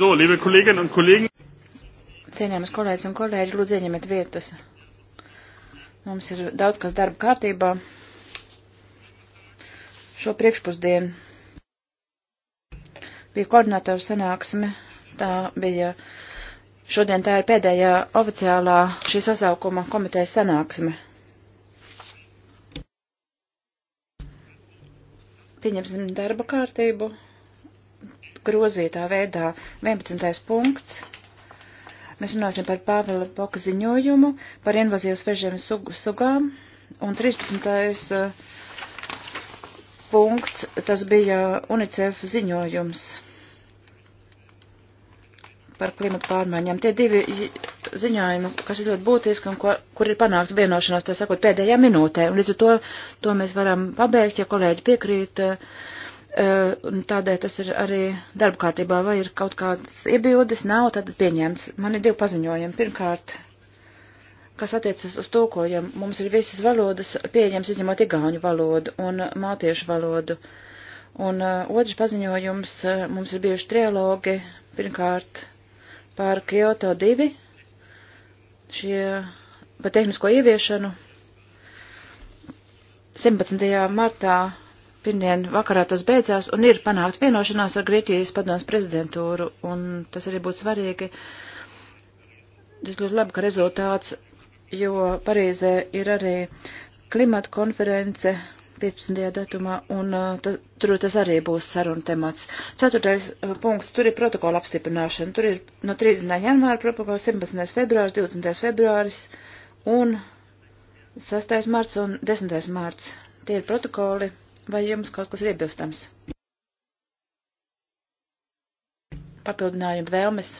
So, liebe Kolleginnen und Kollegen. Cienījamas kolēģis un kolēģi, lūdzu ieņemiet vietas. Mums ir daudz kas darba kārtībā šo priekšpusdienu. Bija koordinātoru sanāksme, tā bija, šodien tā ir pēdējā oficiālā šī sasaukuma komitejas sanāksme. Pieņemsim darba kārtību grozītā veidā. 11. punkts. Mēs runāsim par Pāvela Boka ziņojumu par invazīvas vežiem sug sugām. Un 13. Eh, punkts, tas bija UNICEF ziņojums par klimatu pārmaiņām. Tie divi ziņojumi, kas ir ļoti būtiski un ko, kur ir panākts vienošanās, tā sakot, pēdējā minūtē. Un līdz ar to, to mēs varam pabeigt, ja kolēģi piekrīt. Uh, un tādēļ tas ir arī darba kārtībā, vai ir kaut kādas iebildes, nav, tad pieņemts. Man ir divi paziņojumi. Pirmkārt, kas attiecas uz tūkojumu, mums ir visas valodas pieejams, izņemot igauņu valodu un mātiešu valodu. Un uh, otrs paziņojums, uh, mums ir bijuši trialogi, pirmkārt, par Kyoto 2, šie par tehnisko ieviešanu. 17. martā pirmdien vakarā tas beidzās un ir panākt vienošanās ar Grieķijas padomus prezidentūru, un tas arī būtu svarīgi. Tas ļoti labi, ka rezultāts, jo Parīzē ir arī klimata konference 15. datumā, un uh, tā, tur tas arī būs saruna temats. Ceturtais uh, punkts, tur ir protokola apstiprināšana. Tur ir no 30. janvāra protokola 17. februāris, 20. februāris un 6. marts un 10. marts. Tie ir protokoli Vai jums kaut kas ir iebilstams? Papildinājumu vēlmes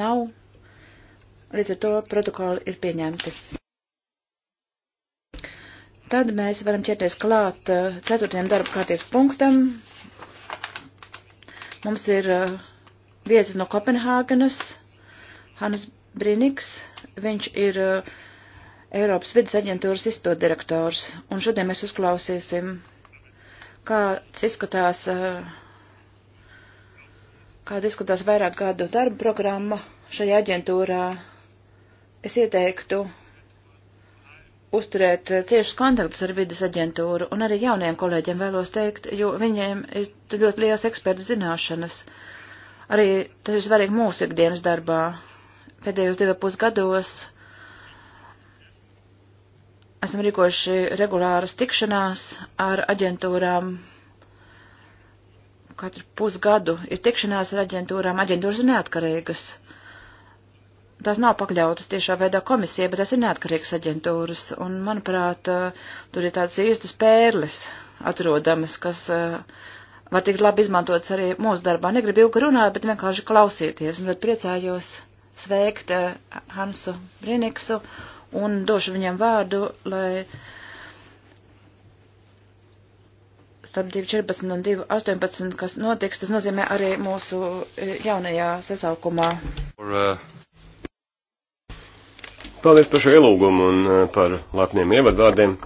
nav. Līdz ar to protokoli ir pieņemti. Tad mēs varam ķerties klāt eh, ceturtajam darba kārtības punktam. Mums ir eh, viesis no Kopenhāgenes, Hannes Briniks. Viņš ir eh, Eiropas vidas aģentūras izpildirektors, un šodien mēs uzklausīsim kāds izskatās, kāda izskatās vairāk gadu darba programma šajā aģentūrā, es ieteiktu uzturēt ciešus kontaktus ar vidas aģentūru un arī jauniem kolēģiem vēlos teikt, jo viņiem ir ļoti liels eksperta zināšanas. Arī tas ir svarīgi mūsu ikdienas darbā. Pēdējos divi pusgados esam rīkojuši regulāras tikšanās ar aģentūrām. Katru pusgadu ir tikšanās ar aģentūrām. Aģentūras ir neatkarīgas. Tās nav pakļautas tiešā veidā komisija, bet tās ir neatkarīgas aģentūras. Un, manuprāt, eh, tur ir tādas īstas pērles atrodamas, kas eh, var tikt labi izmantotas arī mūsu darbā. Negribu ilgi runāt, bet vienkārši klausīties. Un tad priecājos sveikt eh, Hansu Briniksu un došu viņam vārdu, lai starp 2.14 un 2.18, kas notiks, tas nozīmē arī mūsu e, jaunajā sasaukumā. Uh, Paldies par šo ielūgumu un e, par lepniem ievadvārdiem.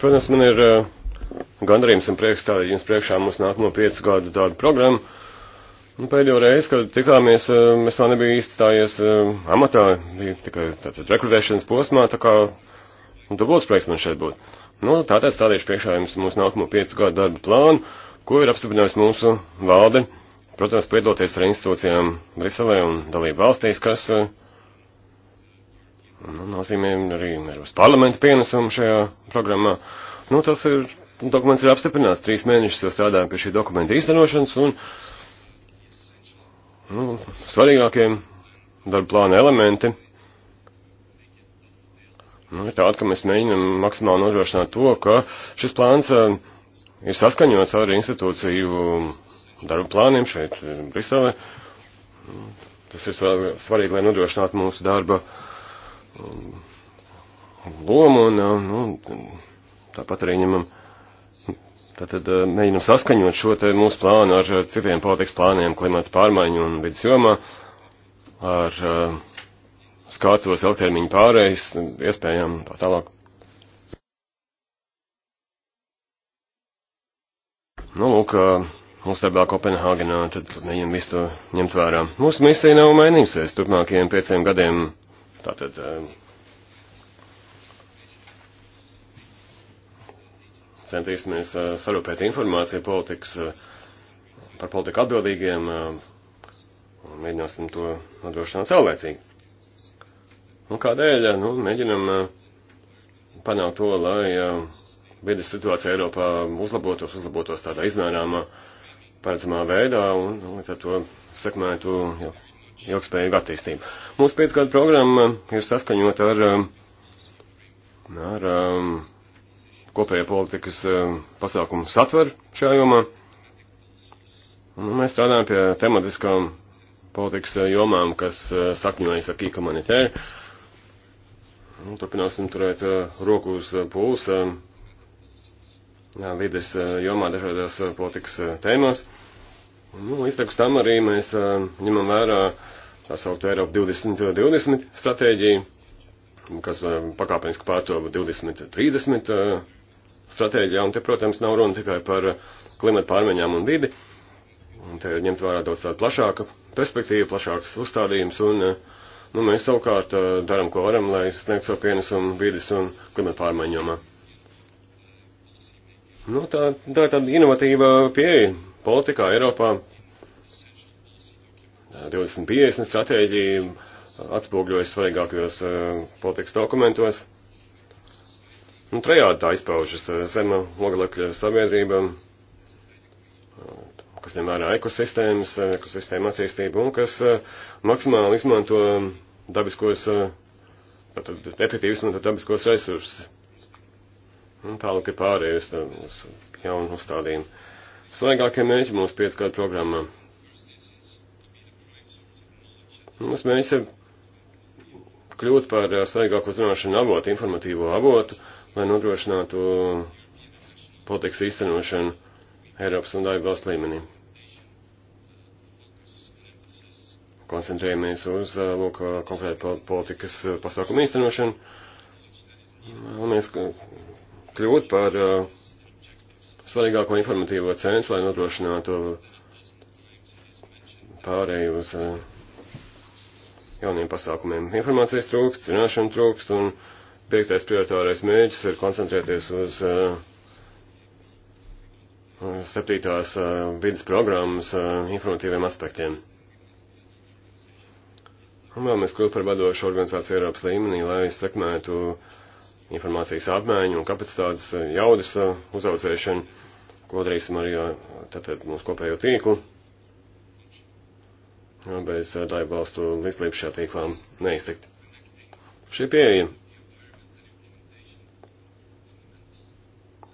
Protams, man ir e, gandarījums un prieks tā, jums priekšā mums nāk no piecu gadu tādu programmu Un nu, pēdējo reizi, kad tikāmies, es eh, vēl nebiju īsti stājies eh, amatā, bija tikai tātad rekrutēšanas posmā, tā kā nu, dubults prieks man šeit būtu. Nu, tātad stādīšu priekšā jums mūsu nākamo piecu gadu darba plānu, ko ir apstiprinājusi mūsu valde, protams, piedoties ar institūcijām Briselē un dalību valstīs, kas eh, nu, nozīmē arī Eiropas parlamenta pienesumu šajā programmā. Nu, tas ir, dokuments ir apstiprināts, trīs mēnešus jau strādājam pie šī dokumenta īstenošanas un nu, svarīgākie darba plāna elementi nu, ir tādi, ka mēs mēģinam maksimāli nodrošināt to, ka šis plāns eh, ir saskaņots ar institūciju darba plāniem šeit eh, Briselē. Tas ir svarīgi, lai nodrošinātu mūsu darba eh, lomu un nu, tāpat arī ņemam Tātad eh, mēģinam saskaņot šo te mūsu plānu ar eh, citiem politikas plāniem klimata pārmaiņu un vidas jomā, ar uh, eh, skātos ilgtermiņu pārējais, iespējām tā tālāk. Nu, lūk, mūsu darbā Kopenhāgenā, tad mēģinam visu to ņemt vērā. Mūsu misija nav mainījusies turpmākajiem pieciem gadiem, tātad. Uh, centīsimies eh, sarūpēt informāciju politikas, eh, par politiku atbildīgiem eh, un mēģināsim to nodrošināt saulēcīgi. Un kādēļ? Nu, mēģinam panākt to, lai vidas situācija Eiropā uzlabotos, uzlabotos tādā izmērāmā, paredzamā veidā un nu, līdz ar to sekmētu ilgspējīgu attīstību. Mūsu piecgada programma ir saskaņota ar, ar kopējā politikas um, pasākumu satver šajā jomā. Nu, mēs strādājam pie tematiskām politikas uh, jomām, kas uh, sakņojas ar kīka manitēru. Nu, turpināsim turēt uh, roku uz pulsa um, vides jomā dažādās politikas tēmās. Nu, Līdztekus tam arī mēs um, ņemam vērā tā sauktu Eiropu 2020 stratēģiju, kas pakāpeniski pārtova 2030 stratēģijā, un te, protams, nav runa tikai par klimatu pārmaiņām un vidi, un te ir ņemt vērā daudz tāda plašāka perspektīva, plašāks uzstādījums, un eh, nu, mēs savukārt eh, darām, ko varam, lai sniegtu savu pienesumu vidas un klimatu pārmaiņām. Nu, tā, tā ir tāda inovatīva pieeja politikā Eiropā. 2050 stratēģija atspoguļojas svarīgākajos eh, politikas dokumentos. Un nu, trajādi tā izpaužas eh, zema oglekļa sabiedrība, eh, kas ņem vērā ekosistēmas, eh, ekosistēma attīstību un kas maksimāli izmanto dabiskos, tātad efektīvi izmanto dabiskos resursus. Un tālāk ir pārējus uz jaunu uzstādījumu. Svaigākie mēģi mūsu piecgadu programmā. Mums mēģis ir kļūt par svaigāko zināšanu avotu, informatīvo avotu, lai nodrošinātu politikas īstenošanu Eiropas un Daigos līmenī. Koncentrējamies uz lūk, konkrētu politikas pasākumu īstenošanu. Vēlamies kļūt par svarīgāko informatīvo centru, lai nodrošinātu pārēju uz jauniem pasākumiem. Informācijas trūkst, zināšanu trūkst un piektais prioritārais mēģis ir koncentrēties uz uh, uh, septītās uh, vidas programmas uh, informatīviem aspektiem. Un vēlamies kļūt par vadošu organizāciju Eiropas līmenī, lai sekmētu informācijas apmaiņu un kapacitātes uh, jaudas uh, uzaucēšanu, ko darīsim arī tātad mūsu kopējo tīklu. Bez daļbalstu līdzlību šajā tīklā neiztikt. Šī pieeja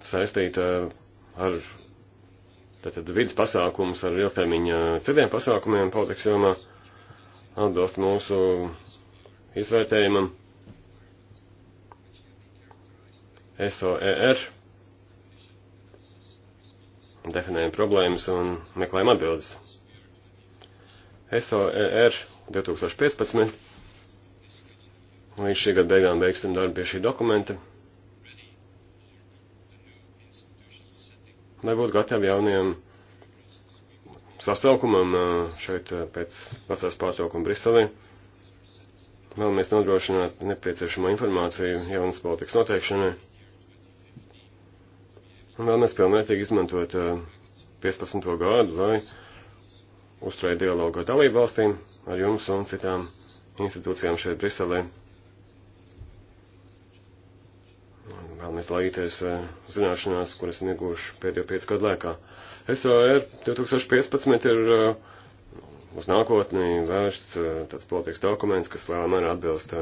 saistīta ar tātad vidas pasākumus, ar ilgtermiņa citiem pasākumiem politikas jomā, atbilst mūsu izvērtējumam. SOER definējam problēmas un meklējam atbildes. SOER 2015 līdz šī gada beigām beigsim darbu pie šī dokumenta. lai būtu gatavi jauniem sasaukumam šeit pēc vasaras pārtraukuma Briselē. Vēlamies nodrošināt nepieciešamo informāciju jaunas politikas noteikšanai. Un vēlamies pilnvērtīgi izmantot 15. gadu, lai uzturētu dialogu ar dalību valstīm, ar jums un citām institūcijām šeit Briselē. vēlamies dalīties eh, zināšanās, kuras esam iegūši pēdējo piecu gadu laikā. SOR 2015 ir eh, uz nākotni vērsts eh, tāds politikas dokuments, kas lielā mērā atbilst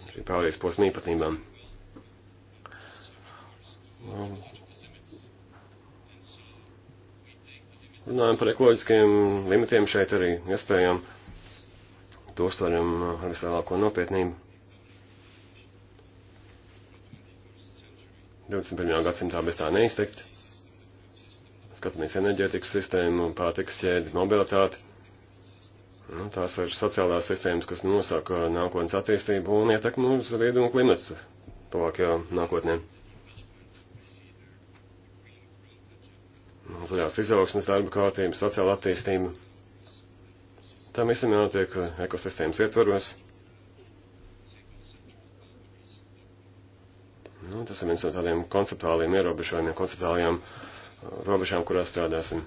šī pārējais posma īpatnībām. Um, runājam par ekoloģiskiem limitiem šeit arī iespējām. To uztveram ar vislielāko nopietnību. 21. gadsimtā bez tā neiztikt. Skatāmies enerģētikas sistēmu, pārtikas ķēdi, mobilitāti. Nu, tās ir sociālās sistēmas, kas nosaka nākotnes attīstību un ietekmu uz viedu un klimatu tuvākajā nākotnē. Nu, zaļās izaugsmes darba kārtība, sociāla attīstība. Tam visam jātiek ekosistēmas ietvaros. Nu, tas ir viens no tādiem konceptuāliem ierobežojumiem, konceptuālajām uh, robežām, kurā strādāsim.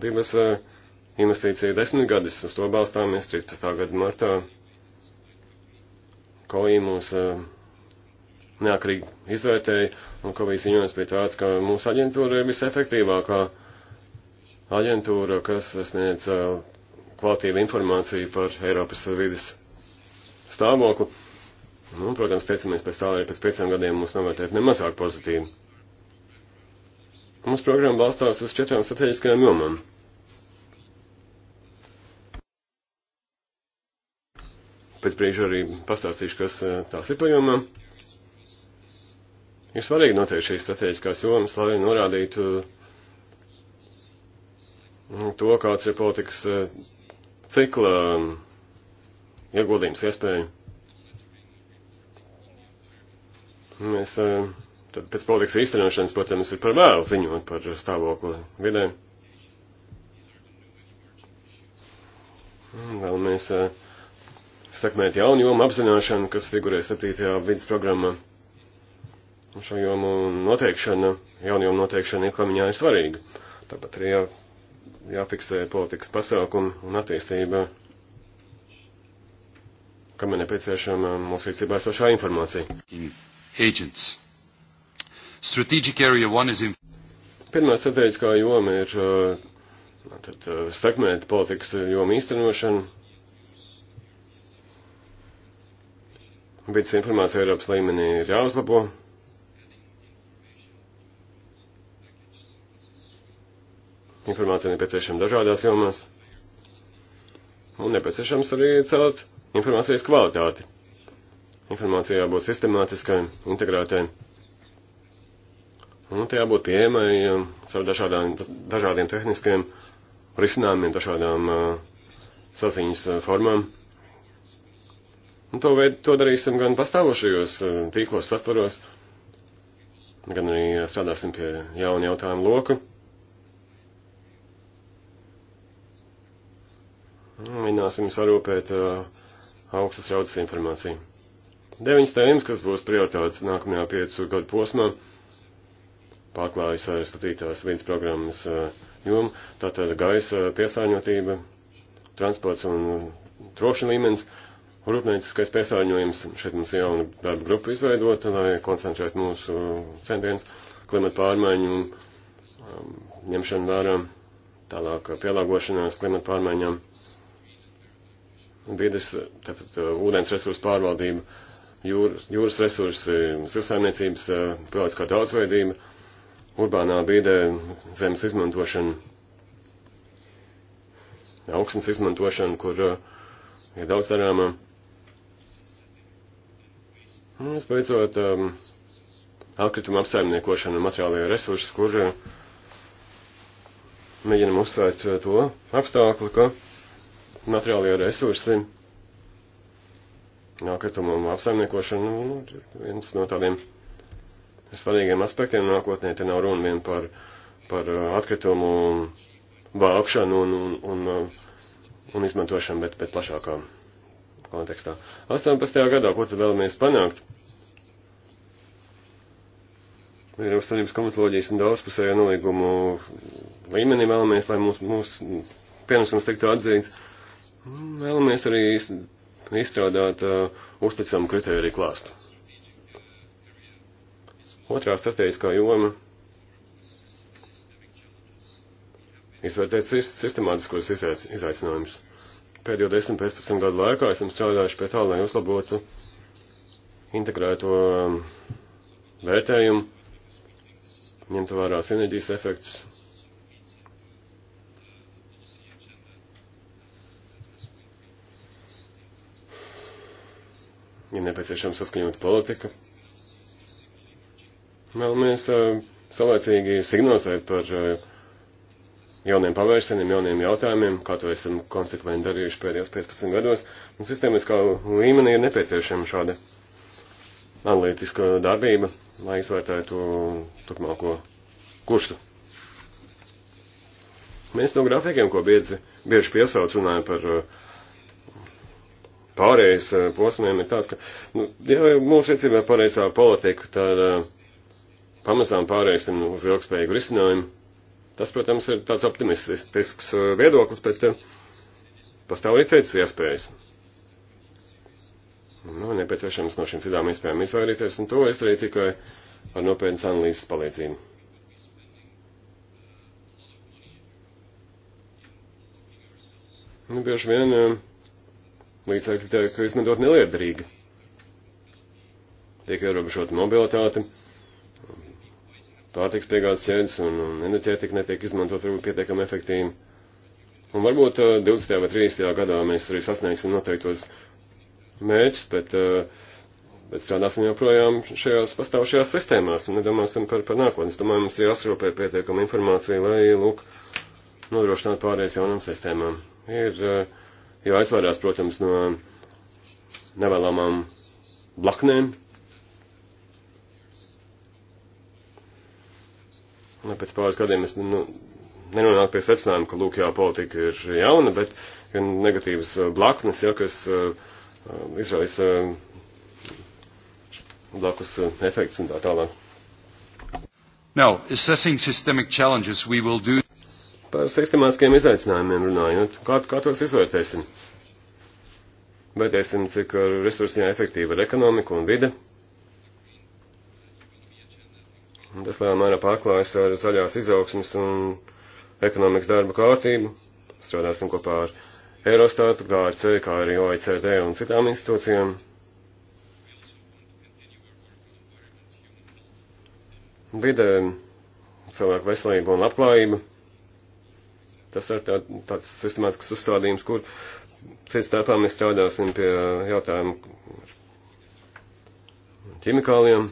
Divas uh, investīcija desmitgadis, uz to balstāmies 13. gada martā. Kolī mūs uh, neakrīgi izvērtēja, un Kolī ziņojas pie tāds, ka mūsu aģentūra ir visefektīvākā aģentūra, kas sniedz kvalitīvu informāciju par Eiropas vidas stāvokli. Nu, protams, teicamies pēc tā, arī pēc pieciem gadiem mūs novērtēt nemazāk pozitīvi. Mūsu programma balstās uz četrām strateģiskajām jomām. Pēc brīža arī pastāstīšu, kas eh, tās ir pa jomām. Ir svarīgi noteikti šīs strateģiskās jomas, lai norādītu mm, to, kāds ir politikas eh, cikla mm, ieguldījums iespēja. Mēs eh, tad pēc politikas īstenošanas, protams, ir par vēlu ziņot par stāvokli vidē. Vēlamies eh, sekmēt jaunu jomu apzināšanu, kas figurē 7. vidas programmā. Šo jomu noteikšana, jaunu jomu noteikšana iklamiņā ir svarīga. Tāpat arī jā, jāfiksē politikas pasākumi un attīstība, kam ir nepieciešama mūsu rīcībā esošā informācija. Mm agents. Strategic Area 1 is in. Pirmā strateģiskā joma ir uh, tad, uh, sekmēt politikas jomu īstenošanu. Vidas informācija Eiropas līmenī ir jāuzlabo. Informācija nepieciešama dažādās jomās. Un nepieciešams arī celt informācijas kvalitāti informācijā jābūt sistemātiskai, integrētai. Un te jābūt pieejamai eh, caur dažādām, dažādiem tehniskiem risinājumiem, dažādām uh, saziņas uh, formām. Un to, veid, to darīsim gan pastāvošajos uh, tīklos satvaros, gan arī strādāsim pie jaunu jautājumu loku. Mēģināsim sarūpēt augstas raudzes informāciju. Deviņas tēmas, kas būs prioritātes nākamajā piecu gadu posmā, pārklājas ar statītās vidas programmas jomu, tātad gaisa piesārņotība, transports un trokšņa līmenis, rūpnieciskais piesārņojums. Šeit mums ir jauna darba grupa izveidota, lai koncentrētu mūsu centienus klimata pārmaiņu um, ņemšanu vērā, tālāk pielāgošanās klimata pārmaiņām, vides, tātad ūdens resursu pārvaldība jūras, jūras resursi, zivsaimniecības, eh, pilētiskā daudzveidība, urbānā bīdē, zemes izmantošana, augstnes izmantošana, kur eh, ir daudz darāmā. Un, visbeidzot, ehm, atkrituma apsaimniekošana un materiālajie resursi, kur eh, mēģinam uzsvērt to apstākli, ka materiālajie resursi Nokritumu apsaimniekošana nu, nu, ir viens no tādiem svarīgiem aspektiem nākotnē. Te nav runa vien par, par uh, atkritumu vākšanu un, un, un, uh, un izmantošanu, bet, bet plašākā kontekstā. 18. gadā, ko tad vēlamies panākt? Eiropas Savienības komitoloģijas un daudzpusējo nolīgumu līmenī vēlamies, lai mūsu mūs pienesums tiktu atzīts. Vēlamies arī izstrādāt uh, uzticamu kritēriju klāstu. Otrā strateģiskā joma - izvērtēt sistemātiskos izaicinājumus. Pēdējo 10-15 gadu laikā esam strādājuši pie tā, lai uzlabotu integrēto um, vērtējumu, ņemtu vērā sinerģijas efektus, ir nepieciešama saskaņot politika. Vēlamies uh, saulēcīgi signalizēt par uh, jauniem pavērsieniem, jauniem jautājumiem, kā to esam konsekventi darījuši pēdējos 15 gados. Un sistēmiskā līmenī ir nepieciešama šāda analītiska darbība, lai izvērtētu turpmāko kursu. Mēs no grafikiem, ko biedzi, bieži piesauc runājam par uh, pārējais eh, posmiem ir tāds, ka, nu, ja mūsu rīcībā pārējais politika, tad eh, pamazām pārējais uz ilgspējīgu risinājumu. Tas, protams, ir tāds optimistisks eh, viedoklis, bet pastāv arī citas iespējas. Nu, nepieciešams no šīm citām iespējām izvairīties, un to es arī tikai ar nopietnas analīzes palīdzību. Nu, bieži vien līdzekļi tiek izmantot neliederīgi. Tiek ierobežota mobilitāte, pārtiks piegādes ķēdes un, un enerģētika netiek izmantot varbūt pietiekami efektīvi. Un varbūt uh, 20. vai 30. gadā mēs arī sasniegsim noteiktos mērķus, bet, uh, bet strādāsim joprojām šajās pastāvošajās sistēmās un nedomāsim par, par nākotnes. Domāju, mums ir jāsropē pietiekama informācija, lai, lūk, nodrošinātu pārējais jaunam sistēmām. Ir uh, jo aizvairās, protams, no nevēlamām blaknēm. Un nu, pēc pāris gadiem es nu, nenonāku pie secinājuma, ka lūk, jā, politika ir jauna, bet ir negatīvas uh, blaknes, ja, kas uh, uh izraisa uh, blakus uh, efekts un tā tālāk. No, assessing systemic challenges we will do Par sistemātiskiem izaicinājumiem runājot, kā, kā tos izvērtēsim? Vērtēsim, cik resursiem efektīva ir ekonomika un vide. Tas lielā mērā pārklājas ar zaļās izaugsmas un ekonomikas darba kārtību. Strādāsim kopā ar Eurostatu, GRC, kā arī OECD un citām institūcijām. Vide, cilvēku veselību un labklājību. Tas ir tā, tāds sistemātisks uzstādījums, kur cits starpā mēs strādāsim pie jautājumu ķimikāliem.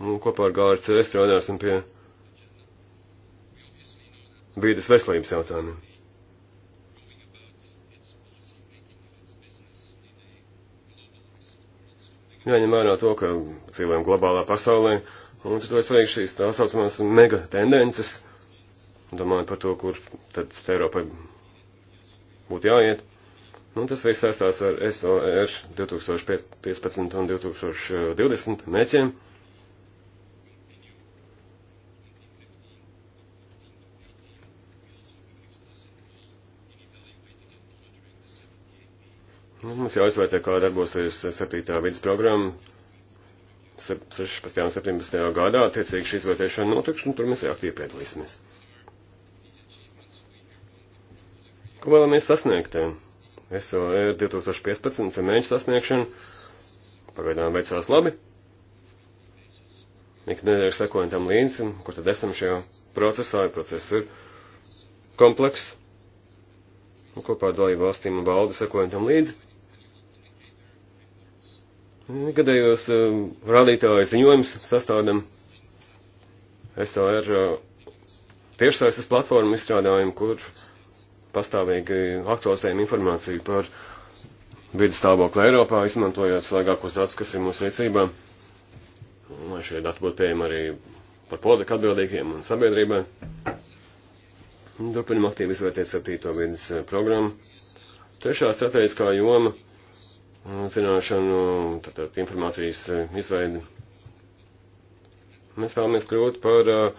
Un kopā ar GRC strādāsim pie bīdas veselības jautājumiem. Jāņem vērā to, ka dzīvojam globālā pasaulē, un mums ir to svarīgi šīs tā saucamās mega tendences domājot par to, kur tad Eiropai būtu jāiet. Nu, tas viss saistās ar SOR 2015 un 2020 mēķiem. Nu, mums jāizvērtē, kā darbosies 7. vidas programma 16. un 17. gadā. Tiecīgi šī izvērtēšana notiks, un tur mēs aktīvi piedalīsimies. Ko vēlamies sasniegt? SOE 2015 mēģinājumu sasniegšanu pagaidām veicās labi. Ik nedēļu sekojam tam līdzi, kur tad esam šajā procesā, ja process ir komplekss. Un kopā ar dalību valstīm un valdi sekojam tam līdzi. Gadējos uh, eh, rādītāju ziņojums sastādam SOR uh, eh, tiešsaistes platformu izstrādājumu, kur pastāvīgi aktualizējam informāciju par vidas stāvokli Eiropā, izmantojot svaigākos datus, kas ir mūsu rīcībā. Lai šie dati būtu pieejami arī par politiku atbildīgiem un sabiedrībai. Turpinam aktīvi izvērtēt septīto vidas eh, programmu. Trešā strateģiskā joma eh, - zināšanu, tātad informācijas eh, izveidi. Mēs vēlamies kļūt par uh,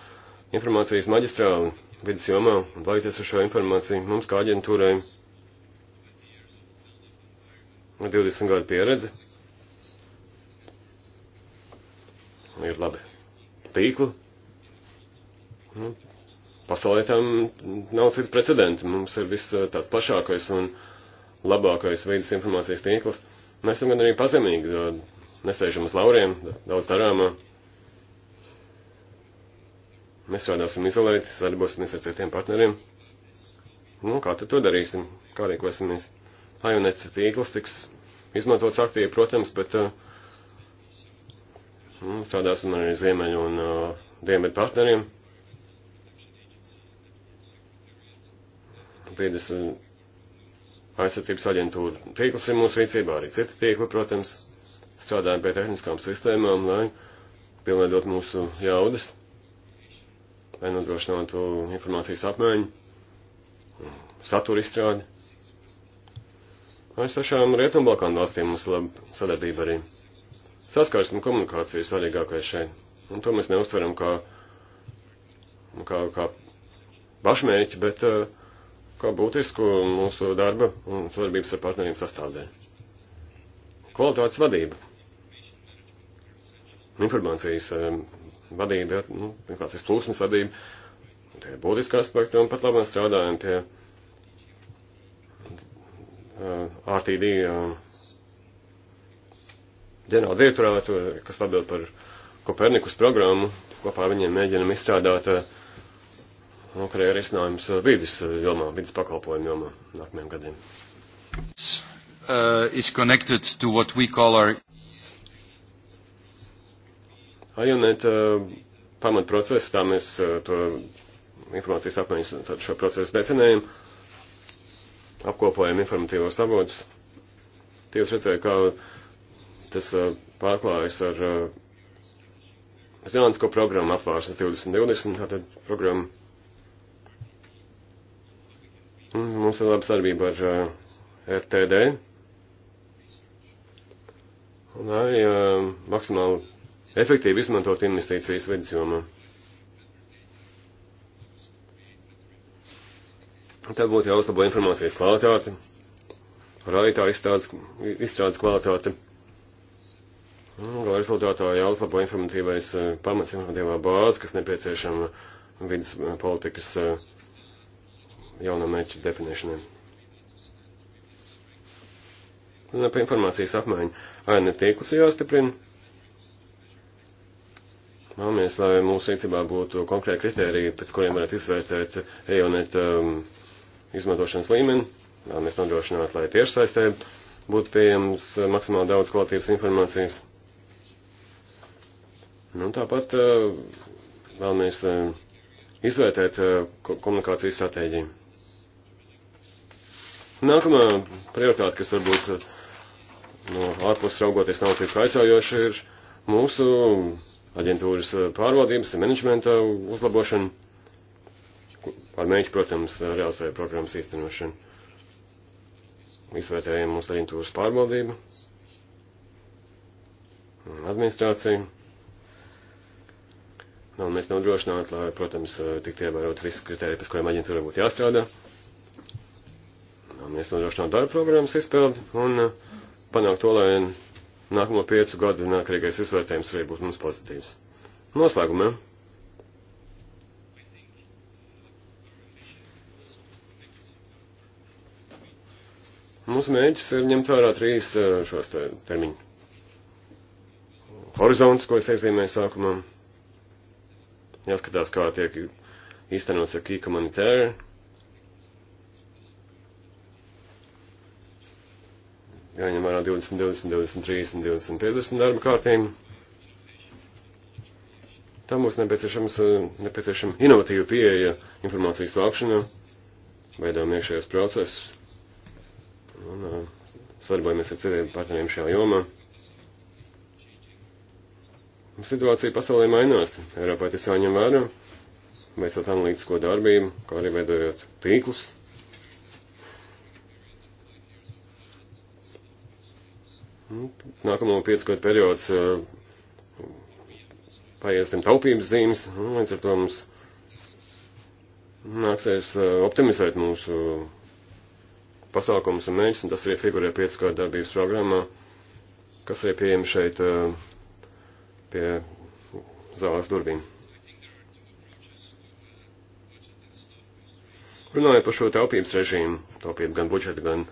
informācijas maģistrāli vidas jomā un laikties uz šo informāciju. Mums kā aģentūrai 20 gadu pieredze ir labi tīklu. Nu, pasaulē tam nav citu precedentu. Mums ir viss uh, tāds plašākais un labākais veids informācijas tīkls. Mēs esam gan arī pazemīgi, uh, nesēžam uz lauriem, daudz darāmā nestrādāsim izolēti, sadarbosimies ar citiem partneriem. Nu, kā tad to darīsim? Kā rīkosimies? Ajonet tīkls tiks izmantots aktīvi, protams, bet uh, nu, strādāsim arī ziemeļu un uh, dienvidu partneriem. 50 eh, aizsardzības aģentūra tīkls ir mūsu rīcībā, arī citi tīkli, protams. Strādājam pie tehniskām sistēmām, lai pilnveidot mūsu jaudas lai nodrošinātu informācijas apmaiņu, satura izstrādi. Ar sešām Rietumbalkānu valstīm mums laba sadarbība arī. Saskarsme komunikācija ir svarīgākais šeit. Un to mēs neuztveram kā, kā, kā pašmērķi, bet eh, kā būtisku mūsu darba un sadarbības ar partneriem sastāvdēļ. Kvalitātes vadība. Informācijas eh, vadība, nu, inflācijas plūsmas vadība, tie ir būtiski aspekti, un pat labāk strādājam pie uh, RTD uh, ģenerāla direktorātu, kas atbild par Kopernikus programmu, kopā viņiem mēģinam izstrādāt uh, nu, arī risinājums uh, vidas uh, jomā, vidas pakalpojumu jomā nākamajiem gadiem. Uh, is connected to what we call our Ajonet uh, pamatprocesu, tā mēs uh, to informācijas apmaiņas šo procesu definējam, apkopojam informatīvos avotus. Tiesa redzēja, kā tas uh, pārklājas ar Zēlansko programmu apvārsnes 2020, tātad programmu. Mums ir laba sadarbība ar RTD. Un arī maksimāli efektīvi izmantot investīcijas vidas jomā. Tad būtu jāuzlabo informācijas kvalitāte, rādītāju izstrādes, izstrādes kvalitāte. Gala rezultātā jāuzlabo informatīvais eh, pamats, informatīvā bāze, kas nepieciešama vidas eh, politikas eh, jaunā mērķa definēšanai. Un par informācijas apmaiņu. Aina tīklus jāstiprina Vēlamies, lai mūsu rīcībā būtu konkrēti kriteriji, pēc kuriem varētu izvērtēt ejonet um, izmantošanas līmeni. Vēlamies nodrošināt, lai tiešsaistē būtu pieejams maksimāli daudz kvalitātes informācijas. Nu, tāpat uh, vēlamies uh, izvērtēt uh, komunikācijas stratēģiju. Nākamā prioritāte, kas varbūt uh, no ārpuses raugoties nav tik aizsaujoša, ir mūsu aģentūras eh, pārvaldības un menedžmenta uzlabošanu, ar mēģi, protams, eh, realizēja programmas īstenošanu. Izvērtējam mūsu aģentūras pārvaldību, eh, administrāciju. Un mēs nodrošināt, lai, protams, tiktu ievērot visi kriteriji, pēc kuriem aģentūra būtu jāstrādā. Un mēs nodrošināt darba programmas izpildi un panākt to, lai nākamo piecu gadu nākarīgais izvērtējums arī būtu mums pozitīvs. Noslēgumā. Mūsu mēģis ir ņemt vērā trīs eh, šos te termiņu. Horizonts, ko es iezīmēju sākumā, jāskatās, kā tiek īstenots ar kīka monitēru, jāņem vērā 20, 20, 20, 30, 20, 50 darba kārtīm. Tam mums nepieciešams, eh, nepieciešama inovatīva pieeja informācijas vākšanā, veidojam iekšējos procesus un uh, sadarbojamies ar citiem partneriem šajā jomā. Situācija pasaulē mainās. Eiropā tas jāņem vērā, veicot analītisko darbību, kā arī veidojot tīklus. Nākamo piecu gadu periods eh, paiesim taupības zīmes, un līdz ar to mums nāksies eh, optimizēt mūsu pasākumus un mērķus, un tas arī figurē piecu gadu darbības programmā, kas arī pieejami šeit eh, pie zāles durvīm. Runājot par šo taupības režīmu, taupību gan budžeta, gan,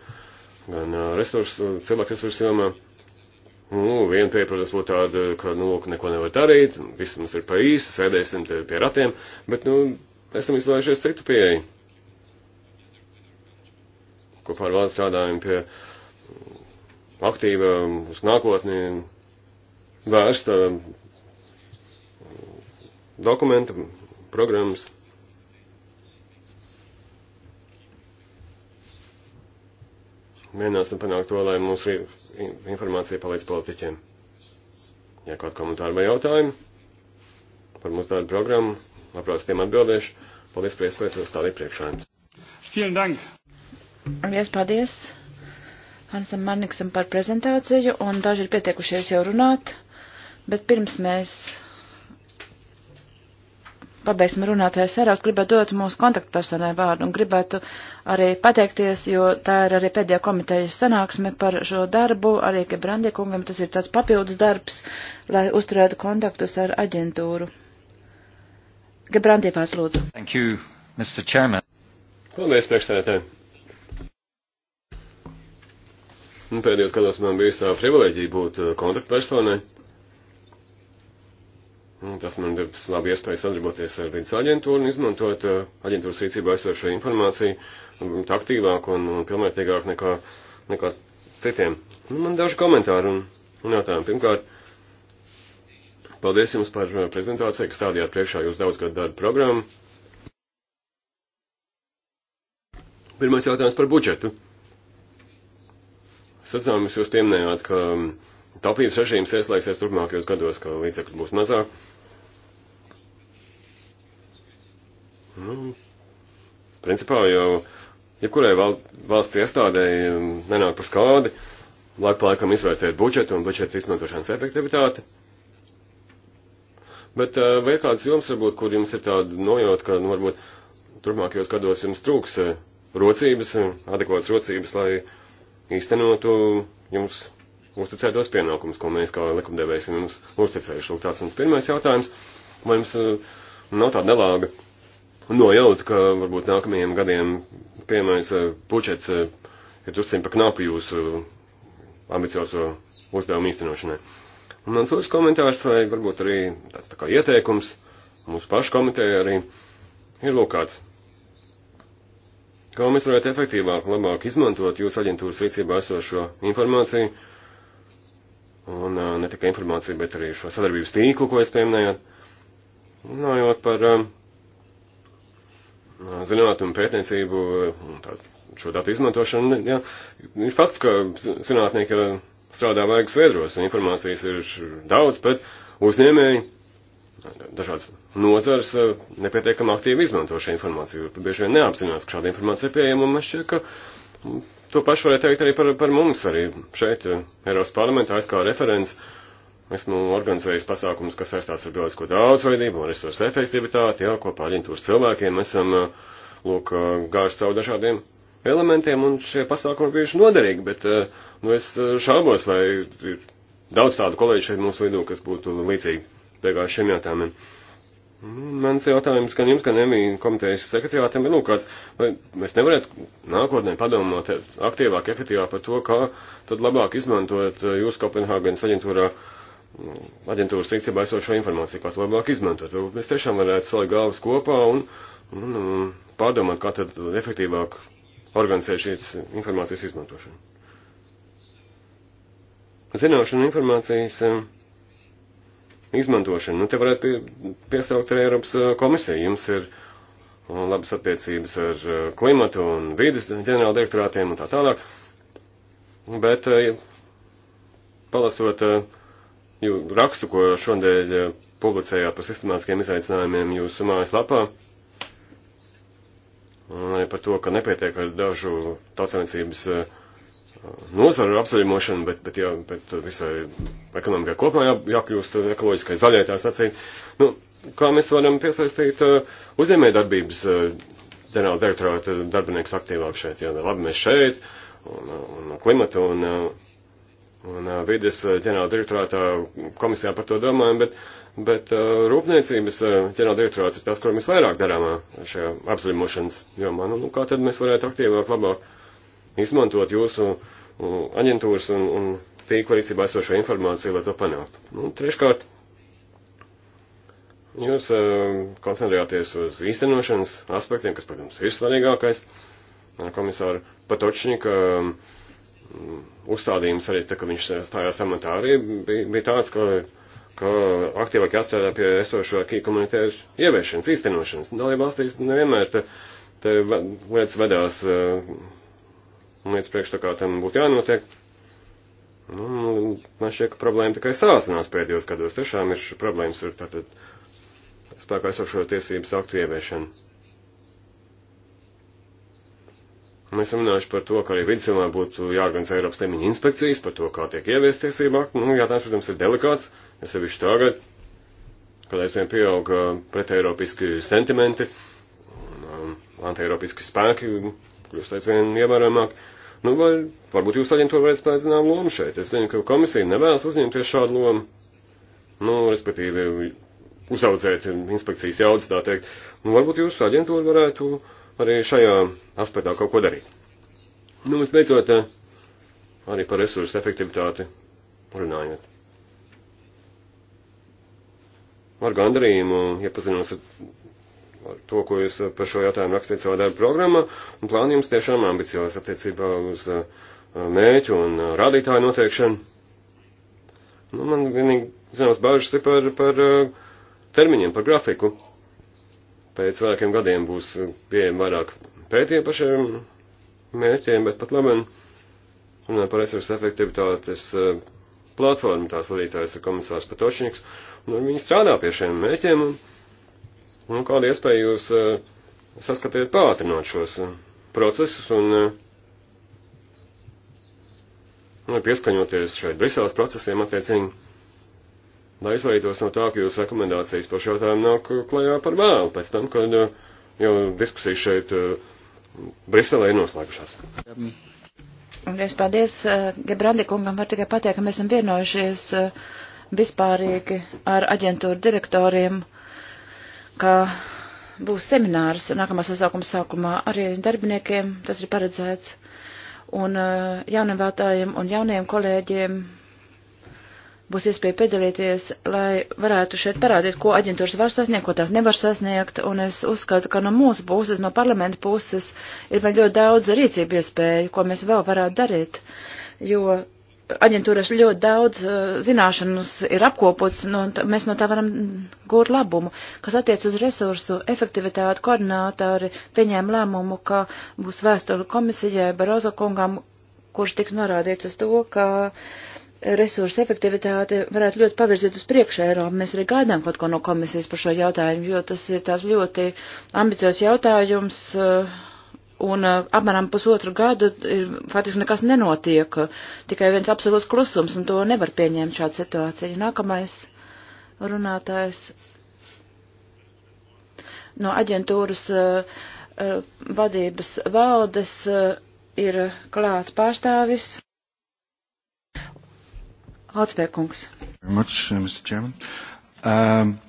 gan resursu, cilvēku resursu jomā, Nu, viena pieeja, protams, būtu tāda, ka, nu, neko nevar darīt, viss mums ir pa īsu, sēdēsim te pie ratiem, bet, nu, esam izlaižies citu pieeju. Kopā ar valsts strādājam pie aktīva uz nākotni vērsta dokumenta, programmas. Mēģināsim panākt to, lai mūsu informācija palīdz politiķiem. Ja kaut komentāri vai jautājumi par mūsu darbu programmu, labprāt tiem atbildēšu. Paldies par iespēju to stādīt priekšā jums. Vielen Dank! Lies paldies Hansam Marniksam par prezentāciju, un daži ir pietiekušies jau runāt, bet pirms mēs pabeigsim runātāju sarās, gribētu dot mūsu kontaktpersonai vārdu un gribētu arī pateikties, jo tā ir arī pēdējā komitejas sanāksme par šo darbu, arī Gebrandie kungam tas ir tāds papildus darbs, lai uzturētu kontaktus ar aģentūru. Gebrandie pārs lūdzu. Thank you, Mr. Chairman. Paldies, priekšsēdētāji. Pēdējos gados man bija tā privileģija būt kontaktpersonai. Mm, tas man devis labu iespēju sadarboties ar vidas aģentūru un izmantot uh, aģentūras rīcībā esošo informāciju aktīvāk un, un pilnvērtīgāk nekā, nekā citiem. Nu, man daži komentāri un, un jautājumi. Pirmkārt, paldies jums par uh, prezentāciju, kas stādījāt priekšā jūs daudzgadu darbu programmu. Pirmais jautājums par budžetu. Sacāmies, jūs pieminējāt, ka um, tapības režīms ieslēgsies turpmākajos gados, ka līdzekļi būs mazāk. Nu, principā jau jebkurai ja valsts iestādēji um, nenāk par skādi laiku pa laikam izvērtēt budžetu un budžeta izmantošanas efektivitāti. Bet uh, vai ir kāds jums, varbūt, kur jums ir tāda nojauta, ka, nu, varbūt turpmākajos gados jums trūks uh, rocības, uh, adekvātas rocības, lai īstenotu jums uzticētos pienākumus, ko mēs kā likumdevējs jums uzticējuši. Lūk, tāds mums pirmais jautājums. Vai jums nav tāda nelāga un nojaut, ka varbūt nākamajiem gadiem piemērs pučets eh, eh, ir drusciņ pa knapu jūsu eh, ambiciozo uzdevumu īstenošanai. Un mans otrs komentārs, vai varbūt arī tāds tā kā ieteikums mūsu pašu komiteja arī ir lūkāts. Kā mēs varētu efektīvāk, labāk izmantot jūsu aģentūras rīcībā esošo informāciju, un ne tikai informāciju, bet arī šo sadarbības tīklu, ko es pieminēju, runājot par um, zinātu un pētniecību un tā, šo datu izmantošanu, jā, ir fakts, ka zinātnieki strādā vajag sviedros, un informācijas ir daudz, bet uzņēmēji dažādas nozars eh, nepietiekami aktīvi izmanto šo informāciju. Bieži vien neapzinās, ka šāda informācija ir pieejama, un man šķiet, ka mm, to pašu varētu teikt arī par, par mums, arī šeit, eh, Eiropas parlamentā, es kā referents Esmu organizējis pasākumus, kas saistās ar bioloģisko daudzveidību un resursu efektivitāti, jā, kopā aģentūras cilvēkiem esam, lūk, gājuši cauri dažādiem elementiem, un šie pasākumi bijuši noderīgi, bet, nu, es šaubos, vai ir daudz tādu kolēģi šeit mūsu vidū, kas būtu līdzīgi piegājuši šiem jautājumiem. Mans jautājums, gan jums, gan Emīļa komitejas sekretariātam, ir, nu, kāds, vai mēs nevarētu nākotnē padomāt aktīvāk, efektīvāk par to, kā tad labāk izmantot jūsu Kopenhāgenes aģentūrā uh, nu, aģentūras rīcībā esošo informāciju, kā to labāk izmantot. Varbūt mēs tiešām varētu salikt galvas kopā un, un, un pārdomāt, kā tad efektīvāk organizēt šīs informācijas izmantošanu. Zināšanu informācijas eh, izmantošana. Nu, te varētu pie, piesaukt arī Eiropas eh, komisiju. Jums ir eh, labas attiecības ar klimatu un vīdes ģenerāla direktorātiem un tā tālāk. Bet, palasot uh, rakstu, ko šodien eh, publicējāt par sistemātiskiem izaicinājumiem jūsu mājaslapā. Un par to, ka nepietiek ar dažu tautsainicības eh, nozaru apzaļumošanu, bet, bet, jā, bet visai ekonomikai kopumā jā, jākļūst ekoloģiskai zaļai tā sacīt. Nu, kā mēs varam piesaistīt eh, uzņēmē darbības ģenerāla direktorāta darbinieks aktīvāk šeit? Jā, labi, mēs šeit, un, un klimatu, un un vides ģenerāla direktorātā komisijā par to domājam, bet, bet rūpniecības ģenerāla direktorāts ir tas, kuram visvairāk darāmā šajā apzīmošanas jomā. Nu, nu, kā tad mēs varētu aktīvāk, labāk izmantot jūsu aģentūras un, un tīkla rīcībā esošo informāciju, lai to panāktu? Nu, treškārt, jūs koncentrējāties uz īstenošanas aspektiem, kas, protams, ir svarīgākais. Komisāra Patočņika uzstādījums arī, tā, ka viņš stājās amatā, arī bija, bija tāds, ka, ka aktīvāk jāstrādā pie esošo akī komunitēru ieviešanas, īstenošanas. Dalībvalstīs nevienmēr te, te lietas vedās, eh, lietas priekš tā kā tam būtu jānotiek. Nu, man šķiet, ka problēma tikai sāsinās pēdējos gados. Tiešām ir problēmas ar tātad spēkā esošo tiesības aktu ieviešanu. Mēs runājuši par to, ka arī vidusjomā būtu jāorganizē Eiropas līmeņa inspekcijas par to, kā tiek ieviest tiesību akti. Nu, jautājums, protams, ir delikāts, jo sevišķi tagad, kad aizvien pieaug preteiropiski sentimenti, um, antieiropiski spēki, kļūst aizvien ievērojamāk. Nu, vai, varbūt jūs aģentūra varētu spēlēt zinām lomu šeit. Es zinu, ka komisija nevēlas uzņemties šādu lomu. Nu, respektīvi, uzaudzēt inspekcijas jaudas, tā teikt. Nu, varbūt jūsu aģentūra varētu. Uh, arī šajā aspektā kaut ko darīt. Nu, visbeidzot, eh, arī par resursu efektivitāti runājot. Ar gandarījumu iepazinos ar, ar to, ko jūs par šo jautājumu rakstīt savā darba programmā, un plāni jums tiešām ambiciozi attiecībā uz eh, mēķu un eh, rādītāju noteikšanu. Nu, man vienīgi, zināms, bažas ir par, par termiņiem, par grafiku pēc vairākiem gadiem būs pieejami vairāk pētījumu par šiem mērķiem, bet pat labi, runājot par resursu efektivitātes eh, platformu, tās vadītājs ir komisārs Patočņiks, un viņi strādā pie šiem mērķiem, un, un kādu iespēju jūs eh, saskatiet pātrināt šos eh, procesus un, un nu, pieskaņoties šeit Briseles procesiem attiecīgi lai izvairītos no tā, ka jūsu rekomendācijas par šo jautājumu nāk klajā par vēlu pēc tam, kad eh, jau diskusijas šeit eh, Briselē ir noslēgušās. Liels paldies, eh, Gebrandi kungam var tikai pateikt, ka mēs esam vienojušies vispārīgi ar aģentūru direktoriem, ka būs seminārs nākamā sasaukuma sākumā arī darbiniekiem, tas ir paredzēts, un jaunievētājiem un jaunajiem kolēģiem būs iespēja piedalīties, lai varētu šeit parādīt, ko aģentūras var sasniegt, ko tās nevar sasniegt, un es uzskatu, ka no mūsu puses, no parlamenta puses, ir vēl ļoti daudz rīcību iespēju, ko mēs vēl varētu darīt, jo aģentūras ļoti daudz uh, zināšanas ir apkopots, nu, mēs no tā varam gūt labumu, kas attiec uz resursu, efektivitāti, koordinātori pieņēma lēmumu, ka būs vēstule komisijai Barozo kungam, kurš tiks norādīts uz to, ka uh, resursu efektivitāte varētu ļoti pavirzīt uz priekšu Eiropu. Mēs arī gaidām kaut ko no komisijas par šo jautājumu, jo tas ir tās ļoti ambiciozs jautājums. Uh, un uh, apmēram pusotru gadu ir, faktiski nekas nenotiek, uh, tikai viens absolūts klusums, un to nevar pieņemt šāda situācija. Nākamais runātājs no aģentūras vadības valdes ir klāts pārstāvis. Hācpēkungs. Much, uh, Mr. Chairman. Um,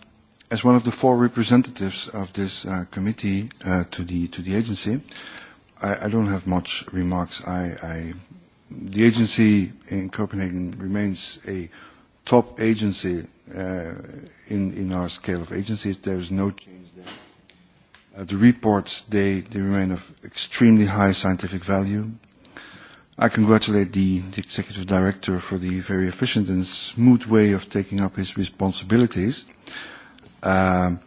as one of the four representatives of this uh, committee uh, to the to the agency, I, I don't have much remarks. I, I the agency in Copenhagen remains a top agency uh, in in our scale of agencies. There is no change there. Uh, the reports they they remain of extremely high scientific value. I congratulate the, the Executive Director for the very efficient and smooth way of taking up his responsibilities. Um,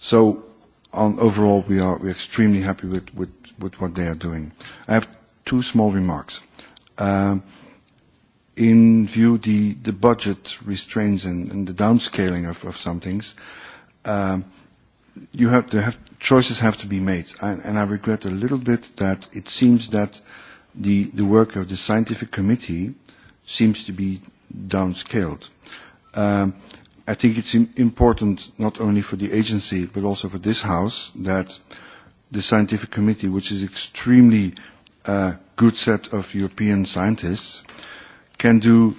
so on overall, we are we're extremely happy with, with, with what they are doing. I have two small remarks. Um, in view the, the budget restraints and, and the downscaling of, of some things, um, you have to have choices have to be made. And, and I regret a little bit that it seems that uh, the, the work of the scientific committee seems to be downscaled. Um, I think it's important not only for the agency but also for this House that the scientific committee, which is extremely uh, good set of European scientists, can do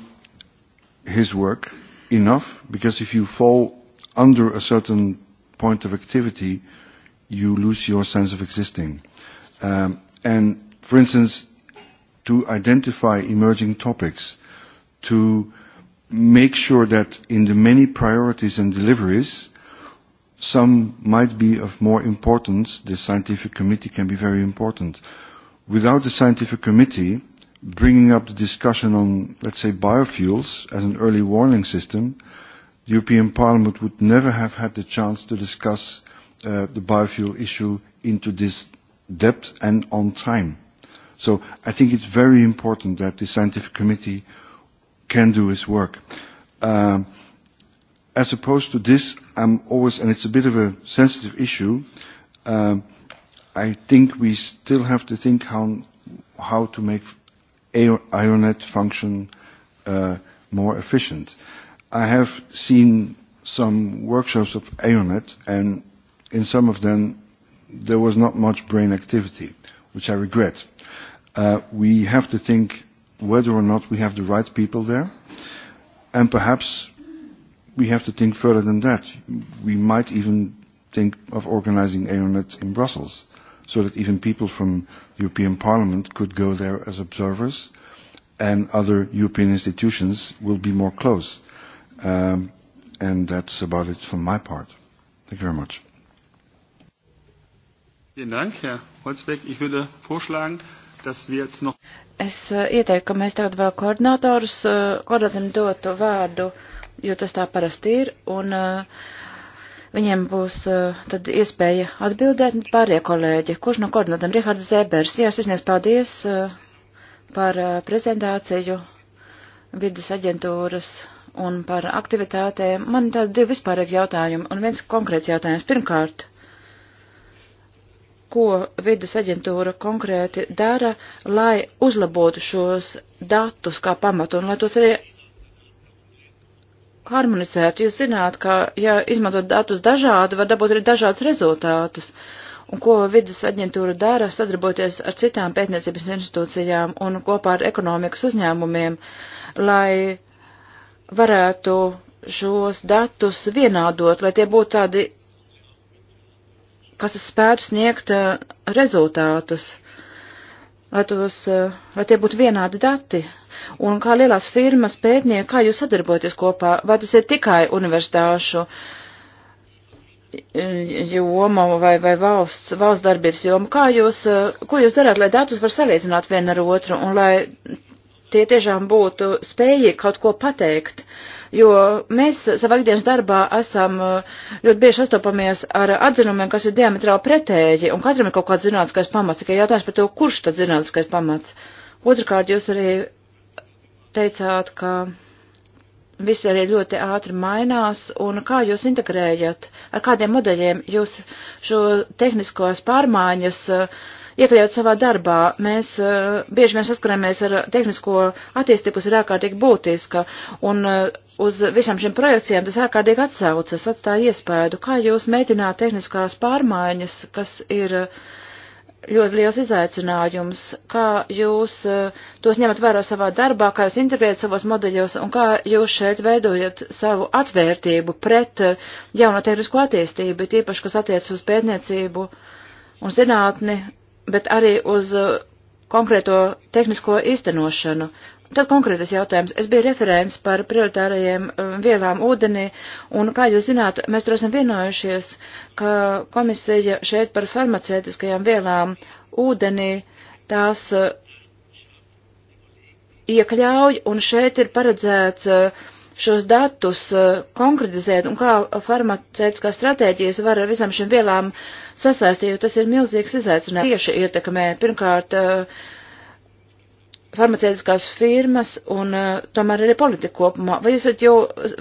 his work enough because if you fall under a certain point of activity, you lose your sense of existing. Um, and for instance, to identify emerging topics, to make sure that in the many priorities and deliveries, some might be of more importance. The scientific committee can be very important. Without the scientific committee, bringing up the discussion on, let's say, biofuels as an early warning system, the European Parliament would never have had the chance to discuss uh, the biofuel issue into this depth and on time. So I think it's very important that the scientific committee can do its work. Um, as opposed to this, I'm always, and it's a bit of a sensitive issue, um, I think we still have to think how, how to make IONET function uh, more efficient. I have seen some workshops of AONET, and in some of them there was not much brain activity, which I regret uh, we have to think whether or not we have the right people there. And perhaps we have to think further than that. We might even think of organizing AONET in Brussels so that even people from the European Parliament could go there as observers and other European institutions will be more close. Um, and that's about it from my part. Thank you very much. Vielen Dank, Herr Holzbeck. Ich würde vorschlagen, Es eh, ieteiktu, ka mēs tagad vēl koordinatorus, eh, koordinatoram dotu vārdu, jo tas tā parasti ir, un eh, viņiem būs tad iespēja atbildēt pārējie kolēģi. Kurš no koordinatoriem? Rihards Zēbers. Jā, es izniedz paldies par prezentāciju vidas aģentūras un par aktivitātēm. Man tādi divi vispārīgi jautājumi un viens konkrēts jautājums. Pirmkārt, ko vidas aģentūra konkrēti dara, lai uzlabotu šos datus kā pamatu un lai tos arī harmonizētu. Jūs zināt, ka, ja izmantot datus dažādi, var dabūt arī dažādus rezultātus. Un ko vidas aģentūra dara, sadarboties ar citām pētniecības institūcijām un kopā ar ekonomikas uzņēmumiem, lai varētu šos datus vienādot, lai tie būtu tādi kas spētu sniegt eh, rezultātus, lai, tos, eh, lai tie būtu vienādi dati. Un kā lielās firmas pētnieki, kā jūs sadarbojaties kopā, vai tas ir tikai universitāšu eh, joma vai, vai valsts, valsts darbības joma, kā jūs, ko jūs darāt, lai datus var salīdzināt vienu ar otru un lai tie tiešām būtu spējīgi kaut ko pateikt. Uh, jo mēs savā ikdienas darbā esam eh, ļoti bieži sastopamies ar atzinumiem, kas ir diametrāli pretēji, un katram ir kaut kāds zinātniskais pamats, tikai jautājums par to, kurš tad zinātniskais pamats. Otrakārt, jūs arī teicāt, ka viss arī ļoti ātri mainās, un kā jūs integrējat, ar kādiem modeļiem jūs šo tehniskos pārmaiņas uh, iekļaut savā darbā. Mēs uh, bieži vien saskaramies ar tehnisko attīstību, kas ir ārkārtīgi būtiska, un uh, uz visām šīm projekcijām tas ārkārtīgi atsaucas, atstāja iespēju. Kā jūs mēģināt tehniskās pārmaiņas, kas ir eh, ļoti liels izaicinājums, kā jūs uh, tos ņemat vērā savā darbā, kā jūs integrējat savos modeļos un kā jūs šeit veidojat savu atvērtību pret jauno tehnisko attīstību, tīpaši, kas attiec uz pētniecību un zinātni bet arī uz uh, konkrēto tehnisko iztenošanu. Tad konkrētais jautājums. Es biju referents par prioritārajiem um, vielām ūdenī, un, kā jūs zināt, mēs tur esam vienojušies, ka komisija šeit par farmacētiskajām vielām ūdenī tās uh, iekļauj, un šeit ir paredzēts uh, šos datus uh, konkretizēt un kā farmaceitiskās stratēģijas var ar visam šim vielām sasaistīt, jo tas ir milzīgs izaicinājums. Tieši ietekmē pirmkārt uh, farmaceitiskās firmas un uh, tomēr arī politika kopumā. Vai esat jau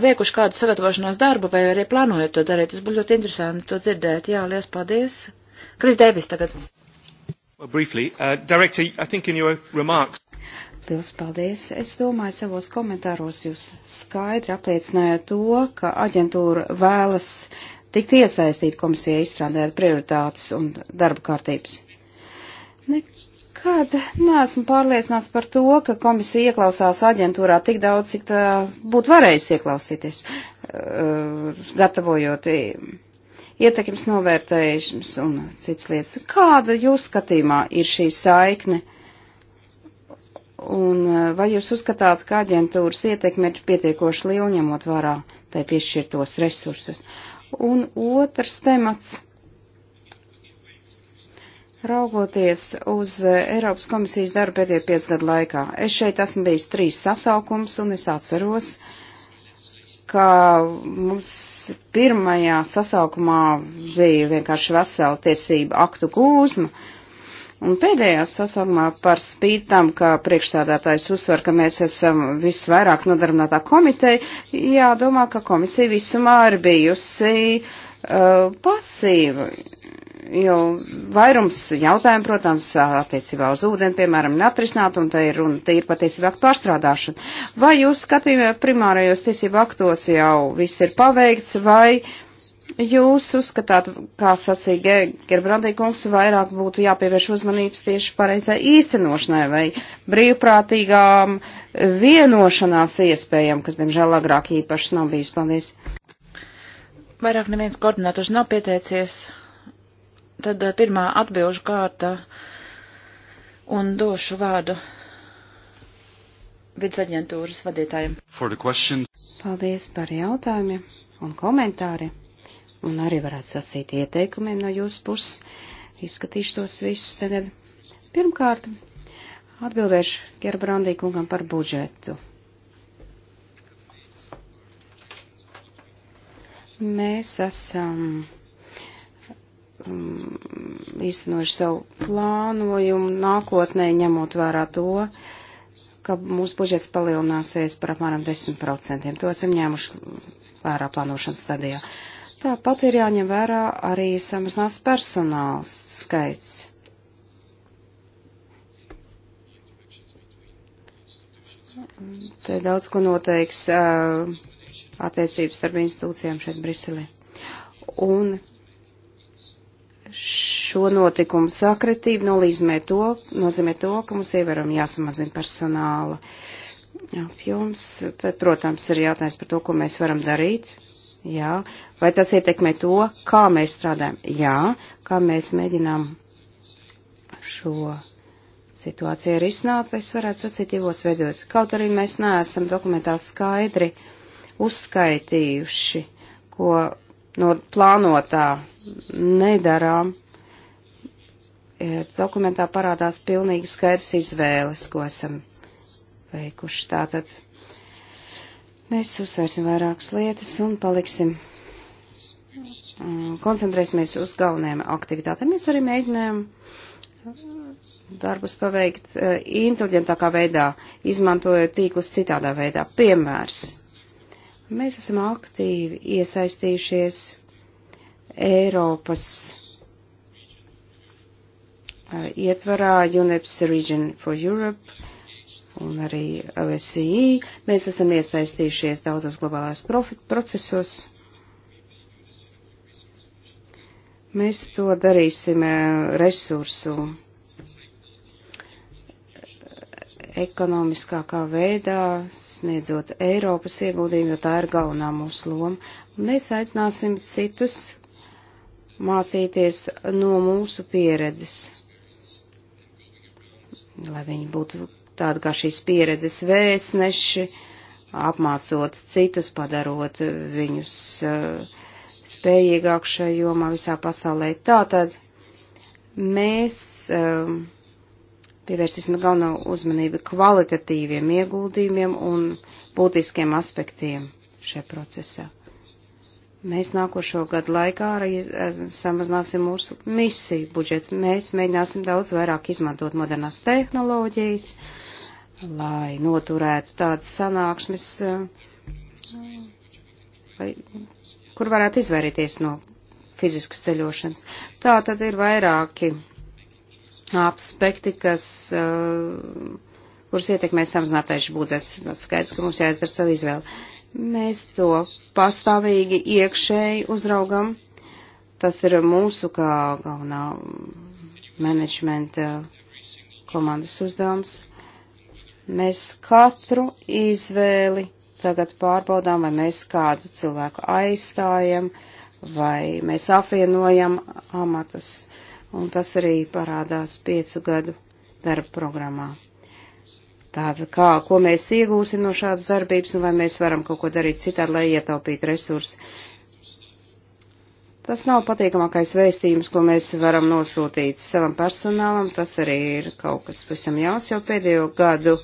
veikuši kādu sagatavošanās darbu vai arī plānojat to darīt? Tas būtu ļoti interesanti to dzirdēt. Jā, liels paldies. Kris Dēvis tagad. Well, briefly, uh, Director, I think in your remarks. Liels paldies! Es domāju, savos komentāros jūs skaidri apliecinājāt to, ka aģentūra vēlas tikt iesaistīt komisijai izstrādājot prioritātes un darba kārtības. Nekad neesmu pārliecināts par to, ka komisija ieklausās aģentūrā tik daudz, cik tā būtu varējusi ieklausīties, uh, gatavojot ietekmes novērtējumus un citas lietas. Kāda jūs skatījumā ir šī saikne? Un eh, vai jūs uzskatāt, ka aģentūras ietekme ir pietiekoši liela, ņemot vērā tai piešķirtos resursus? Un otrs temats. Raugoties uz eh, Eiropas komisijas darbu pēdējo piecgadu laikā, es šeit esmu bijis trīs sasaukums un es atceros, ka mums pirmajā sasaukumā bija vienkārši vesela tiesība aktu gūzma, Un pēdējā sasaukumā par spītām, ka priekšsādātājs uzsver, ka mēs esam visvairāk nodarbinātā komiteja, jādomā, ka komisija visumā ir bijusi uh, pasīva. Jo vairums jautājumu, protams, attiecībā uz ūdeni, piemēram, neatrisināt, un te ir runa tīri patiesībā pārstrādāšana. Vai jūs skatījumā primārajos tiesību aktos jau viss ir paveikts, vai Jūs uzskatāt, kā sacīja Gerbrandī kungs, vairāk būtu jāpievērš uzmanības tieši pareizai īstenošanai vai brīvprātīgām vienošanās iespējām, kas, diemžēl, agrāk īpaši nav bijis. Paldies! Vairāk neviens koordinators nav pieteicies. Tad eh, pirmā atbilžu kārta un došu vārdu vidas aģentūras vadītājiem. Paldies par jautājumiem un komentāriem un arī varētu sacīt ieteikumiem no jūsu puses. Izskatīšu tos visus tagad. Pirmkārt, atbildēšu Gerbrandī kungam par budžetu. Mēs esam mm, īstenojuši savu plānojumu nākotnē, ņemot vērā to, ka mūsu budžets palielināsies par apmēram 10%. To esam ņēmuši vērā plānošanas stadijā. Uh, Tāpat ir jāņem vērā arī samazināts personāls skaits. Te daudz ko noteiks uh, attiecības starp institūcijām šeit Briselē. Un šo notikumu sakritību nolīzmē to, nozīmē to, ka mums ievēram jāsamazina personāla apjoms. Tad, protams, ir jautājums par to, ko mēs varam darīt, Jā. Vai tas ietekmē to, kā mēs strādājam? Jā. Kā mēs mēģinām šo situāciju risināt, es varētu sacīt divos veidos. Kaut arī mēs neesam dokumentā skaidri uzskaitījuši, ko no plānotā nedarām. E, dokumentā parādās pilnīgi skaidrs izvēles, ko esam veikuši. Tātad Mēs uzsvērsim vairākas lietas un paliksim, mm, koncentrēsimies uz galvenajām aktivitātēm. Mēs arī mēģinājām darbus paveikt eh, inteliģentākā veidā, izmantojot tīklus citādā veidā. Piemērs. Mēs esam aktīvi iesaistījušies Eiropas eh, ietvarā UNEPS Region for Europe un arī LSI. E. Mēs esam iesaistījušies daudzos globālās procesos. Mēs to darīsim e, resursu e, ekonomiskākā veidā, sniedzot Eiropas ieguldījumu, jo tā ir galvenā mūsu loma. Mēs aicināsim citus mācīties no mūsu pieredzes, lai viņi būtu tāda kā šīs pieredzes vēsneši, apmācot citus, padarot viņus eh, spējīgāk šajā jomā visā pasaulē. Tātad mēs eh, pievērsīsim galveno uzmanību kvalitatīviem ieguldījumiem un būtiskiem aspektiem šajā procesā. Mēs nākošo gadu laikā arī eh, samazināsim mūsu misiju budžetu. Mēs mēģināsim daudz vairāk izmantot modernās tehnoloģijas, lai noturētu tādas sanāksmes, vai, eh, kur varētu izvairīties no fiziskas ceļošanas. Tā tad ir vairāki aspekti, kas, uh, eh, kuras ietekmē samazinātais budžets. Skaidrs, ka mums jāizdara savu izvēli. Mēs to pastāvīgi iekšēji uzraugam. Tas ir mūsu kā galvenā menedžmenta eh, komandas uzdevums. Mēs katru izvēli tagad pārbaudām, vai mēs kādu cilvēku aizstājam, vai mēs apvienojam amatus. Un tas arī parādās piecu gadu darba programmā. Tātad, kā, ko mēs iegūsim no šādas darbības un vai mēs varam kaut ko darīt citādi, lai ietaupītu resursi. Tas nav patīkamākais vēstījums, ko mēs varam nosūtīt savam personālam. Tas arī ir kaut kas pavisam jauns jau pēdējo gadu.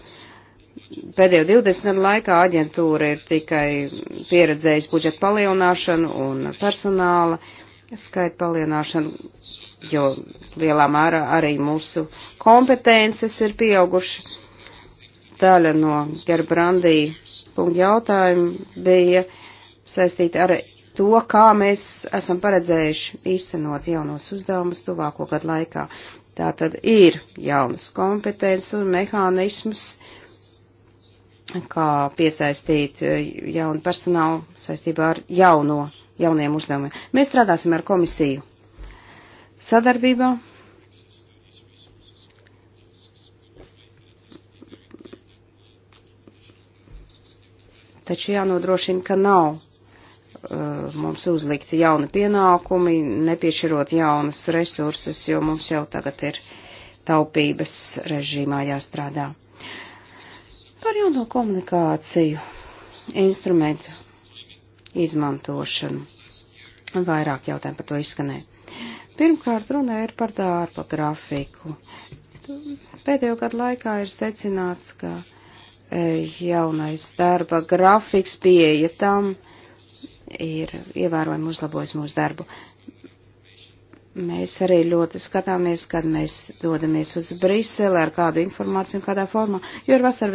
Pēdējo 20 gadu laikā aģentūra ir tikai pieredzējusi budžeta palielināšanu un personāla skaitu palielināšanu, jo lielā mērā arī mūsu kompetences ir pieauguši daļa no Gerbrandī kunga jautājuma bija saistīta ar to, kā mēs esam paredzējuši īstenot jaunos uzdevumus tuvāko gadu laikā. Tā tad ir jaunas kompetences un mehānismas, kā piesaistīt jaunu personālu saistībā ar jauno, jauniem uzdevumiem. Mēs strādāsim ar komisiju sadarbībā Taču jānodrošina, ka nav uh, mums uzlikti jauni pienākumi, nepiešķirot jaunas resursus, jo mums jau tagad ir taupības režīmā jāstrādā. Par jauno komunikāciju instrumentu izmantošanu. Vairāk jautājumu par to izskanē. Pirmkārt, runa ir par darba grafiku. Pēdējo gadu laikā ir secināts, ka jaunais darba grafiks, pieeja tam ir ievērojami uzlabojis mūsu darbu. Mēs arī ļoti skatāmies, kad mēs dodamies uz Briseli ar kādu informāciju un kādā formā, jo ir vasar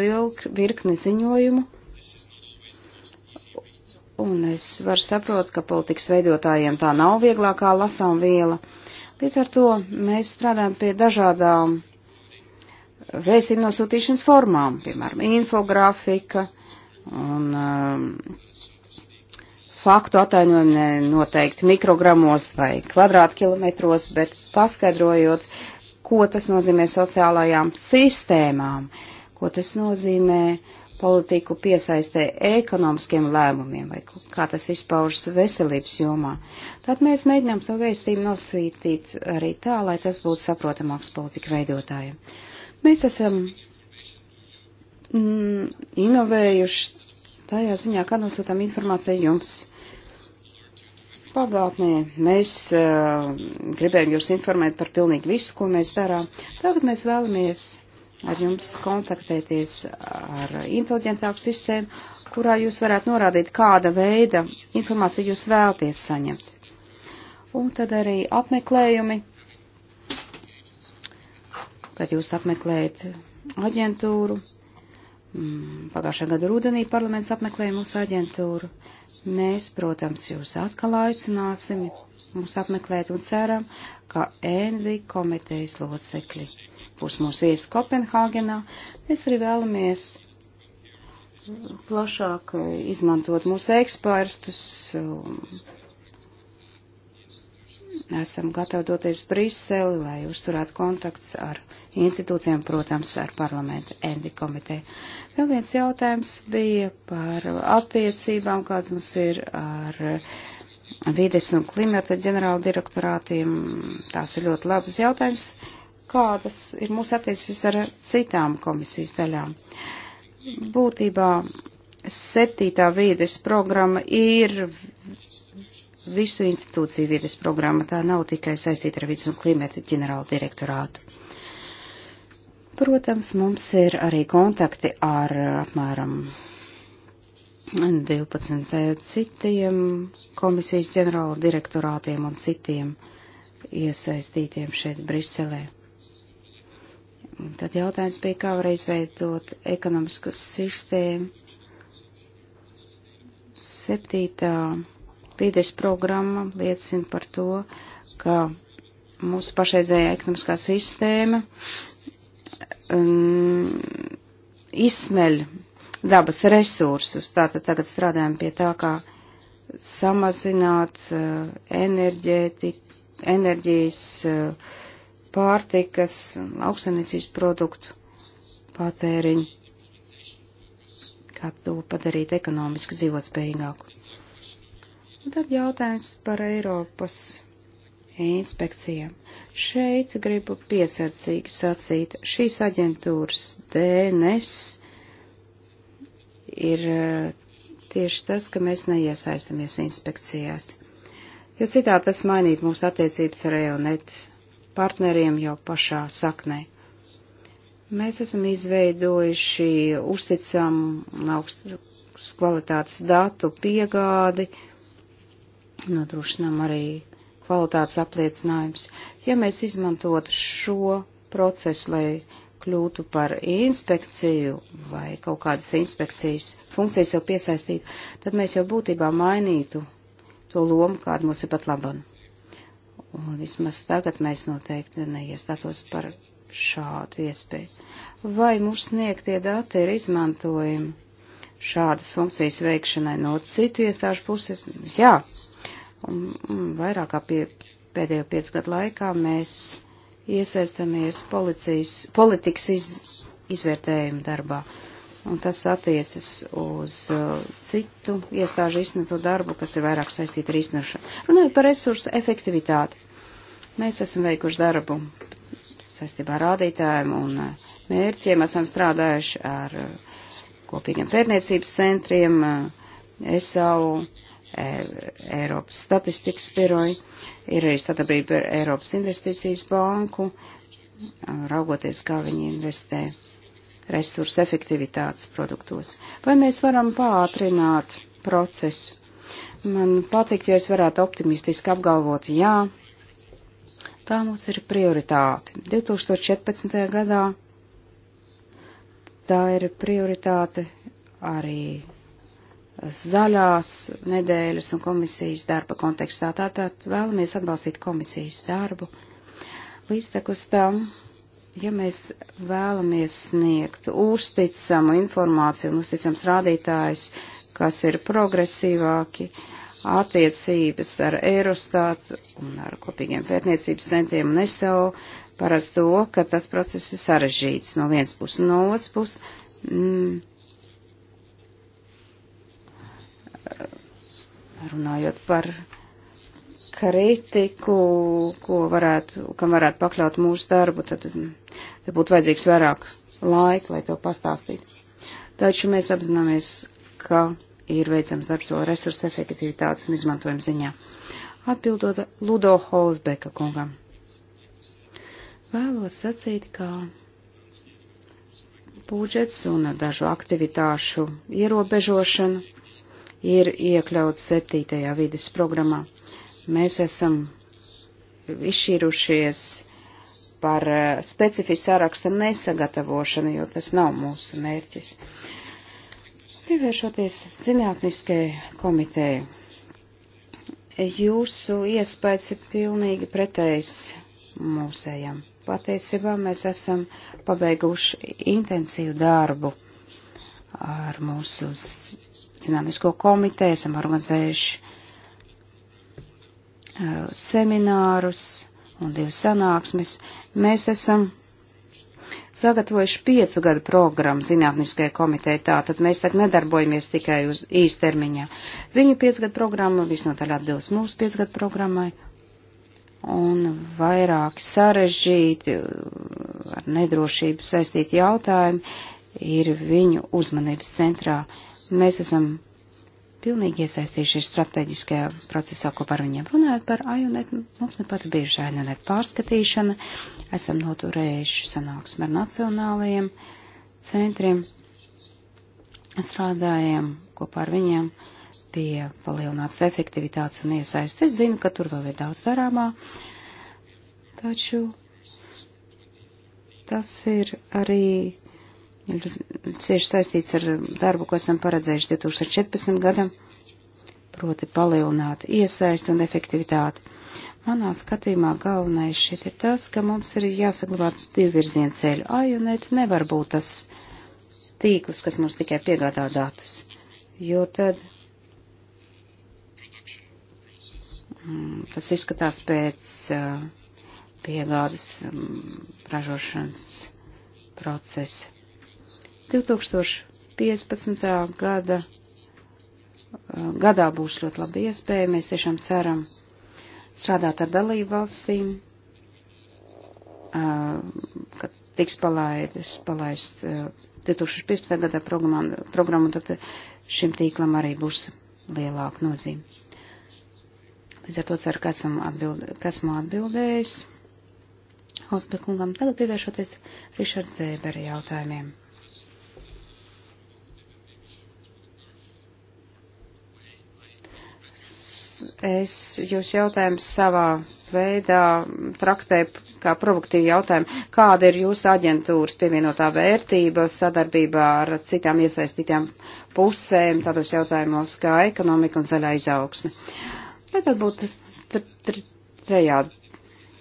virkni ziņojumu. Un es varu saprot, ka politikas veidotājiem tā nav vieglākā lasām viela. Līdz ar to mēs strādājam pie dažādām vēstījumu nosūtīšanas formām, piemēram, infografika un um, faktu attainojumi ne noteikti mikrogramos vai kvadrātkilometros, bet paskaidrojot, ko tas nozīmē sociālajām sistēmām, ko tas nozīmē politiku piesaistē ekonomiskiem lēmumiem vai kā tas izpaužas veselības jomā. Tad mēs mēģinām savu vēstījumu nosūtīt arī tā, lai tas būtu saprotamāks politika veidotājiem. Mēs esam mm, inovējuši tajā ziņā, kā nosūtām informāciju jums. Pagātnē mēs uh, gribējām jūs informēt par pilnīgi visu, ko mēs darām. Tagad mēs vēlamies ar jums kontaktēties ar inteliģentāku sistēmu, kurā jūs varētu norādīt, kāda veida informāciju jūs vēlties saņemt. Un tad arī apmeklējumi kad jūs apmeklējat aģentūru. Mm, Pagājušā gada rudenī parlaments apmeklēja mūsu aģentūru. Mēs, protams, jūs atkal aicināsim mūs apmeklēt un ceram, ka ENVI komitejas locekļi būs mūsu viesi Kopenhāgenā. Mēs arī vēlamies plašāk izmantot mūsu ekspertus, esam gatavi doties Briseli, lai uzturētu kontakts ar institūcijām, protams, ar parlamentu Endi komiteju. Vēl viens jautājums bija par attiecībām, kāds mums ir ar vides un klimata ģenerāla direktorātiem. Tās ir ļoti labas jautājums. Kādas ir mūsu attiecības ar citām komisijas daļām? Būtībā septītā vīdes programma ir visu institūciju vides programma. Tā nav tikai saistīta ar vidas un klimata ģenerālu direktorātu. Protams, mums ir arī kontakti ar eh, apmēram 12 eh, citiem komisijas ģenerāla direktorātiem un citiem iesaistītiem šeit Briselē. Un tad jautājums bija, kā var izveidot ekonomisku sistēmu. Septītā Vīdes programma liecina par to, ka mūsu pašreizējā ekonomiskā sistēma um, izsmeļ dabas resursus. Tātad tagad strādājam pie tā, kā samazināt uh, enerģijas, uh, pārtikas un lauksaimniecības produktu patēriņu, kā to padarīt ekonomiski dzīvotspējīgāku. Un tad jautājums par Eiropas inspekcijām. Šeit gribu piesardzīgi sacīt, šīs aģentūras DNS ir eh, tieši tas, ka mēs neiesaistamies inspekcijās. Jo citādi tas mainītu mūsu attiecības ar EONET partneriem jau pašā saknē. Mēs esam izveidojuši uzticamu un augstas kvalitātes datu piegādi, uh, nodrošinām arī kvalitātes apliecinājums. Ja mēs izmantotu šo procesu, lai kļūtu par inspekciju vai kaut kādas inspekcijas funkcijas jau piesaistītu, tad mēs jau būtībā mainītu to lomu, kāda mums ir pat labam. Un vismaz tagad mēs noteikti neiestātos par šādu iespēju. Vai mums sniegtie dati ir izmantojami šādas funkcijas veikšanai no citu iestāžu puses? Jā, Un, un vairāk kā pie, pēdējo piecu gadu laikā mēs iesaistamies policijas, politikas iz, izvērtējuma darbā. Un tas attiecas uz uh, citu iestāžu izsniegto darbu, kas ir vairāk saistīta ar izsniegšanu. Runājot par resursu efektivitāti, mēs esam veikuši darbu saistībā ar rādītājiem un uh, mērķiem. Esam strādājuši ar uh, kopīgiem pētniecības centriem, ESAU uh, E, Eiropas statistikas biroju, ir arī sadarbība ar Eiropas investīcijas banku, raugoties, kā viņi investē resursu efektivitātes produktos. Vai mēs varam pātrināt procesu? Man patikt, ja es varētu optimistiski apgalvot, jā, tā mums ir prioritāte. 2014. gadā tā ir prioritāte arī zaļās nedēļas un komisijas darba kontekstā. Tātad vēlamies atbalstīt komisijas darbu. Līdztekus tam, ja mēs vēlamies sniegt uzticamu informāciju un uzticams rādītājs, kas ir progresīvāki, attiecības ar Eirostātu un ar kopīgiem pētniecības centriem un ESO, parasti to, ka tas process ir sarežģīts no vienas puses, no otras puses. Mm, runājot par kritiku, ko varētu, kam varētu pakļaut mūsu darbu, tad, tad būtu vajadzīgs vairāk laika, lai to pastāstītu. Taču mēs apzināmies, ka ir veicams darbs vēl resursu efektivitātes un izmantojuma ziņā. Atbildot Ludo Holzbeka kungam. Vēlos sacīt, ka budžets un dažu aktivitāšu ierobežošana ir iekļauts septītajā vides programmā. Mēs esam izšķīrušies par eh, specifisku sāraksta nesagatavošanu, jo tas nav mūsu mērķis. Pievēršoties zinātniskajai komitejai, jūsu iespējas ir pilnīgi pretējs mūsējam. Patiesībā mēs esam pabeiguši intensīvu darbu ar mūsu Zinātnisko komiteju, esam organizējuši eh, seminārus un divas sanāksmes. Mēs esam sagatavojuši piecu gadu programmu zinātniskajai komitejai, tātad mēs tagad nedarbojamies tikai uz īstermiņā. Viņu piecu gadu programma visnotaļ atbilst mūsu piecu gadu programmai. Un vairāk sarežģīti eh, ar nedrošību saistīti jautājumi ir viņu uzmanības centrā. Mēs esam pilnīgi iesaistījušies strateģiskajā procesā, ko par viņiem runājot par AIUNET. Mums nepati bieži AIUNET pārskatīšana. Esam noturējuši sanāksmi ar nacionālajiem centriem. Strādājam kopā ar viņiem pie palielinātas efektivitātes un iesaistes. Es zinu, ka tur vēl ir daudz darāmā, taču tas ir arī ir cieši saistīts ar darbu, ko esam paredzējuši 2014. gadam, proti palielināt iesaistu un efektivitāti. Manā skatījumā galvenais šeit ir tas, ka mums ir jāsaglabā divu virzienu ceļu. Ajunet nevar būt tas tīkls, kas mums tikai piegādā datus, jo tad mm, tas izskatās pēc uh, piegādes mm, ražošanas procesa. 2015. gada gadā būs ļoti laba iespēja. Mēs tiešām ceram strādāt ar dalību valstīm, kad tiks palaidis, palaist 2015. gadā programma, programma, tad šim tīklam arī būs lielāka nozīme. Līdz ar to ceru, ka esmu, atbild, ka esmu atbildējis. Osbekungam tagad pievēršoties Rišard Zēberi jautājumiem. es jūs jautājumu savā veidā traktēju kā provokatīvu jautājumu. Kāda ir jūsu aģentūras pievienotā vērtība sadarbībā ar citām iesaistītām pusēm tādos jautājumos kā ekonomika un zaļā izaugsme? Tad būtu trejādi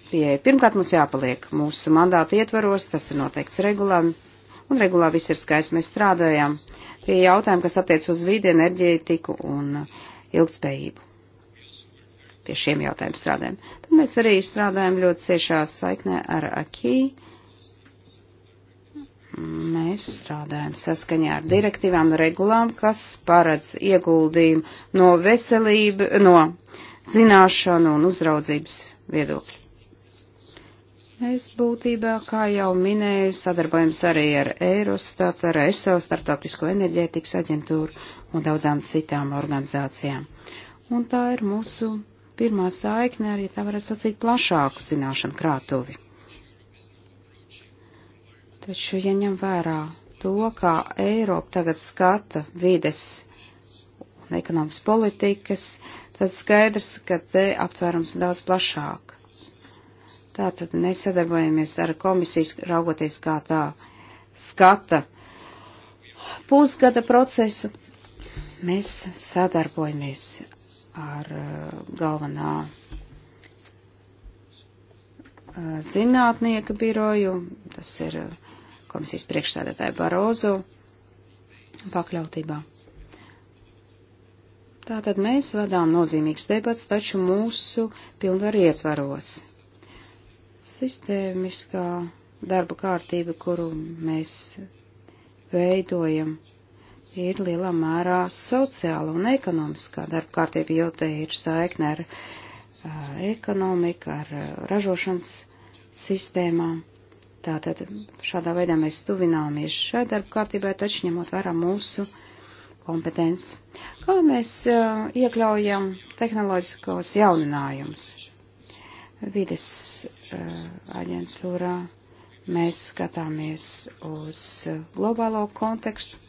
pieeja. Pirmkārt, mums jāpaliek mūsu mandāta ietvaros, tas ir noteikts regulām, un regulā viss ir skaists. Mēs strādājām pie jautājumiem, kas attiec uz vīdi, enerģētiku un ilgspējību pie šiem jautājumiem strādājam. Tad mēs arī strādājam ļoti ciešā saiknē ar AKI. Mēs strādājam saskaņā ar direktīvām un regulām, kas paredz ieguldījumu no veselību, no zināšanu un uzraudzības viedokļa. Mēs būtībā, kā jau minēju, sadarbojamies arī ar Eurostat, ar ESO, Startautisko enerģētikas aģentūru un daudzām citām organizācijām. Un tā ir mūsu pirmā saikne arī, tā varētu sacīt, plašāku zināšanu krātuvi. Taču, ja ņem vērā to, kā Eiropa tagad skata vides un ekonomikas politikas, tad skaidrs, ka te aptvērums daudz plašāk. Tātad mēs sadarbojamies ar komisijas, raugoties kā tā skata pusgada procesu. Mēs sadarbojamies ar uh, galvenā uh, zinātnieka biroju, tas ir uh, komisijas priekšstādātāja Barozu pakļautībā. Tātad mēs vadām nozīmīgas debats, taču mūsu pilnvaru ietvaros. Sistēmiskā darba kārtība, kuru mēs veidojam, ir lielā mērā sociāla un ekonomiskā darba kārtība, jo te ir saikne ar uh, ekonomiku, ar uh, ražošanas sistēmām. Tātad šādā veidā mēs tuvināmies šai darba kārtībai, taču ņemot vērā mūsu kompetences. Kā mēs uh, iekļaujam tehnoloģiskos jauninājumus? Vides uh, aģentūrā mēs skatāmies uz globālo kontekstu,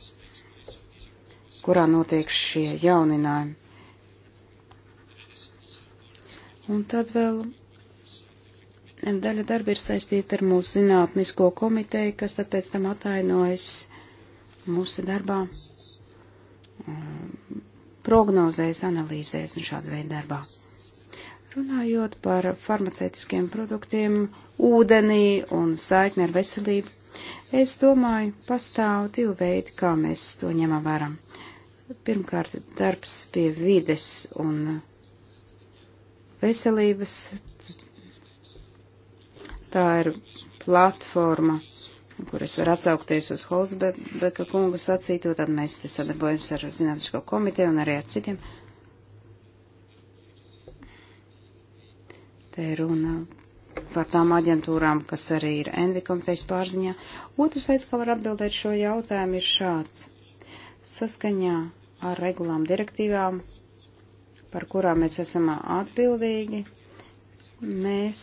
kurā notiek šie jauninājumi. Un tad vēl daļa darba ir saistīta ar mūsu zinātnisko komiteju, kas tad pēc tam atainojas mūsu darbā, prognozēs, analīzēs un šādu veidu darbā. Runājot par farmaceitiskiem produktiem, ūdenī un saikni ar veselību, es domāju, pastāv divi veidi, kā mēs to ņemam varam. Pirmkārt, darbs pie vides un veselības. Tā ir platforma, kur es varu atsaukties uz Holzbeka kungu sacīto, tad mēs te sadarbojamies ar Zinātnisko komiteju un arī ar citiem. Te ir runa par tām aģentūrām, kas arī ir Envi komitejas pārziņā. Otrs veids, kā var atbildēt šo jautājumu, ir šāds. Saskaņā ar regulām direktīvām, par kurām mēs esam atbildīgi, mēs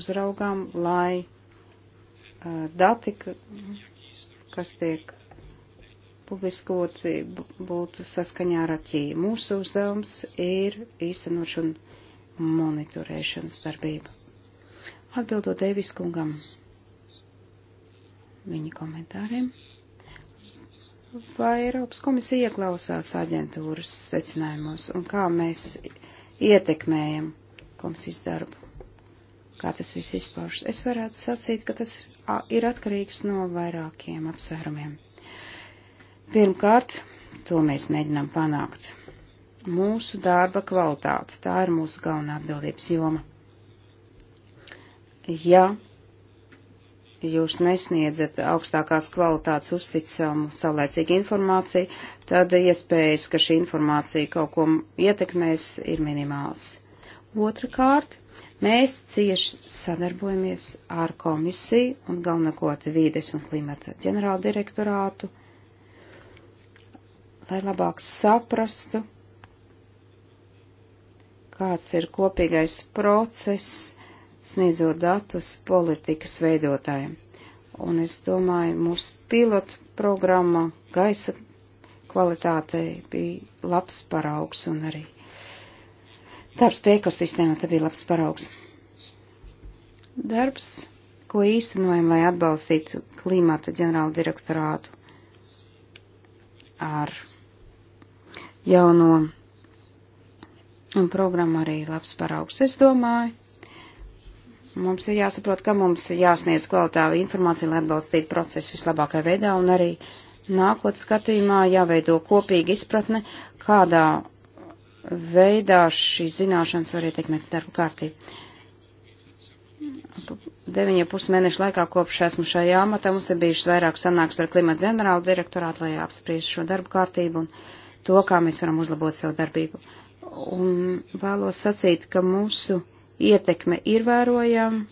uzraugām, lai uh, dati, kas tiek publiskoti, būtu saskaņā ar akī. Mūsu uzdevums ir īstenošana monitorēšanas darbība. Atbildot Deivis kungam viņa komentāriem vai Eiropas komisija ieklausās aģentūras secinājumos un kā mēs ietekmējam komisijas darbu, kā tas viss izpaužas. Es varētu sacīt, ka tas ir atkarīgs no vairākiem apsvērumiem. Pirmkārt, to mēs mēģinām panākt. Mūsu darba kvalitāte, tā ir mūsu galvenā atbildības joma. Ja jūs nesniedzat augstākās kvalitātes uzticamu saulēcīgu informāciju, tad iespējas, ka šī informācija kaut ko ietekmēs, ir minimāls. Otrakārt, mēs cieši sadarbojamies ar komisiju un galvenokot vīdes un klimata ģenerāla direktorātu, lai labāk saprastu, kāds ir kopīgais process, sniedzot datus politikas veidotājiem. Un es domāju, mūsu pilotu programma gaisa kvalitātei bija labs paraugs un arī darbs pie ekosistēmā te bija labs paraugs. Darbs, ko īstenojam, lai atbalstītu klimata ģenerāla direktorātu ar jauno un programmu arī labs paraugs. Es domāju, Mums ir jāsaprot, ka mums ir jāsniedz kvalitāva informācija, lai atbalstītu procesu vislabākajā veidā, un arī nākot skatījumā jāveido kopīga izpratne, kādā veidā šīs zināšanas var ietekmēt darbu kārtību. 9,5 mēnešu laikā kopš esmu šajā amatā mums ir bijušas vairāk sanāks ar klimata ģenerālu direktorātu, lai apspriež šo darbu kārtību un to, kā mēs varam uzlabot savu darbību. Un vēlos sacīt, ka mūsu ietekme ir vērojama,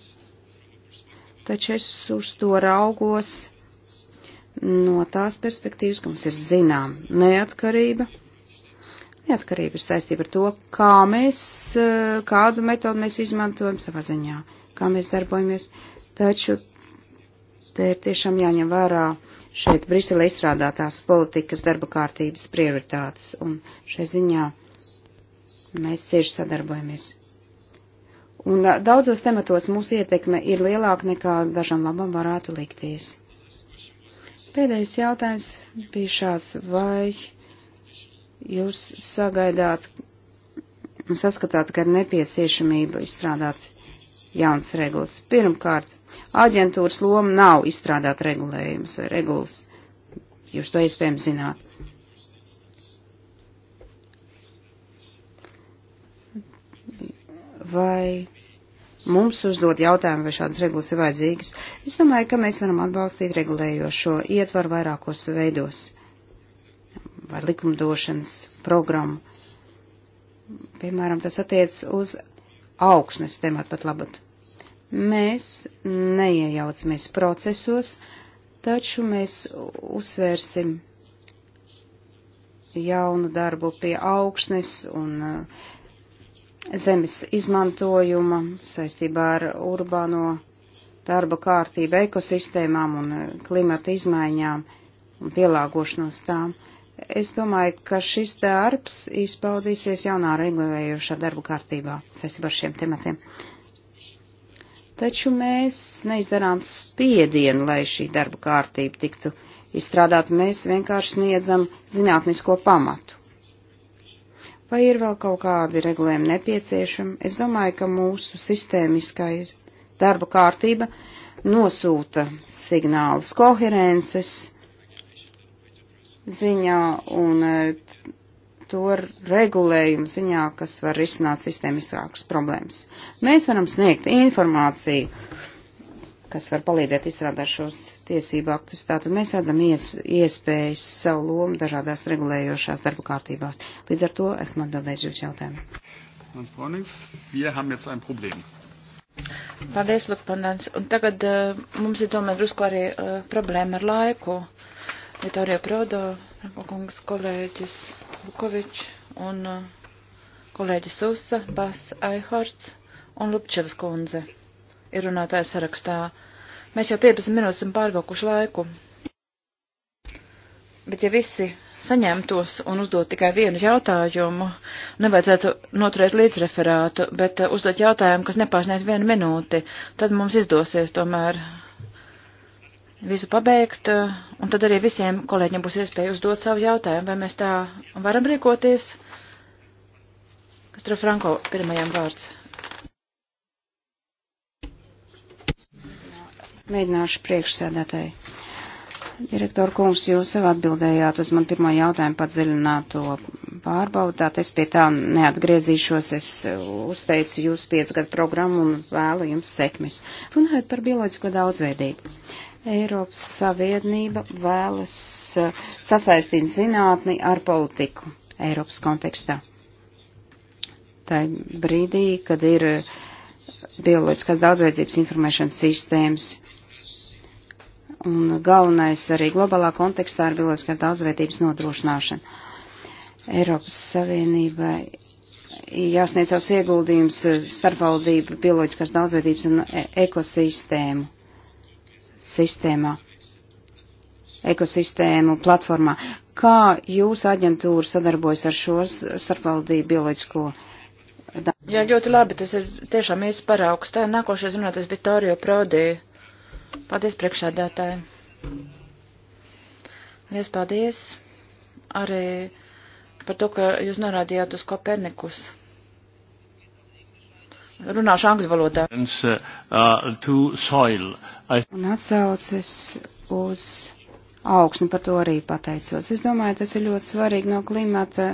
taču es uz to raugos no tās perspektīvas, ka mums ir zinām neatkarība. Neatkarība ir saistība ar to, kā mēs, kādu metodu mēs izmantojam savā ziņā, kā mēs darbojamies. Taču te ir tiešām jāņem vērā šeit Brisele izstrādātās politikas darba kārtības prioritātes, un šai ziņā mēs cieši sadarbojamies Un daudzos tematos mūsu ietekme ir lielāka nekā dažam labam varētu likties. Pēdējais jautājums bija šāds, vai jūs sagaidāt, saskatāt, ka ir nepieciešamība izstrādāt jauns regulas? Pirmkārt, aģentūras loma nav izstrādāt regulējumus vai regulas, jūs to iespējams zināt. vai mums uzdod jautājumu, vai šādas regulas ir vajadzīgas. Es domāju, ka mēs varam atbalstīt regulējošo ietvaru vairākos veidos vai likumdošanas programmu. Piemēram, tas attiec uz augsnes tematu pat labad. Mēs neiejaucamies procesos, taču mēs uzsvērsim jaunu darbu pie augsnes un uh, zemes izmantojuma saistībā ar urbāno darba kārtību, ekosistēmām un eh, klimata izmaiņām un pielāgošanos tām. Es domāju, ka šis darbs izpaudīsies jaunā regulējošā darba kārtībā saistībā ar šiem tematiem. Taču mēs neizdarām spiedienu, lai šī darba kārtība tiktu izstrādāta. Mēs vienkārši sniedzam zinātnisko pamatu. Vai ir vēl kaut kādi regulējumi nepieciešami? Es domāju, ka mūsu sistēmiskais darba kārtība nosūta signālus koherences ziņā un eh, to regulējumu ziņā, kas var risināt sistēmiskākas problēmas. Mēs varam sniegt informāciju kas var palīdzēt izstrādāt šos tiesību aktus. Tātad mēs redzam ies, iespējas savu lomu dažādās regulējošās darba kārtībās. Līdz ar to esmu atbildējis jūsu jautājumu. Paldies, Lukpandans. Un tagad uh, mums ir tomēr drusku arī uh, problēma ar laiku. Vitorija Prodo, kungs, kolēģis Bukovičs un uh, kolēģis Usa, Bas Aihards un Lupčevs kundze ir runātāja sarakstā. Mēs jau 15 minūtes esam pārvilkuši laiku. Bet ja visi saņemtos un uzdot tikai vienu jautājumu, nevajadzētu noturēt līdz referātu, bet eh, uzdot jautājumu, kas nepārsniedz vienu minūti, tad mums izdosies tomēr visu pabeigt, eh, un tad arī visiem kolēģiem būs iespēja uzdot savu jautājumu, vai mēs tā varam rīkoties. Katra Franko pirmajam vārds. Mēģināšu priekšsēdētāji. Direktor kungs, jūs jau atbildējāt uz man pirmo jautājumu padziļināto pārbaudāt. Es pie tā neatgriezīšos. Es uzteicu jūsu piecu gadu programmu un vēlu jums sekmes. Runājot par bioloģisko daudzveidību. Eiropas Savienība vēlas uh, sasaistīt zinātni ar politiku Eiropas kontekstā. Tai brīdī, kad ir uh, bioloģiskās daudzveidzības informēšanas sistēmas un galvenais arī globālā kontekstā ir bioloģiskā daudzveidības nodrošināšana. Eiropas Savienībai jāsniedz savs ieguldījums eh, starpvaldību bioloģiskās daudzveidības un e-, ekosistēmu sistēmā, ekosistēmu platformā. Kā jūsu aģentūra sadarbojas ar šo starpvaldību bioloģisko daudzveidību? Jā, ļoti labi, tas ir tiešām īsts paraugs. Tā nākošais runātais bija Torio Prodī Paldies, priekšsēdētāji. Lies paldies arī par to, ka jūs norādījāt uz Kopernikus. Runāšu angļu valodā. Uh, uh, Un atsaucis uz augsni, par to arī pateicos. Es domāju, tas ir ļoti svarīgi no klimata,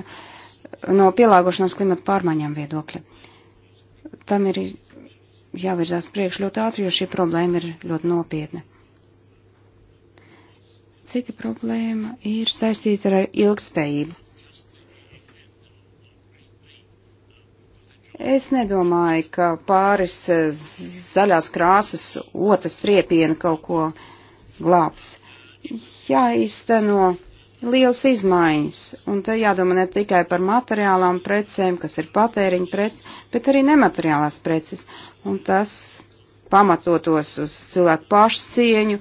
no pielāgošanās klimata pārmaiņām viedokļa. Tam ir jāvirzās priekš ļoti ātri, jo šī problēma ir ļoti nopietna. Cita problēma ir saistīta ar ilgspējību. Es nedomāju, ka pāris zaļās krāsas otras triepiena kaut ko glābs. Jāizteno liels izmaiņas, un te jādomā ne tikai par materiālām precēm, kas ir patēriņa preces, bet arī nemateriālās preces, un tas pamatotos uz cilvēku pašcieņu,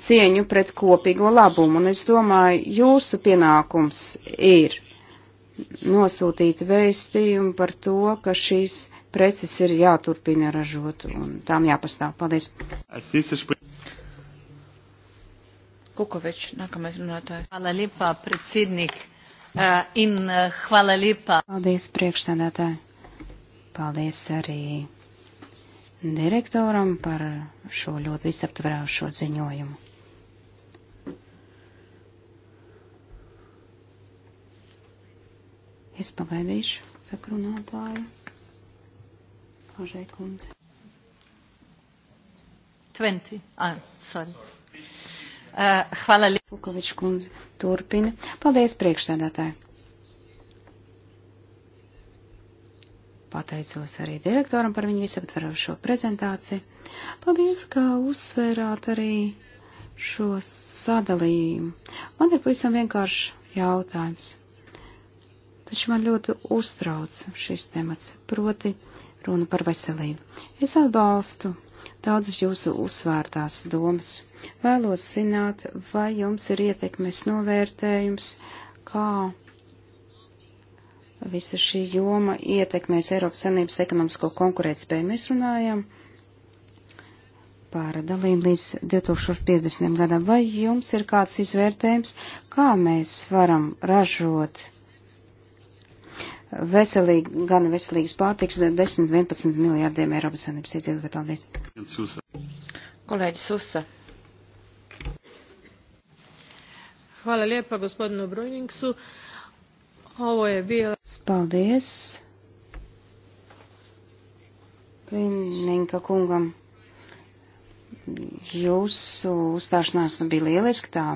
cieņu pret kopīgo labumu, un es domāju, jūsu pienākums ir nosūtīt vēstījumu par to, ka šīs preces ir jāturpina ražot, un tām jāpastāv. Paldies! Kukovič, nākamais runātājs. Hvala lipa, predsednik, eh, in eh, hvala lipa. Paldies, priekšsēdētāji. Paldies arī direktoram par šo ļoti visaptvarāšo ziņojumu. Es pagaidīšu sakrunātāju. Pažai kundze. 20. Ah, sorry. sorry. Eh, hvala lijepa. Kuković kundze turpina. Paldies priekšsēdētāji. Pateicos arī direktoram par viņu visaptverošo prezentāciju. Paldies, ka uzsvērāt arī šo sadalījumu. Man ir pavisam vienkārši jautājums. Taču man ļoti uztrauc šis temats, proti runa par veselību. Es atbalstu daudzas jūsu uzsvērtās domas. Vēlos zināt, vai jums ir ietekmes novērtējums, kā visa šī joma ietekmēs Eiropas Savienības ekonomisko konkurētspēju. Mēs runājam par dalību līdz 2050. gadam. Vai jums ir kāds izvērtējums, kā mēs varam ražot veselīgi, gan veselīgas pārtiks 10-11 miljārdiem Eiropas Savienības iedzīvotāju. Paldies. Kolēģis Usa. Hvala lijepa gospodinu Brojningsu. Ovo je bila... Paldies. Vinninka kungam. Jūsu uzstāšanās bija lieliski, tā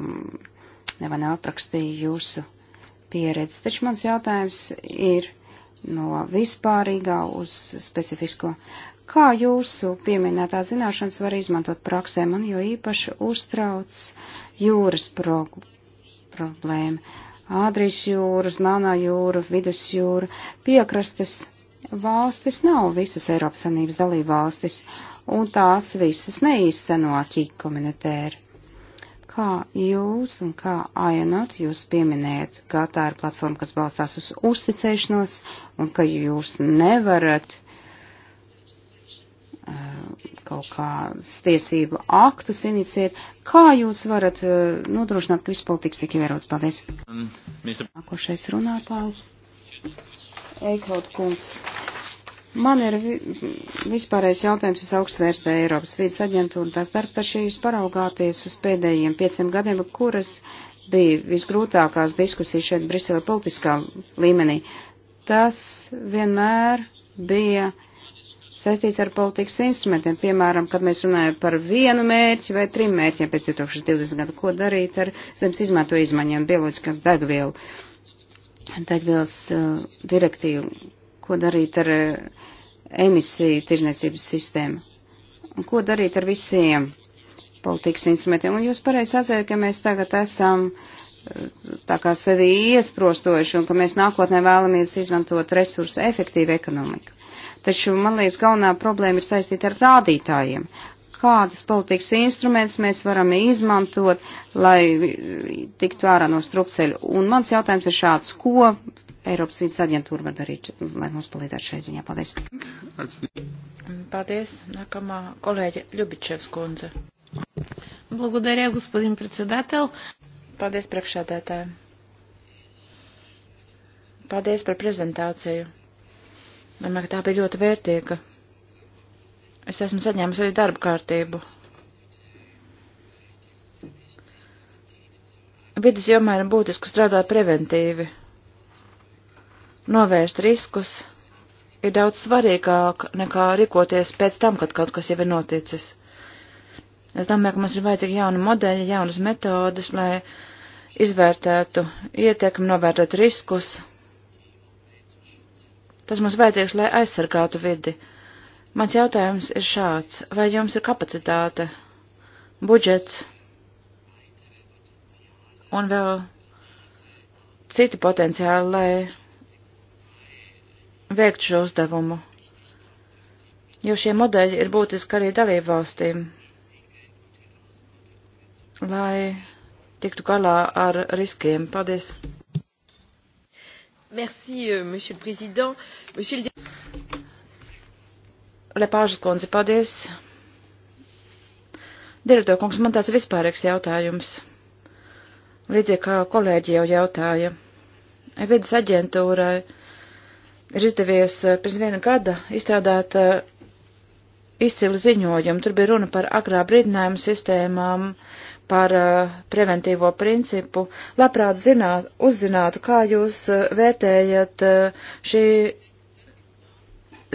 nevan aprakstīja jūsu pieredzi. Taču mans jautājums ir no vispārīgā uz specifisko. Kā jūsu pieminētā zināšanas var izmantot praksē? Man jo īpaši uztrauc jūras pro problēma. Ādrijas jūras, Melnā jūra, Vidusjūra, piekrastes valstis nav visas Eiropas Sanības dalībvalstis, un tās visas neīsteno akī komunitēri kā jūs un kā Ajanot jūs pieminējat, ka tā ir platforma, kas balstās uz uzticēšanos un ka jūs nevarat eh, kaut kādas tiesību aktus iniciēt. Kā jūs varat eh, nodrošināt, ka viss politikas tiek ievērots? Paldies. Um, Nākošais runātājs. Eikaut kungs. Man ir vispārējais jautājums, es augstu vērtēju Eiropas vīdes aģentūru un tās darbu, taču jūs paraugāties uz pēdējiem pieciem gadiem, kuras bija visgrūtākās diskusijas šeit Brisele politiskā līmenī. Tas vienmēr bija saistīts ar politikas instrumentiem. Piemēram, kad mēs runājam par vienu mērķi vai trim mērķiem pēc 2020 gada, ko darīt ar zemes izmanto izmaiņām bioloģiskā degvielu, degvielas uh, direktīvu ko darīt ar eh, emisiju tirzniecības sistēmu, un ko darīt ar visiem politikas instrumentiem. Un jūs pareizi atzējat, ka mēs tagad esam eh, tā kā sevi iesprostojuši un ka mēs nākotnē vēlamies izmantot resursu efektīvu ekonomiku. Taču, man liekas, galvenā problēma ir saistīta ar rādītājiem. Kādas politikas instrumentus mēs varam izmantot, lai eh, tiktu ārā no strupceļa? Un mans jautājums ir šāds, ko Eiropas vīzas aģentūra var darīt, lai mums palīdzētu šai ziņā. Paldies. Paldies. Nākamā kolēģe Ļubičevs kundze. Благодаря, господин председател. Paldies priekšsēdētājiem. Paldies par prezentāciju. Domāju, ka tā bija ļoti vērtīga. Es esmu saņēmusi arī darba kārtību. Vides jomā ir būtiski strādāt preventīvi novērst riskus ir daudz svarīgāk nekā rīkoties pēc tam, kad kaut kas jau ir noticis. Es domāju, ka mums ir vajadzīgi jauni modeļi, jaunas metodas, lai izvērtētu ietekmi, novērtētu riskus. Tas mums vajadzīgs, lai aizsargātu vidi. Mans jautājums ir šāds. Vai jums ir kapacitāte, budžets un vēl citi potenciāli, lai veikt šo uzdevumu, jo šie modeļi ir būtiski arī dalību valstīm, lai tiktu galā ar riskiem. Paldies! Merci, euh, monsieur le président. Monsieur le... Lepāžas kundze, paldies. Direktor kungs, man tāds vispārīgs jautājums. Līdzīgi kā kolēģi jau jautāja. Vides aģentūrai ir izdevies eh, pirms viena gada izstrādāt eh, izcilu ziņojumu. Tur bija runa par agrā brīdinājumu sistēmām, par eh, preventīvo principu. Labprāt zināt, uzzinātu, kā jūs vērtējat šī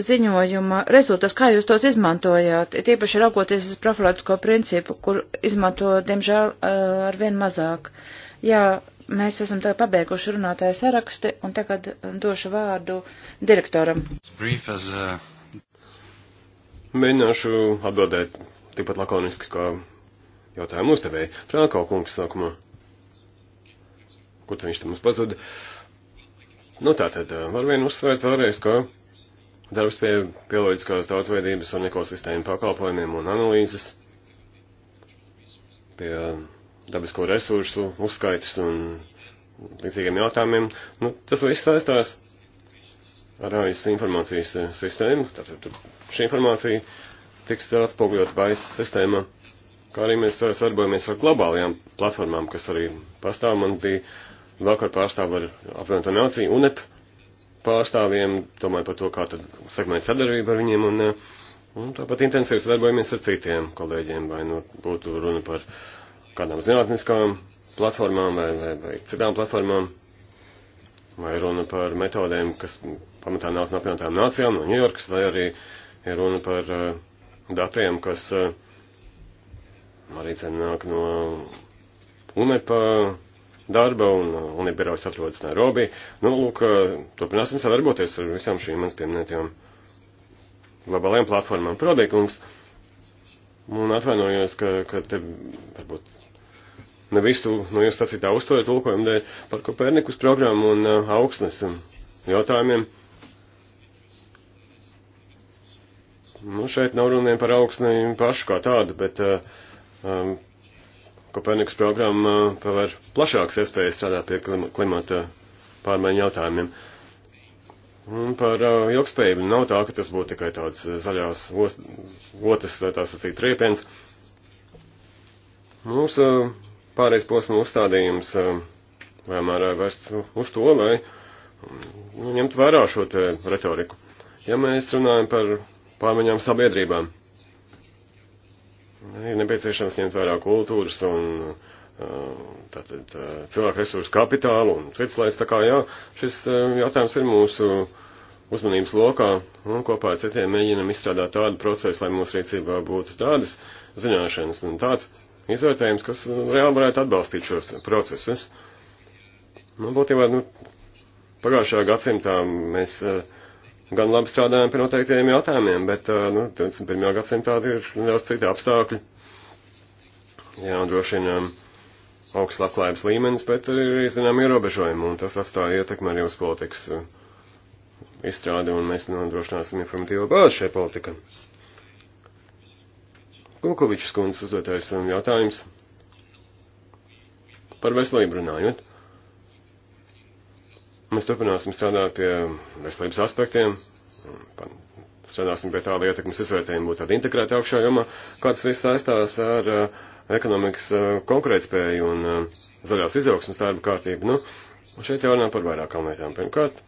ziņojuma rezultāts, kā jūs tos izmantojāt, ir tīpaši raugoties uz profilaktisko principu, kur izmanto, diemžēl, arvien mazāk. Jā, Mēs esam tagad pabeiguši runātāju saraksti, un tagad došu vārdu direktoram. As, uh... Mēģināšu atbildēt tikpat lakoniski, kā jautājumu uztevēja. Franko kungs sākumā. Kur tad viņš tam mums pazuda? Nu tā tad, uh, var vien uzsvērt vēlreiz, ka darbs pie bioloģiskās daudzveidības un ekosistēmu pakalpojumiem un analīzes pie uh, dabisko resursu uzskaitas un līdzīgiem jautājumiem. Nu, tas viss saistās ar AIS informācijas eh, sistēmu. Tātad šī informācija tiks atspoguļot BAIS sistēmā, kā arī mēs eh, sarbojamies ar globālajām platformām, kas arī pastāv. Man bija vakar pārstāv ar apvienoto nāciju UNEP pārstāvjiem, domāju par to, kā tad sekmēt sadarbību ar viņiem un, eh, un tāpat intensīvi sadarbojamies ar citiem kolēģiem, vai nu būtu runa par uh, kādām zinātniskām platformām vai, vai, vai citām platformām, vai runa par metodēm, kas pamatā nāk no apvienotām nācijām, no Ņujorkas, vai arī ir runa par uh, datiem, kas uh, arī cen nāk no UNEPA darba, un uh, UNEPA birojas atrodas Nairobi. Nu, lūk, uh, turpināsim sadarboties ar visām šīm manas pieminētajām globālajām platformām. Prodīkums, un atvainojos, ka, ka te varbūt ne visu no nu, jūs sacītā uztveru tulkojumu dēļ par Kopernikus programmu un uh, augsnes um, jautājumiem. Nu, šeit nav runiem par augsni pašu kā tādu, bet uh, um, Kopernikus programma uh, paver plašāks iespējas strādāt pie klimata pārmaiņu jautājumiem. Un par uh, ilgspējību nu, nav tā, ka tas būtu tikai tāds uh, zaļās otas, tā sacīt, riepiens. Mums uh, pārējais posma uzstādījums eh, vienmēr eh, vērsts uz to, lai nu, ņemtu vērā šo te retoriku. Ja mēs runājam par pārmaiņām sabiedrībām, ir nepieciešams ņemt vērā kultūras un eh, tātad tā, cilvēku resursu kapitālu un cits laids, tā kā jā, šis jautājums ir mūsu uzmanības lokā un kopā ar citiem mēģinam izstrādāt tādu procesu, lai mūsu rīcībā būtu tādas zināšanas un tāds izvērtējums, kas reāli varētu atbalstīt šos procesus. Nu, būtībā, nu, pagājušā gadsimtā mēs uh, gan labi strādājam pie noteiktiem jautājumiem, bet, uh, nu, 21. gadsimtā ir nedaudz citi apstākļi. Jā, droši vien um, augsts labklājības līmenis, bet ir, zinām, ierobežojumi, un tas atstāja ietekmi arī uz politikas uh, izstrādi, un mēs nodrošināsim informatīvo bāzi šai politikai. Kukovičs kundzes uzdotais um, jautājums par veselību runājot. Mēs turpināsim strādāt pie veselības aspektiem, strādāsim pie tā, lai ietekmes izvērtējumi būtu tāda integrēta augšā jomā, kāds viss saistās ar uh, ekonomikas uh, konkurētspēju un uh, zaļās izaugsmas darba kārtību. Nu, un šeit jārunā par vairākām lietām. Pirmkārt,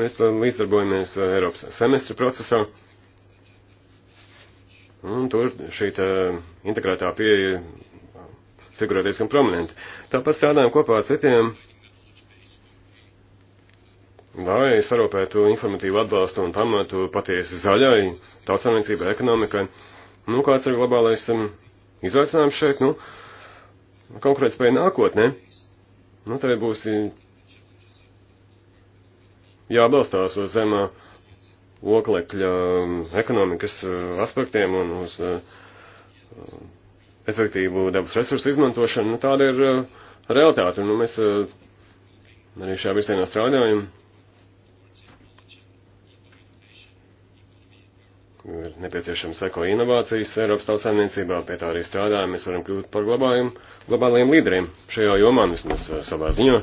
mēs uh, līdzdarbojamies uh, Eiropas semestra procesā. Un tur šī integrētā pieeja figurē diezgan prominenti. Tāpat strādājam kopā ar citiem, lai sarūpētu informatīvu atbalstu un pamatu patiesi zaļai, tautsāniecībai, ekonomikai. Nu, kāds ir globālais um, izaicinājums šeit? Nu, konkurētspēja nākotnē. Nu, te būs jābalstās uz zemā oglekļa um, ekonomikas uh, aspektiem un uz uh, efektīvu dabas resursu izmantošanu. Nu, tāda ir uh, realitāte. Nu, mēs arī šajā virzienā strādājam. Ir nepieciešams eko inovācijas Eiropas tautsēmniecībā, pie tā arī strādājam. Mēs varam kļūt par glabājiem, globālajiem līderiem šajā jomā, vismaz savā ziņā.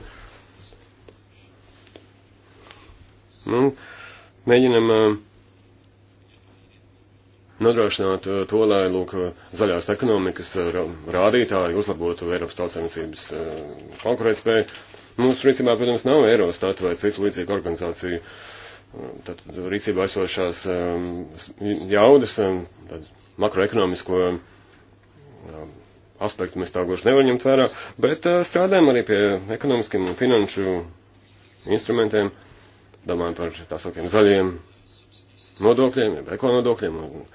Nu, mēģinam nodrošināt to, lai, lūk, zaļās ekonomikas rādītāji uzlabotu Eiropas tautsēmniecības konkurētspēju. Mūsu rīcībā, protams, nav Eurostat vai citu līdzīgu organizāciju tad rīcībā esošās jaudas, tad makroekonomisko aspektu mēs tā gluži nevaram ņemt vērā, bet strādājam arī pie ekonomiskiem un finanšu instrumentiem, domājam par tā saukiem zaļiem nodokļiem, ekonodokļiem un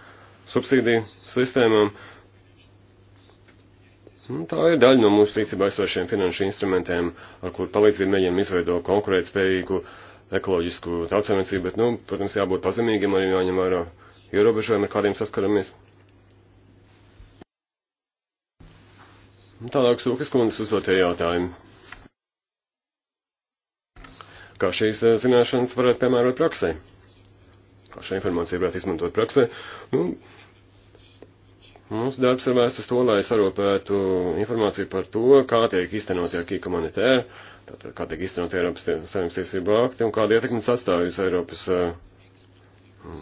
subsīdiju sistēmām. Un nu, tā ir daļa no mūsu rīcībā esošiem finanšu instrumentiem, ar kur palīdzību mēģinam izveidot konkurētspējīgu ekoloģisku tautsēmniecību, bet, nu, protams, jābūt pazemīgiem arī jāņem vērā ierobežojumi, ar kādiem saskaramies. Un tālāk sūkas kundas uzdotie jautājumi kā šīs eh, zināšanas varētu piemērot praksē, kā šo informāciju varētu izmantot praksē. Nu, Mūsu darbs ir vērsts uz to, lai sarūpētu informāciju par to, kā tiek īstenot jākī komunitēra, e, tātad kā tiek īstenot Eiropas saimnes tiesību akti un kāda ietekmes atstāja uz Eiropas uh,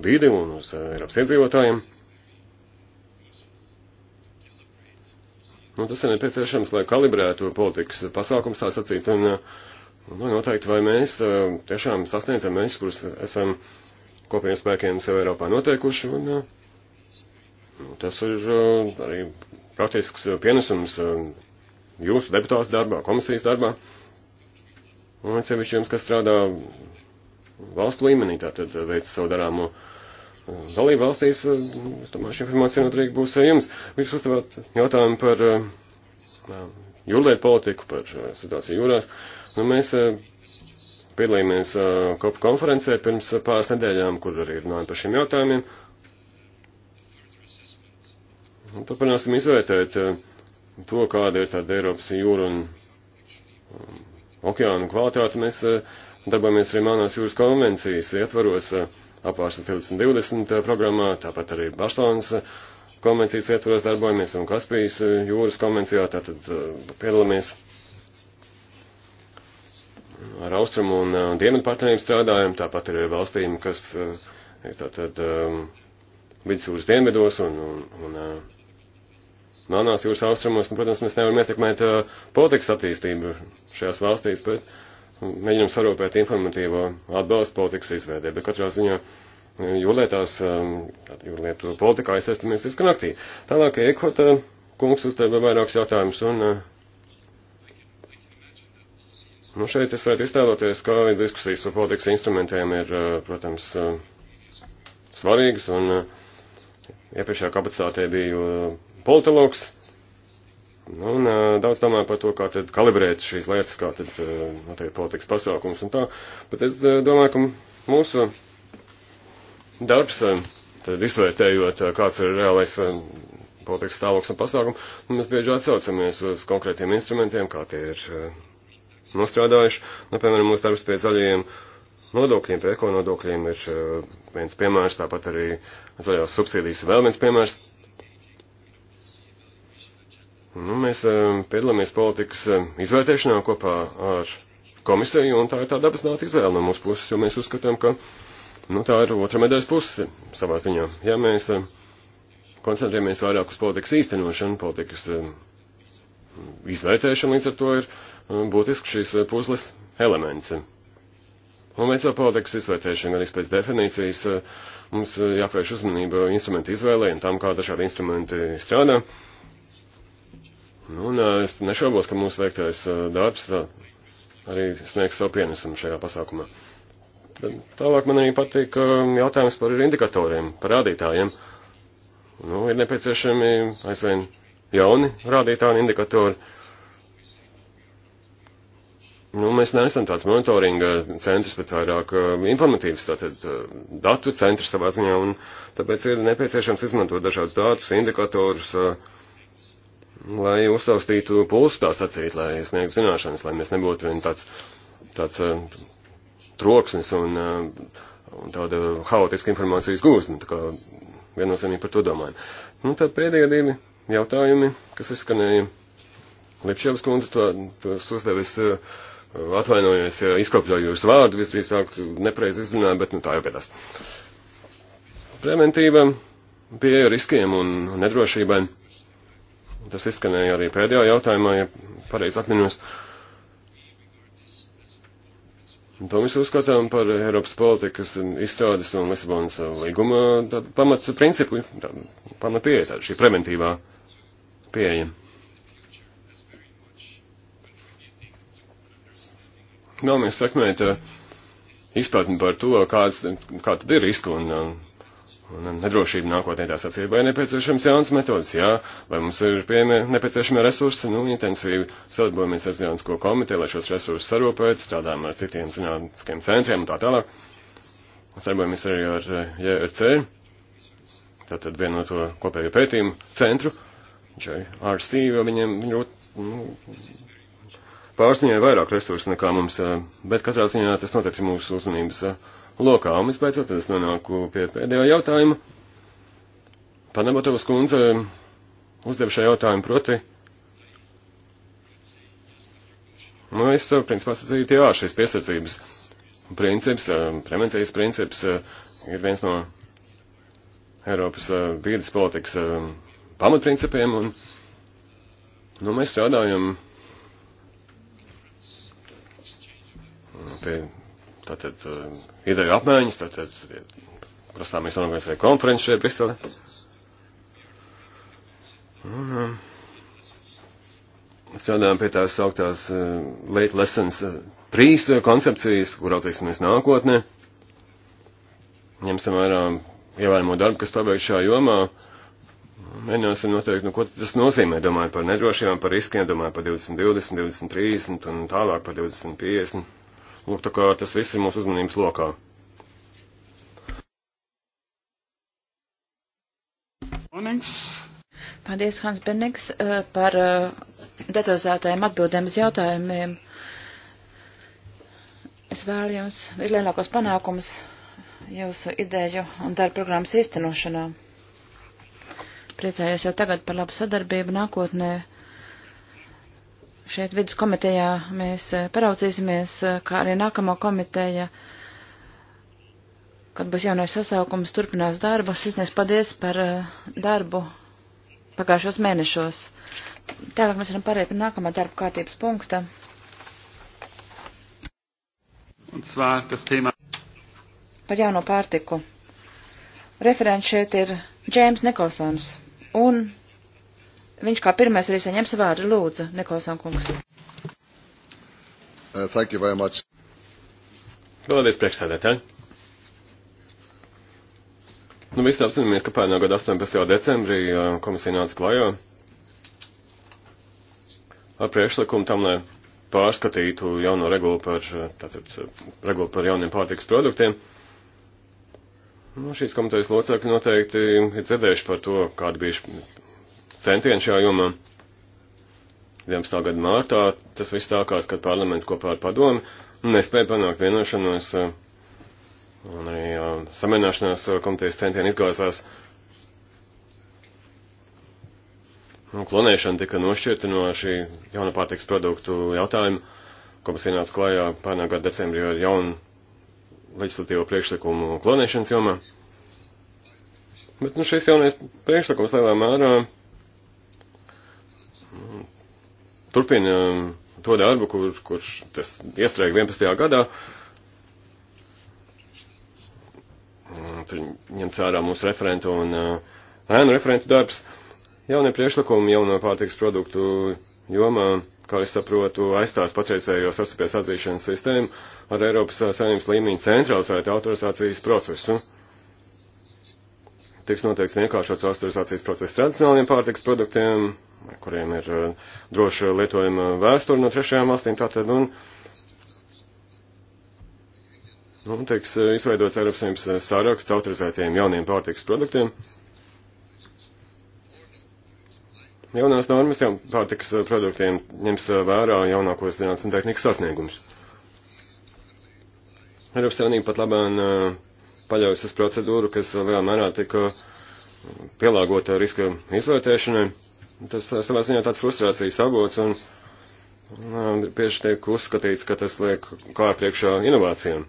vidi un uz uh, Eiropas iedzīvotājiem. Nu, tas ir nepieciešams, lai kalibrētu politikas pasākums, tā sacīt, un uh, Nu, noteikti, vai mēs uh, tiešām sasniedzam mērķus, kurus esam kopējiem spēkiem sev Eiropā noteikuši, un uh, tas ir uh, arī praktisks pienesums jūsu deputātu darbā, komisijas darbā, un sevišķi jums, kas strādā valstu līmenī, tātad veic savu darāmu dalību valstīs, es domāju, šī informācija noteikti būs jums. Jūs uzdevāt jautājumu par jūrlietu politiku, par uh, situāciju jūrās. Nu, mēs uh, piedalījāmies uh, kopu konferencē pirms pāris nedēļām, kur arī runājam par šiem jautājumiem. Un turpināsim izvērtēt to, kāda ir tāda Eiropas jūra un um, okeānu kvalitāte. Mēs darbojamies arī Mānās jūras konvencijas ietvaros apvārsas 2020 programmā, tāpat arī Barcelonas konvencijas ietvaros darbojamies un Kaspijas eh, jūras konvencijā, tātad eh, piedalāmies ar austrumu un uh, dienvidu partneriem strādājam, tāpat arī ar valstīm, kas uh, ir tātad um, vidusjūras dienvidos un, un, un uh, Melnās jūras austrumos. Un, nu, protams, mēs nevaram ietekmēt uh, politikas attīstību šajās valstīs, bet mm, mēģinam sarūpēt informatīvo atbalstu politikas izveidē. Bet katrā ziņā uh, jūrlietās, um, jūrlietu politikā iesaistamies diezgan aktīvi. Tālāk Ekota kungs uzdeva vairākus jautājumus, un uh, nu, šeit es varētu iztēloties, kā diskusijas par politikas instrumentiem ir, uh, protams, uh, svarīgas, un iepriekšējā kapacitātē biju politologs, Un, uh, daudz domāju par to, kā tad kalibrēt šīs lietas, kā tad uh, noteikt politikas pasākums un tā. Bet es uh, domāju, ka mūsu darbs, eh, tad izvērtējot, eh, kāds ir reālais eh, politikas stāvoklis un pasākums, un mēs bieži atsaucamies uz konkrētiem instrumentiem, kā tie ir nostrādājuši. Nu, piemēram, mūsu darbs pie zaļajiem nodokļiem, pie ekonodokļiem ir viens piemērs, tāpat arī zaļās subsīdijas ir vēl viens piemērs. Nu, mēs piedalāmies politikas izvērtēšanā kopā ar komisiju, un tā ir tāda apzināta izvēle no mūsu puses, jo mēs uzskatām, ka Nu, tā ir otra medaļas puse savā ziņā. Ja mēs eh, koncentrējamies vairāk uz politikas īstenošanu, politikas eh, izvērtēšanu, līdz ar to ir eh, būtiski šīs puzles elements. Un līdz ar politikas izvērtēšanu arī pēc definīcijas mums jāpievērš uzmanība instrumentu izvēlē un tam, kā dažādi instrumenti strādā. Nu, un es nešaubos, ka mūsu veiktais darbs arī sniegs savu pienesumu šajā pasākumā. Tālāk man arī patīk um, jautājums par indikatoriem, par rādītājiem. Nu, ir nepieciešami aizvien jauni rādītāji un indikatori. Nu, mēs neesam tāds monitoringa centrs, bet vairāk um, informatīvs, tātad um, datu centrs savā ziņā, un tāpēc ir nepieciešams izmantot dažādus datus, indikatorus, uh, lai uztaustītu pulsu tās acīs, lai sniegtu zināšanas, lai mēs nebūtu vien tāds, tāds troksnis un, eh, un tāda haotiska informācijas gūzma. Tā kā viennozīmīgi par to domājam. Un nu, tad pēdējie divi jautājumi, kas izskanēja. Lipšēvas kundze to, tos uzdevis eh, atvainojies, ja izkropļoju jūsu vārdu, visdrīzāk nepreiz izrunāju, bet nu tā jau pēdās. Preventīva pieeja riskiem un nedrošībai. Tas izskanēja arī pēdējā jautājumā, ja pareizi atminos. Uh, Un to mēs uzskatām par Eiropas politikas izstrādes un Lisabonas līguma pamats principu, pamat pieeja, tāda šī preventīvā pieeja. Vēlamies sekmēt uh, izpratni par to, kāds, kā tad ir riska un um, Un nedrošība nākotnē tās atsīja, vai nepieciešams jauns metodas, jā, vai mums ir pieejami nepieciešami resursi, nu, intensīvi sadarbojamies ar zinātnisko komiteju, lai šos resursus sarūpētu, strādājam ar citiem zinātniskiem centriem un tā tālāk. Sadarbojamies arī ar eh, JRC, tātad vienu no to kopējo pētījumu centru, JRC, jo viņiem ļoti, nu, Pārsniņai vairāk resursu nekā mums, eh, bet katrā ziņā tas noteikti mūsu uzmanības eh, lokā. Un visbeidzot, tad es nonāku pie pēdējā jautājuma. Panabotovas kundze eh, uzdev šo jautājumu proti. Nu, es, principā, sacīju, jā, šis piesardzības princips, prevencijas princips ir viens no Eiropas vīdes politikas pamatprincipiem, un, nu, mēs strādājam pie tātad eh, ideju apmaiņas, tātad prasā mēs organizēja konferenci šeit Bristolē. Un um, strādājām pie tās sauktās uh, late lessons uh, trīs uh, koncepcijas, kur audzēsimies nākotnē. Ņemsim vērā ievēramo darbu, kas pabeigts šajā jomā. Mēģināsim noteikt, nu, ko tas nozīmē, domāju par nedrošībām, par riskiem, domāju par 2020, 2030 un tālāk par 2050. Lūk, nu, tā kā tas viss ir mūsu uzmanības lokā. Paldies, Hans Beniks, eh, par eh, detalizētajiem atbildēm uz jautājumiem. Es vēlu jums vislielākos panākumus jūsu ideju un darba programmas īstenošanā. Priecājos jau tagad par labu sadarbību nākotnē šeit vidus komitejā mēs eh, paraudzīsimies, eh, kā arī nākamo komiteja, kad būs jaunais sasaukums, turpinās darbu. Sisnieks, paldies par eh, darbu pagājušos mēnešos. Tālāk mēs varam pārēt pie nākamā darba kārtības punkta. Un svār tas tēmā. Par jauno pārtiku. Referents šeit ir Džēms Nikolsons un viņš kā pirmais arī saņems vārdu. Lūdzu, Nikolson kungs. Uh, thank you very much. Paldies, priekšsēdētāji. Nu, visi apzināmies, ka pērnā gada 18. decembrī uh, komisija nāca klajā ar priekšlikumu tam, lai pārskatītu jauno regulu par, uh, tātad, uh, regulu par jauniem pārtikas produktiem. Nu, šīs komitejas locekļi noteikti ir dzirdējuši par to, kāda bija centieni šajā jomā. 11. gada mārtā tas viss sākās, kad parlaments kopā ar padomu nespēja panākt vienošanos, eh, un arī eh, samierināšanās eh, komitejas centieni izgāzās. Nu, klonēšana tika nošķirta no šī jauna pārtiks produktu jautājuma, komisija nāca klājā pērnā gada decembrī ar jaunu leģislatīvo priekšlikumu klonēšanas jomā. Bet nu, šis jaunais priekšlikums lielā mērā turpina um, to darbu, kur, kurš tas iestrēga 11. gadā. Tur ņemts ārā mūsu referentu un uh, ēnu referentu darbs. Jaunie priekšlikumi jauno pārtiks produktu jomā, kā es saprotu, aizstās patreizējo sastupies atzīšanas sistēmu ar Eiropas uh, saimnības līmeņu centralizētu autorizācijas procesu tiks noteikts vienkāršots autorizācijas process tradicionāliem pārtiks produktiem, kuriem ir uh, droši lietojama vēsture no trešajām valstīm, tātad, un, un tiks uh, izveidots Eiropas Savienības uh, saraksts autorizētiem jauniem pārtiks produktiem. Jaunās normas jau pārtiks produktiem ņems vērā jaunākos zinātnes un tehnikas sasniegums. Eiropas Savienība pat labāk paļaujas uz procedūru, kas lielā mērā tika pielāgota riska izvērtēšanai. Tas eh, savā ziņā tāds frustrācijas avots un, un um, bieži tiek uzskatīts, ka tas liek kā priekšā inovācijām.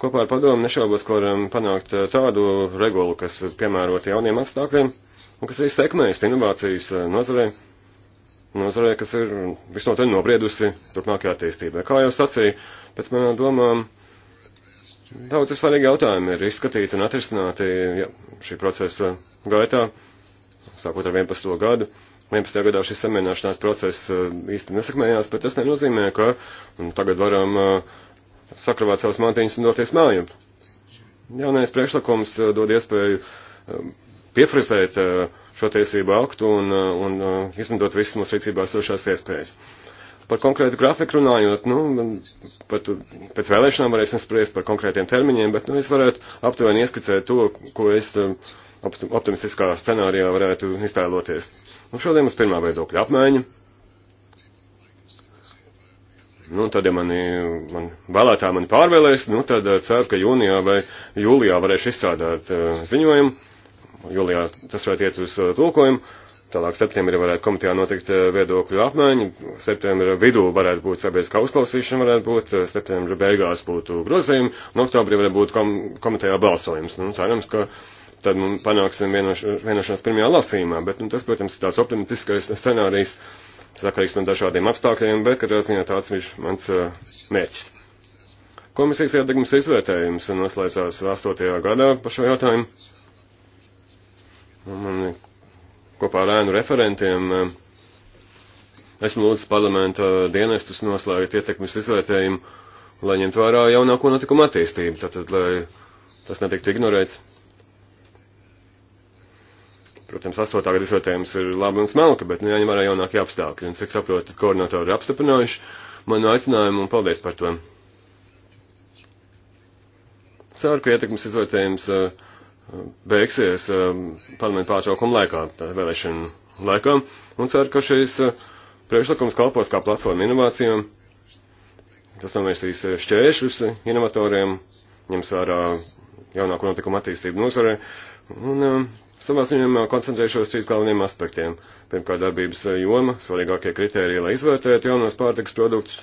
Kopā ar padomu nešaubos, ka varam panākt eh, tādu regulu, kas piemērot jauniem apstākļiem un kas arī sekmējas inovācijas eh, nozarei nozarē, kas ir visnotaļ nobriedusi turpmākajā attīstībā. Kā jau sacīju, pēc manām domām Daudz svarīgi jautājumi ir izskatīti un atrisināti ja, šī procesa gaitā, sākot ar 11. gadu. 11. gadā šis samierināšanās process eh, īsti nesakmējās, bet tas nenozīmē, ka tagad varam eh, sakravāt savus mantiņus un doties māju. Jaunais priekšlikums eh, dod iespēju piefrizēt šo tiesību aktu un, un izmantot visas mūsu rīcībā esošās iespējas. Par konkrētu grafiku runājot, nu, pat pēc vēlēšanām varēsim spriest par konkrētiem termiņiem, bet, nu, es varētu aptuveni ieskicēt to, ko es um, optimistiskā scenārijā varētu iztēloties. Nu, šodien mums pirmā veidokļa apmaiņa. Nu, tad, ja mani, man vēlētāji mani pārvēlēs, nu, tad uh, ceru, ka jūnijā vai jūlijā varēšu izstrādāt uh, ziņojumu. Jūlijā tas varētu iet uz uh, tulkojumu. Tālāk septembrī varētu komitejā notikt eh, viedokļu apmaiņa, septembra vidū varētu būt sabiedriskā uzklausīšana, varētu būt eh, septembra beigās būtu grozījumi, un oktobrī varētu būt kom komitejā balsojums. Nu, cerams, ka tad nu, panāksim vienoš vienošanos pirmajā lasījumā, bet nu, tas, protams, ir tās optimistiskais scenārijs, sakarīgs no dažādiem apstākļiem, bet katrā ziņā tāds ir mans uh, mērķis. Komisijas ietekmes izvērtējums noslēdzās 8. gadā par šo jautājumu. Man kopā ar ēnu referentiem eh, esmu lūdzis parlamenta dienestus noslēgt ietekmes izvērtējumu, lai ņemtu vērā jaunāko notikumu attīstību, tātad, lai tas netiktu ignorēts. Protams, astotā gada izvērtējums ir labi un smelka, bet nu, jāņem vērā jaunākie apstākļi, un cik saprotu, koordinatori ir apstiprinājuši manu aicinājumu, un paldies par to. Ceru, ka ietekmes izvērtējums uh, beigsies um, parlamentu pārtraukuma laikā, vēlēšanu laikā, un ceru, ka šis uh, priekšlikums kalpos kā platforma inovācijām. Tas novērsīs uh, šķēršļus uh, inovatoriem, ņems vērā jaunāko notikumu attīstību nozarē, un um, savā ziņā koncentrēšos trīs galveniem aspektiem. Pirmkārt, darbības joma, svarīgākie kriteriji, lai izvērtētu jaunos pārtikas produktus.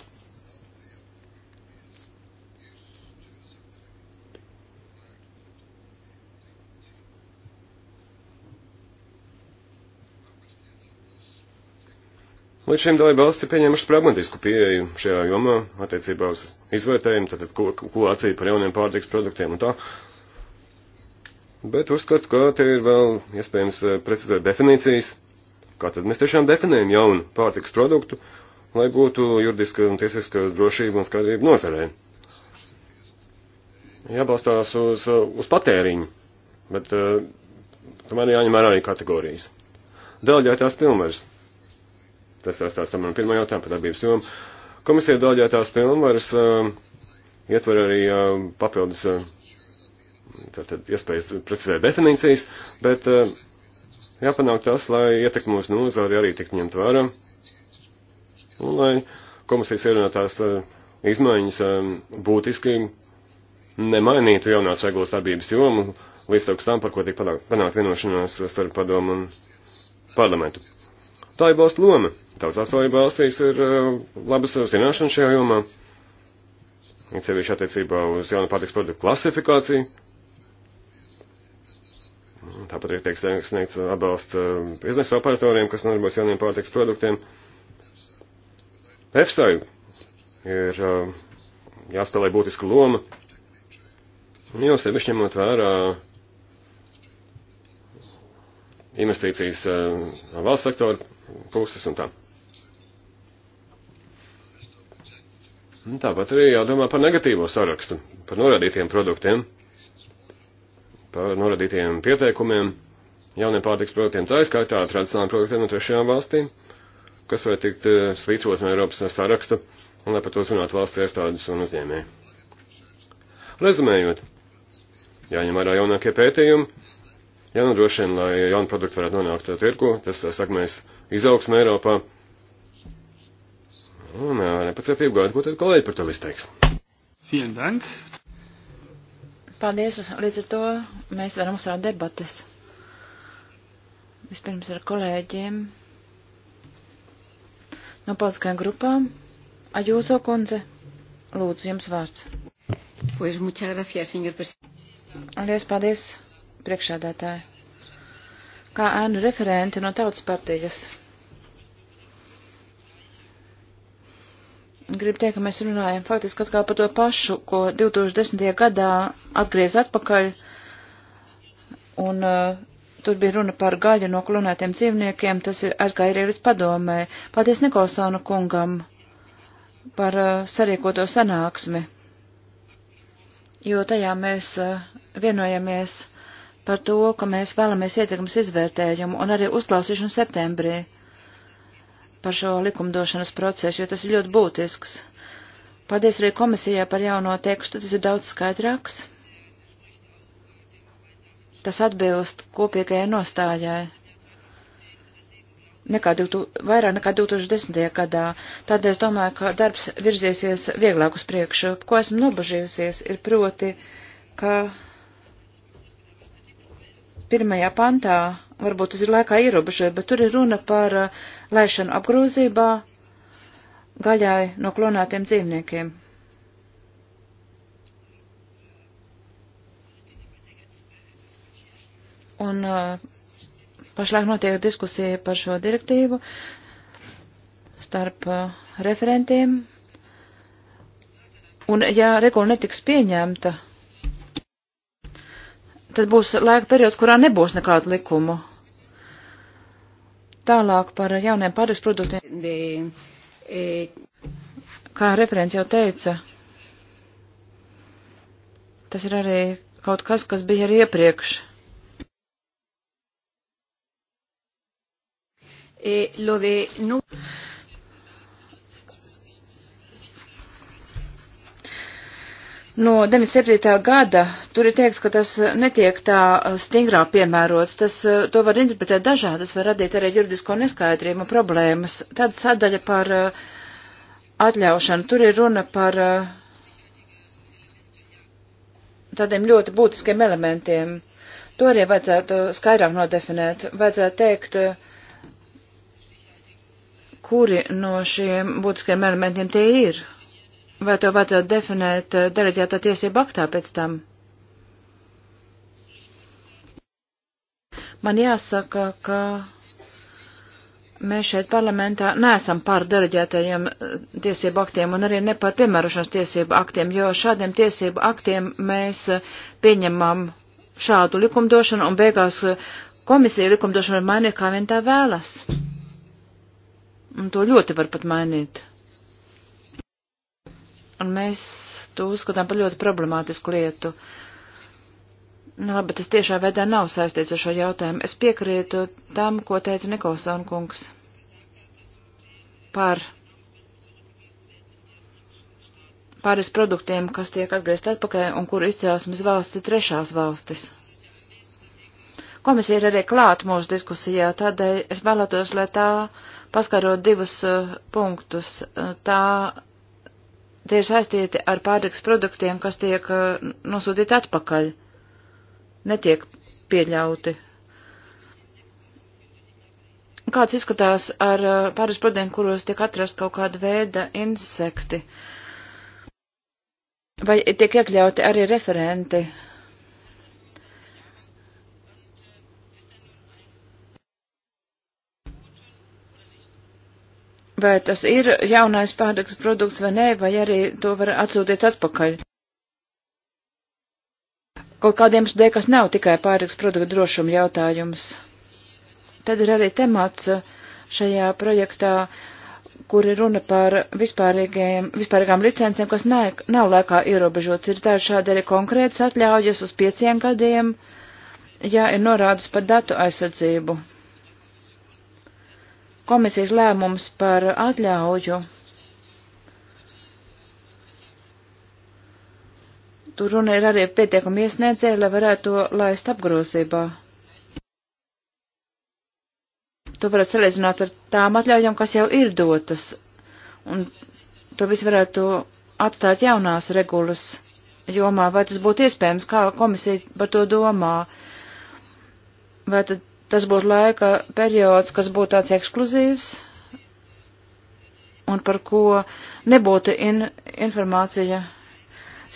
Līdz šim dalība valsts ir pieņēmušas pragmatisku pieeju šajā jomā attiecībā uz izvērtējumu, tātad ko, ko atsīt par jauniem pārtiks produktiem un tā. Bet uzskatu, ka te ir vēl iespējams eh, precizēt definīcijas, kā tad mēs tiešām definējam jaunu pārtiks produktu, lai būtu juridiska un tiesiska drošība un skaidrība nozarē. Jābalstās uz, eh, uz patēriņu, bet uh, tomēr jāņem vērā arī kategorijas. Dēļ jātās pilnvars Tas ir atstāts tam man pirmā jautājuma par darbības jomu. Komisija daļotās pilnvaras uh, ietver arī uh, papildus uh, tātad iespējas precizēt definīcijas, bet uh, jāpanāk tas, lai ietekmi mūsu nozari arī tiktu ņemt vērā. Un lai komisijas ierunātās uh, izmaiņas uh, būtiski nemainītu jaunās regulas darbības jomu, līdz tam, par ko tiek panākt vienošanās starp padomu un parlamentu. Tā ir balsts loma. Tautas valība valstīs ir eh, labas zināšanas šajā jomā. Ir sevišķi attiecībā uz jaunu pārtiks produktu klasifikāciju. Tāpat ir tiek sniegts atbalsts eh, biznesa operatoriem, kas nodarbojas jauniem pārtiks produktiem. EFSA ir eh, jāspēlē būtiska loma. Jau sevišķi ņemot vērā investīcijas valsts sektoru puses un tā. Un tāpat arī jādomā par negatīvo sarakstu, par norādītiem produktiem, par norādītiem pieteikumiem, jauniem pārtiks produktiem, tā izskaitā tradicionāliem produktiem no trešajām valstīm, kas var tikt eh, slīcot no Eiropas saraksta, un lai par to zinātu valsts iestādes un uzņēmēji. Rezumējot, jāņem vērā jaunākie pētījumi, jānodrošina, lai jauni produkti varētu nonākt tirgu, tas, eh, sakmēs, izaugsme Eiropā. Un nepacietību gaidu, ko tad kolēģi par to visu teiks. Vielen Dank. Paldies, līdz ar to mēs varam uzsākt debates. Vispirms ar kolēģiem no politiskajām grupām. Ajūzo kundze, lūdzu, jums vārds. Pues muchas gracias, señor presidente. Paldies, paldies, priekšādātāji kā ēnu referente no tautas partijas. Gribu teikt, ka mēs runājam faktiski atkal par to pašu, ko 2010. gadā atgriez atpakaļ, un uh, tur bija runa par gaļu no klonētiem dzīvniekiem, tas ir aizgāja arī līdz padomē. Paldies Nikolsānu kungam par uh, sarīkoto sanāksmi, jo tajā mēs uh, vienojamies par to, ka mēs vēlamies ietekmes izvērtējumu un arī uzklausīšanu septembrī par šo likumdošanas procesu, jo tas ir ļoti būtisks. Paldies arī komisijai par jauno tekstu, tas ir daudz skaidrāks. Tas atbilst kopīgajai nostājai nekā 2000, vairāk nekā 2010. gadā. Tādēļ es domāju, ka darbs virziesies vieglāk uz priekšu. Ko esmu nobažījusies, ir proti, ka pirmajā pantā, varbūt tas ir laikā ierobežoja, bet tur ir runa par uh, laišanu apgrūzībā gaļai no klonētiem dzīvniekiem. Un uh, pašlaik notiek diskusija par šo direktīvu starp uh, referentiem. Un ja regula netiks pieņemta, tad būs laika periods, kurā nebūs nekādu likumu. Tālāk par jauniem pāris produktiem. E, Kā referents jau teica, tas ir arī kaut kas, kas bija arī iepriekš. E, lo de nu... No... no 97. gada, tur ir teiks, ka tas netiek tā uh, stingrā piemērots. Tas, uh, to var interpretēt dažādi, tas var radīt arī juridisko neskaidrību un problēmas. Tad sadaļa par uh, atļaušanu, tur ir runa par tādiem ļoti būtiskiem elementiem. To arī vajadzētu skaidrāk nodefinēt. Vajadzētu teikt, kuri no šiem būtiskiem elementiem tie ir. Vai to vajadzētu definēt eh, dereģētā tiesība aktā pēc tam? Man jāsaka, ka mēs šeit parlamentā neesam par dereģētajiem eh, tiesību aktiem un arī ne par piemērošanas tiesību aktiem, jo šādiem tiesību aktiem mēs eh, pieņemam šādu likumdošanu un beigās komisija likumdošanu var mainīt, kā vien tā vēlas. Un to ļoti var pat mainīt. Un mēs to uzskatām par ļoti problemātisku lietu. Nu, labi, tas tiešā veidā nav saistīts ar šo jautājumu. Es piekrītu tam, ko teica Nikolson kungs par pāris produktiem, kas tiek atgriezt atpakaļ un kur izcelsmes valsts ir trešās valstis. Komisija ir arī klāt mūsu diskusijā, tādēļ es vēlētos, lai tā paskaro divus uh, punktus. Uh, tā tie ir saistīti ar pārtiks produktiem, kas tiek eh, nosūtīti atpakaļ, netiek pieļauti. Kāds izskatās ar eh, pāris produktiem, kuros tiek atrast kaut kāda veida insekti? Vai tiek iekļauti arī referenti vai tas ir jaunais pārtiks produkts vai nē, vai arī to var atsūtīt atpakaļ. Kaut kādiem sludēļ, kas nav tikai pārtiks produktu drošuma jautājums. Tad ir arī temats uh, šajā projektā, kur ir runa par vispārīgām licencēm, kas nav, nav laikā ierobežots. Ir tā šādi arī konkrētas atļaujas uz pieciem gadiem, ja ir norādes par datu aizsardzību komisijas lēmums par atļauju. Tur runa ir arī pietiekami iesniedzēji, lai varētu to laist apgrozībā. To varētu salīdzināt ar tām atļaujām, kas jau ir dotas, un to visu varētu atstāt jaunās regulas jomā. Vai tas būtu iespējams, kā komisija par to domā? Vai tad tas būtu laika periods, kas būtu tāds ekskluzīvs un par ko nebūtu in, informācija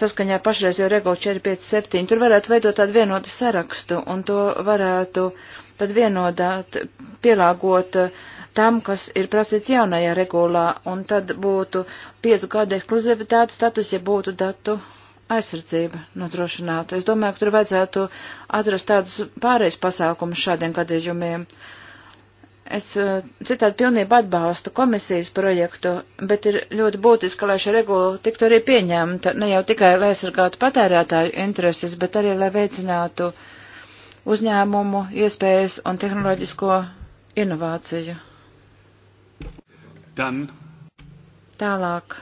saskaņā pašreizējo regulu 457. Tur varētu veidot tādu vienotu sarakstu un to varētu tad vienodāt, pielāgot eh, tam, kas ir prasīts jaunajā regulā, un tad būtu piecu gadu ekskluzivitātes status, ja būtu datu aizsardzība nodrošināta. Es domāju, ka tur vajadzētu atrast tādus pārējais pasākumus šādiem gadījumiem. Es eh, citādi pilnībā atbalstu komisijas projektu, bet ir ļoti būtiski, lai šī regula tiktu arī pieņemta, ne jau tikai, lai aizsargātu patērētāju intereses, bet arī, lai veicinātu uzņēmumu, iespējas un tehnoloģisko inovāciju. Dan. Tālāk.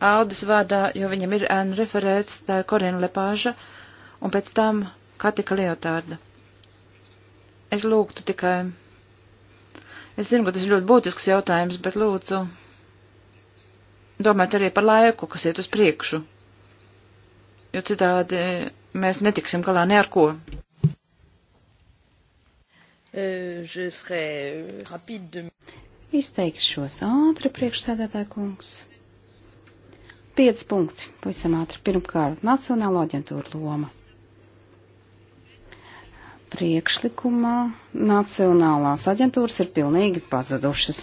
Aldis vārdā, jo viņam ir ēnu referēts, tā ir Korina Lepāža, un pēc tam Katika Liotārda. Es lūgtu tikai. Es zinu, ka tas ir ļoti būtisks jautājums, bet lūdzu domāt arī par laiku, kas iet uz priekšu, jo citādi mēs netiksim galā ne ar ko. E, Izteikšos ātri priekšsēdētāju kungs. Pieci punkti, pavisam ātri. Pirmkārt, Nacionāla aģentūra loma. Priekšlikumā Nacionālās aģentūras ir pilnīgi pazudušas.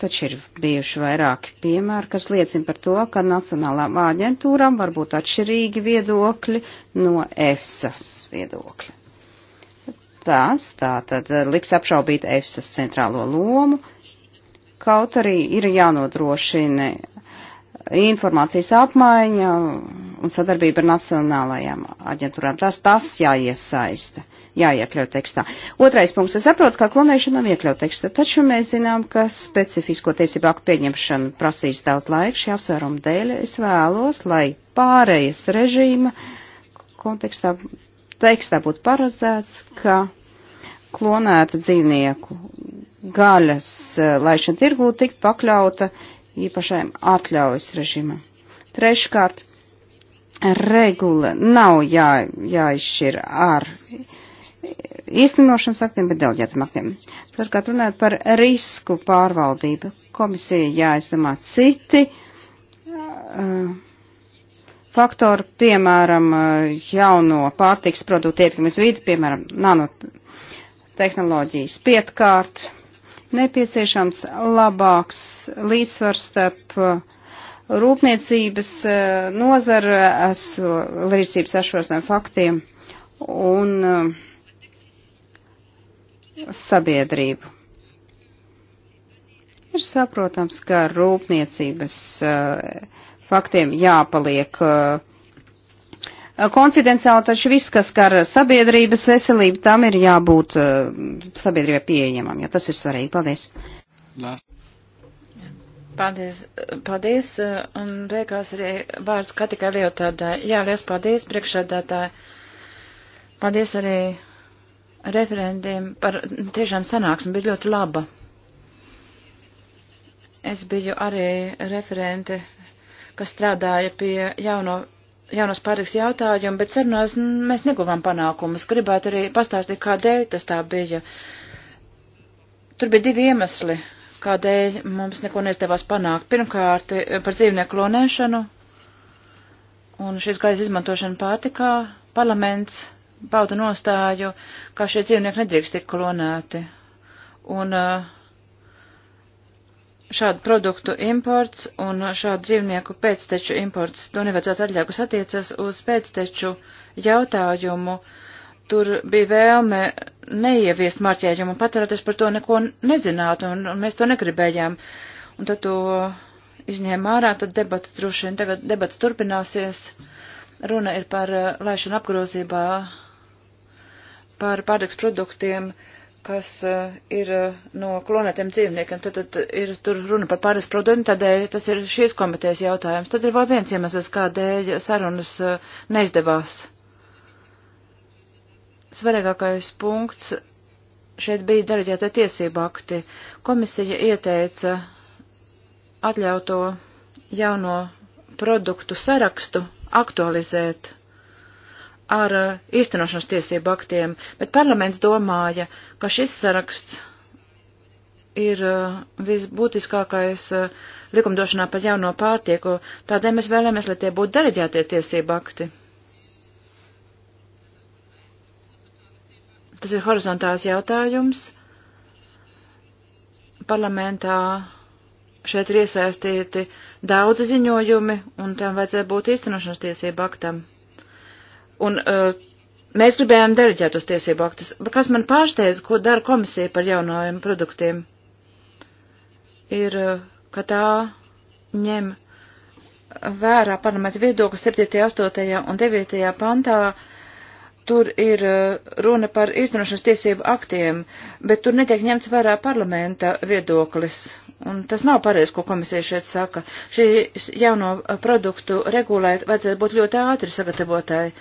Taču ir bijuši vairāki piemēri, kas liecina par to, ka Nacionālām aģentūram var būt atšķirīgi viedokļi no EFSAS viedokļa. Tas tā tad liks apšaubīt EFSAS centrālo lomu Kaut arī ir jānodrošina informācijas apmaiņa un sadarbība ar nacionālajām aģentūrām. Tas, tas jāiesaista, jāiekļaut tekstā. Otrais punkts. Es saprotu, ka klonēšana nav iekļaut tekstā, taču mēs zinām, ka specifisko tiesību aktu pieņemšana prasīs daudz laika šī apsvēruma dēļ. Es vēlos, lai pārējas režīma kontekstā tekstā būtu paredzēts, ka klonētu dzīvnieku gaļas eh, laišana tirgū tikt pakļauta īpašajam atļaujas režimam. Treškārt, regula nav jā, jāizšķir ar īstenošanas aktiem, bet delģētam aktiem. Turklāt runājot par risku pārvaldību, komisija jāizdomā citi uh, faktori, piemēram, eh, jauno pārtiks produktu ietekmes vidi, piemēram, nanotehnoloģijas pietkārt nepieciešams labāks līdzsvars starp uh, rūpniecības uh, nozara līdzsvars ašosiem faktiem un uh, sabiedrību. Ir saprotams, ka rūpniecības faktiem jāpaliek uh, Eh, konfidenciāli, taču viss, kas skar sabiedrības veselību, tam ir jābūt eh, sabiedrībai pieejamam, jo tas ir svarīgi. Paldies! Last. Paldies, paldies, eh, un beigās arī vārds Katika Liotādai. Jā, liels paldies, priekšādātāji. Paldies arī referendiem par tiešām sanāksmi, bija ļoti laba. Es biju arī referente, kas strādāja pie jauno jaunas pārtiks jautājumu, bet sarunās mēs neguvām panākumus. Gribētu arī pastāstīt, kādēļ tas tā bija. Tur bija divi iemesli, kādēļ mums neko neizdevās panākt. Pirmkārt, par dzīvnieku klonēšanu un šīs gaisa izmantošanu pārtikā parlaments pauda nostāju, ka šie dzīvnieki nedrīkst tik klonēti. Un uh, šādu produktu imports un šādu dzīvnieku pēcteču imports. To nevajadzētu atļaut, kas attiecas uz pēcteču jautājumu. Tur bija vēlme neieviest marķējumu, patērēties par to neko nezināt, un, un mēs to negribējām. Un tad to izņēma ārā, tad debata droši vien tagad debats turpināsies. Runa ir par eh, laišanu apgrozībā, par pārdeks produktiem. Uh, kas uh, ir uh, no klonētiem dzīvniekiem. Tad, tad ir tur runa par pāris produktu, tādēļ tas ir šīs komitejas jautājums. Tad ir vēl viens iemesls, kādēļ sarunas uh, neizdevās. Svarīgākais punkts šeit bija daraģētā tiesība akti. Komisija ieteica atļauto jauno produktu sarakstu aktualizēt ar uh, īstenošanas tiesību aktiem, bet parlaments domāja, ka šis saraksts ir uh, visbūtiskākais uh, likumdošanā par jauno pārtieku, tādēļ mēs vēlamies, lai tie būtu deleģētie tiesību akti. Tas ir horizontāls jautājums. Parlamentā šeit ir iesaistīti daudzi ziņojumi, un tam vajadzēja būt īstenošanas tiesību aktam. Un uh, mēs gribējām deleģētos tiesību aktus. Kas man pārsteidz, ko dara komisija par jaunajiem produktiem, ir, uh, ka tā ņem vērā parlamenta viedokli 7., 8. un 9. pantā tur ir eh, runa par īstenošanas tiesību aktiem, bet tur netiek ņemts vērā parlamenta viedoklis. Un tas nav pareizi, ko komisija šeit saka. Šī jauno eh, produktu regulēt vajadzētu būt ļoti ātri sagatavotāji.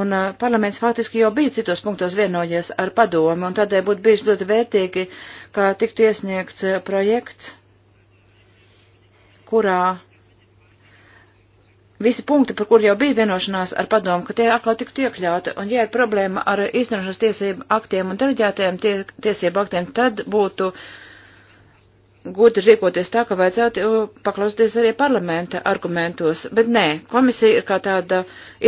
Un eh, parlaments faktiski jau bija citos punktos vienojies ar padomu, un tādēļ būtu bijis ļoti vērtīgi, kā tiktu iesniegts projekts, kurā visi punkti, par kur jau bija vienošanās ar padomu, ka tie atkal tiktu iekļauti, un ja ir problēma ar īstenošanas tiesību aktiem un deleģētajiem tie, tiesību aktiem, tad būtu gudri rīkoties tā, ka vajadzētu paklausties arī parlamenta argumentos, bet nē, komisija ir kā tāda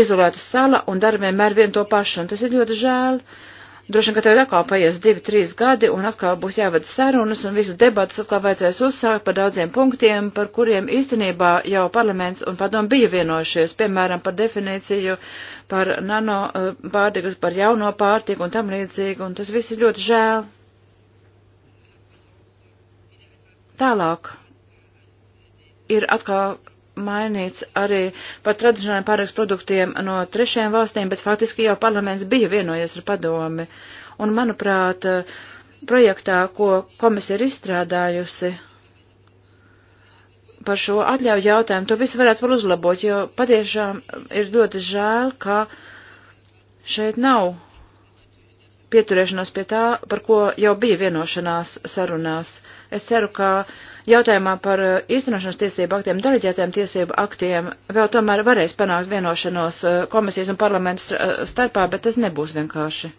izolēta sala un dara vienmēr vien to pašu, un tas ir ļoti žēl. Uh, Droši vien, ka tev atkal paies divi, trīs gadi, un atkal būs jāved sarunas, un visas debatas atkal vajadzēs uzsākt par daudziem punktiem, par kuriem īstenībā jau parlaments un padom bija vienojušies, piemēram, par definīciju, par nano eh, pārtiku, par jauno pārtiku un tam līdzīgi, un tas viss ir ļoti žēl. Tālāk ir atkal mainīts arī par tradicionāliem pārēks produktiem no trešajām valstīm, bet faktiski jau parlaments bija vienojies ar padomi. Un, manuprāt, projektā, ko komisija ir izstrādājusi par šo atļauju jautājumu, to visu varētu vēl uzlabot, jo patiešām ir ļoti žēl, ka šeit nav pieturēšanos pie tā, par ko jau bija vienošanās sarunās. Es ceru, ka jautājumā par uh, īstenošanas tiesību aktiem, deleģētiem tiesību aktiem vēl tomēr varēs panākt vienošanos uh, komisijas un parlamentas uh, starpā, bet tas nebūs vienkārši.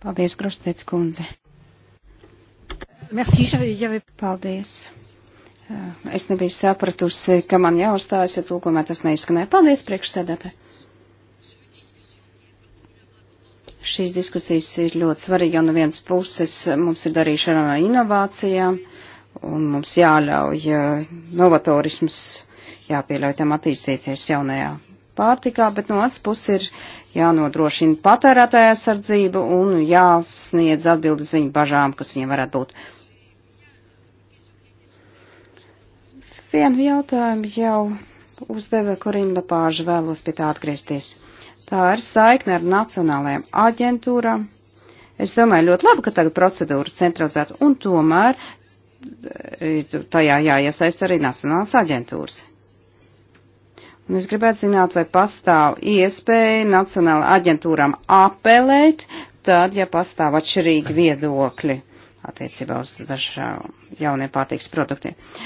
Paldies, Grostec kundze. Merci, jau ir paldies. Es nebiju sapratusi, ka man jāuzstājas, ja tulkumē tas neizskanēja. Paldies, priekšsēdētāji. Šīs diskusijas ir ļoti svarīgi, jo no vienas puses mums ir darīšana ar inovācijām, un mums jāļauj novatorismus, jāpieļauj tam attīstīties jaunajā pārtikā, bet no otras puses ir jānodrošina patērētāja sardzība un jāsniedz atbildes viņu bažām, kas viņiem varētu būt. Vienu jautājumu jau uzdeva Korina Lapāža, vēlos pie tā atgriezties. Tā ir saikne ar nacionālajām aģentūrām. Es domāju, ļoti labi, ka tagad procedūra centralizēta, un tomēr e, tajā jāiesaist arī nacionālas aģentūras. Un es gribētu zināt, vai pastāv iespēja nacionāla aģentūram apelēt, tad, ja pastāv atšķirīgi viedokļi attiecībā uz dažām jauniem pārtīks produktiem. Uh,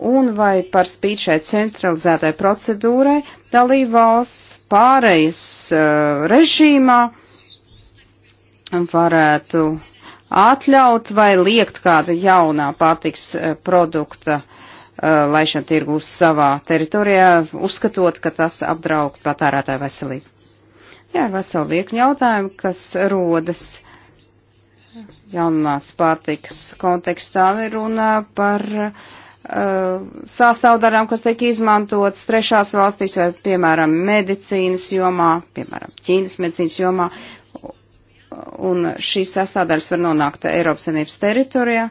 un vai par spīt šai centralizētai procedūrai dalībvalsts pārejas uh, režīmā varētu atļaut vai liekt kāda jaunā pārtiks uh, produkta uh, laišana tirgus savā teritorijā, uzskatot, ka tas apdraud patērētāju veselību. Jā, ir veseli virkni jautājumi, kas rodas jaunās pārtikas kontekstā, ir runa par uh, Uh, sastāvdarām, kas tiek izmantotas trešās valstīs vai, piemēram, medicīnas jomā, piemēram, Ķīnas medicīnas jomā, un šīs sastāvdaļas var nonākt Eiropas Savienības teritorijā,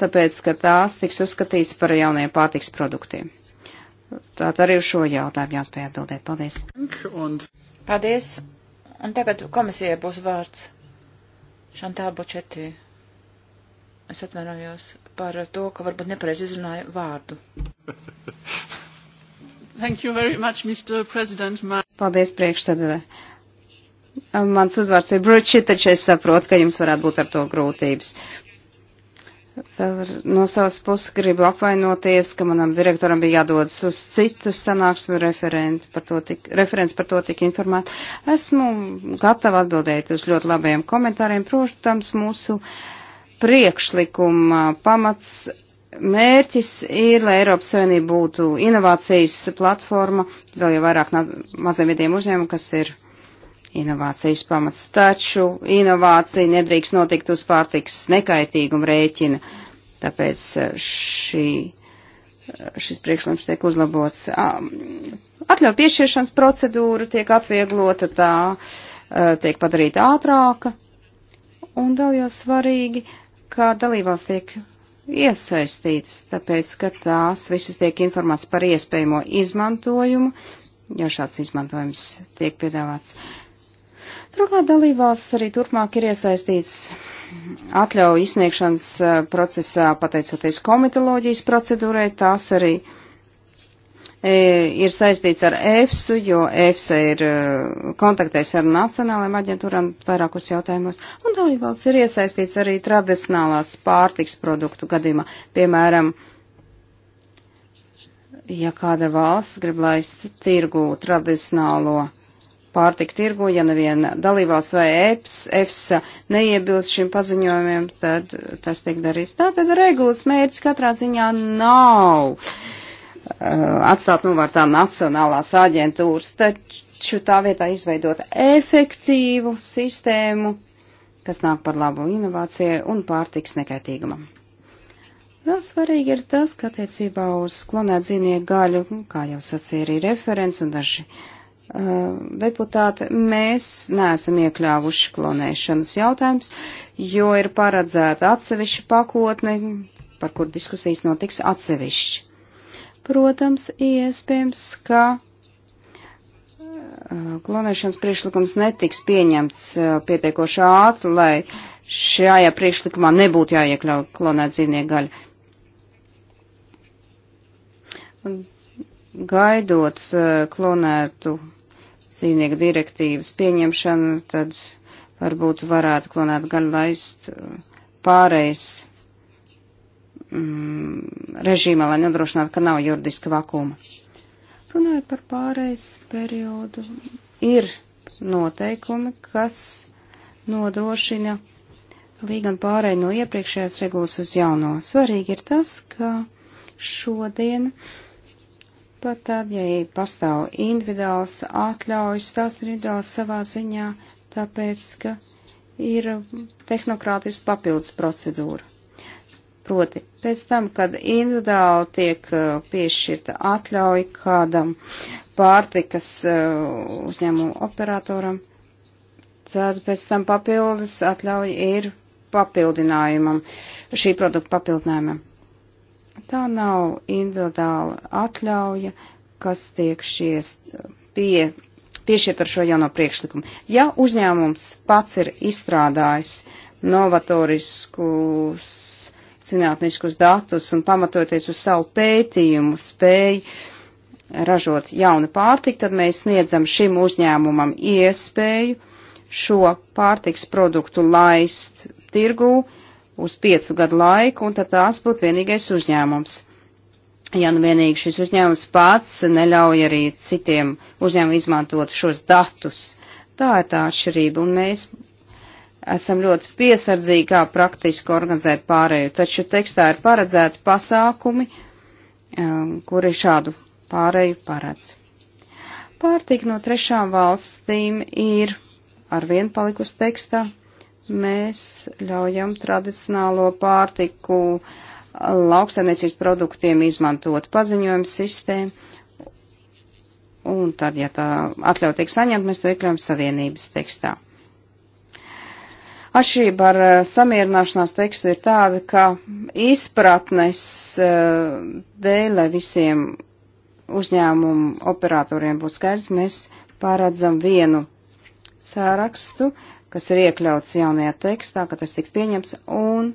tāpēc, ka tās tiks uzskatīts par jaunajiem pārtiks produktiem. Tātad arī uz šo jautājumu jāspēj atbildēt. Paldies. Un... Paldies. Un tagad komisijai būs vārds. Šantā Bočetī. Es atvainojos par to, ka varbūt nepareiz izrunāju vārdu. Thank you very much, Mr. President. Man... Paldies, priekšsēdētāji. Mans uzvārds ir Bruči, taču es saprotu, ka jums varētu būt ar to grūtības. Vēl no savas puses gribu apvainoties, ka manam direktoram bija jādodas uz citu sanāksmu referents par to tik, par to tik informēt. Esmu gatava atbildēt uz ļoti labajiem komentāriem. Protams, mūsu uh, priekšlikuma pamats mērķis ir, lai Eiropas Savienība būtu inovācijas platforma, vēl jau vairāk maziem vidiem uzņēmumu, kas ir inovācijas pamats. Taču inovācija nedrīkst notikt uz pārtiks nekaitīguma rēķina, tāpēc e, šī, e, šis priekšlikums tiek uzlabots. Atļauju piešķiršanas procedūra tiek atvieglota, tā e, tiek padarīta ātrāka, un vēl jau svarīgi kā dalībvalsts tiek iesaistītas, tāpēc, ka tās visas tiek informēts par iespējamo izmantojumu, jo šāds izmantojums tiek piedāvāts. Turklāt dalībvalsts arī turpmāk ir iesaistīts atļauju izsniegšanas eh, procesā, pateicoties komitoloģijas procedūrai, tās arī uh, E, ir saistīts ar EFSU, jo EFSA ir e, kontaktējis ar nacionālajām aģentūrām vairākos jautājumos, un dalībvalsts ir iesaistīts arī tradicionālās pārtiks produktu gadījumā. Piemēram, ja kāda valsts grib laist tirgu tradicionālo pārtika tirgu, ja neviena dalībvalsts vai EPS, EFSA neiebilst šim paziņojumiem, tad tas tiek darīts. Tātad regulas mērķis katrā ziņā nav. Uh, Eh, atstāt novārtā nacionālās aģentūras, taču tā vietā izveidot efektīvu sistēmu, kas nāk par labu inovācijai un pārtiks nekaitīgumam. Vēl svarīgi ir tas, ka attiecībā uz klonēt dzīvnieku gaļu, nu, kā jau sacīja arī referents un daži uh, deputāti, mēs neesam iekļāvuši klonēšanas jautājums, jo ir paredzēta atsevišķa pakotne, par kur diskusijas notiks atsevišķi. Protams, iespējams, ka uh, klonēšanas priekšlikums netiks pieņemts uh, pietiekoši ātri, lai šajā priekšlikumā nebūtu jāiekļauj klonēt dzīvnieku gaļa. Gaidot uh, klonētu dzīvnieku direktīvas pieņemšanu, tad varbūt varētu klonēt gaļu laist pārējais mm, režīmā, lai nodrošinātu, ka nav juridiska vakuma. Runājot par pārējais periodu, ir noteikumi, kas nodrošina līgam pārēju no iepriekšējās regulas uz jauno. Svarīgi ir tas, ka šodien pat tad, ja pastāv individuāls atļaujas, tās ir individuāls savā ziņā, tāpēc, ka ir tehnokrātiski papildus procedūra. Proti, pēc tam, kad individuāli tiek uh, piešķirta atļauja kādam pārtikas uh, uzņēmumu operatoram, tad pēc tam papildus atļauja ir papildinājumam, šī produkta papildinājumam. Tā nav individuāla atļauja, kas tiek šiest pie, piešiet ar šo jauno priekšlikumu. Ja uzņēmums pats ir izstrādājis novatoriskus zinātniskus datus un pamatoties uz savu pētījumu spēju ražot jaunu pārtiku, tad mēs sniedzam šim uzņēmumam iespēju šo pārtiks produktu laist tirgū uz piecu gadu laiku, un tad tās būtu vienīgais uzņēmums. Ja nu vienīgi šis uzņēmums pats neļauj arī citiem uzņēmumiem izmantot šos datus. Tā ir tā atšķirība, un mēs esam ļoti piesardzīgi, kā praktiski organizēt pārēju, taču tekstā ir paredzēti pasākumi, um, kuri šādu pārēju paredz. Pārtika no trešām valstīm ir arvien palikusi tekstā. Mēs ļaujam tradicionālo pārtiku lauksaimniecības produktiem izmantot paziņojumu sistēmu, un tad, ja tā atļauj tiek saņemt, mēs to iekļaujam savienības tekstā. Atšķirība ar eh, samierināšanās tekstu ir tāda, ka izpratnes eh, dēļ visiem uzņēmumu operatoriem būtu skaidrs, mēs paredzam vienu sārakstu, kas ir iekļauts jaunajā tekstā, ka tas tiks pieņemts, un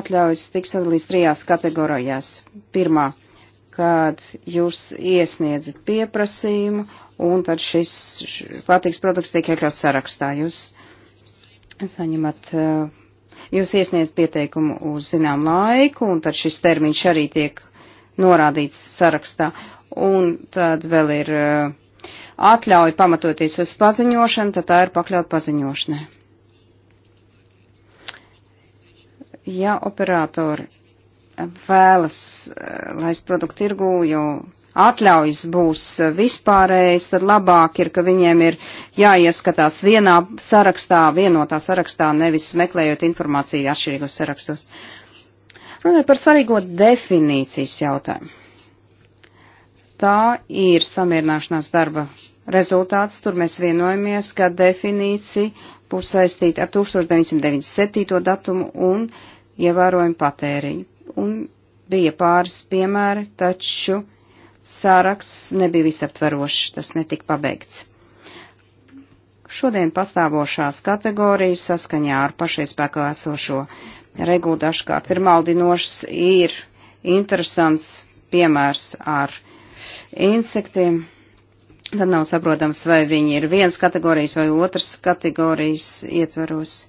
atļaujas tiks sadalīts trijās kategorijās. Pirmā, kad jūs iesniedzat pieprasījumu, un tad šis pārtiks produkts tiek iekļauts sarakstā. Jūs saņemat, eh, jūs iesniedz pieteikumu uz zinām laiku, un tad šis termiņš arī tiek norādīts sarakstā. Un tad vēl ir eh, atļauja pamatoties uz paziņošanu, tad tā ir pakļaut paziņošanai. Ja operātori vēlas eh, laist produktu tirgū, jo atļaujas būs eh, vispārējas, tad labāk ir, ka viņiem ir jāieskatās vienā sarakstā, vienotā sarakstā, nevis meklējot informāciju atšķirīgos sarakstos. Runājot par svarīgo definīcijas jautājumu. Tā ir samierināšanās darba rezultāts. Tur mēs vienojamies, ka definīcija būs saistīta ar 1997. datumu un ievērojumu patēriņu un bija pāris piemēri, taču sāraksts nebija visaptverošs, tas netika pabeigts. Šodien pastāvošās kategorijas saskaņā ar pašaiespēkā esošo regulu dažkārt ir maldinošs, ir interesants piemērs ar insektiem. Tad nav saprotams, vai viņi ir viens kategorijas vai otras kategorijas ietveros.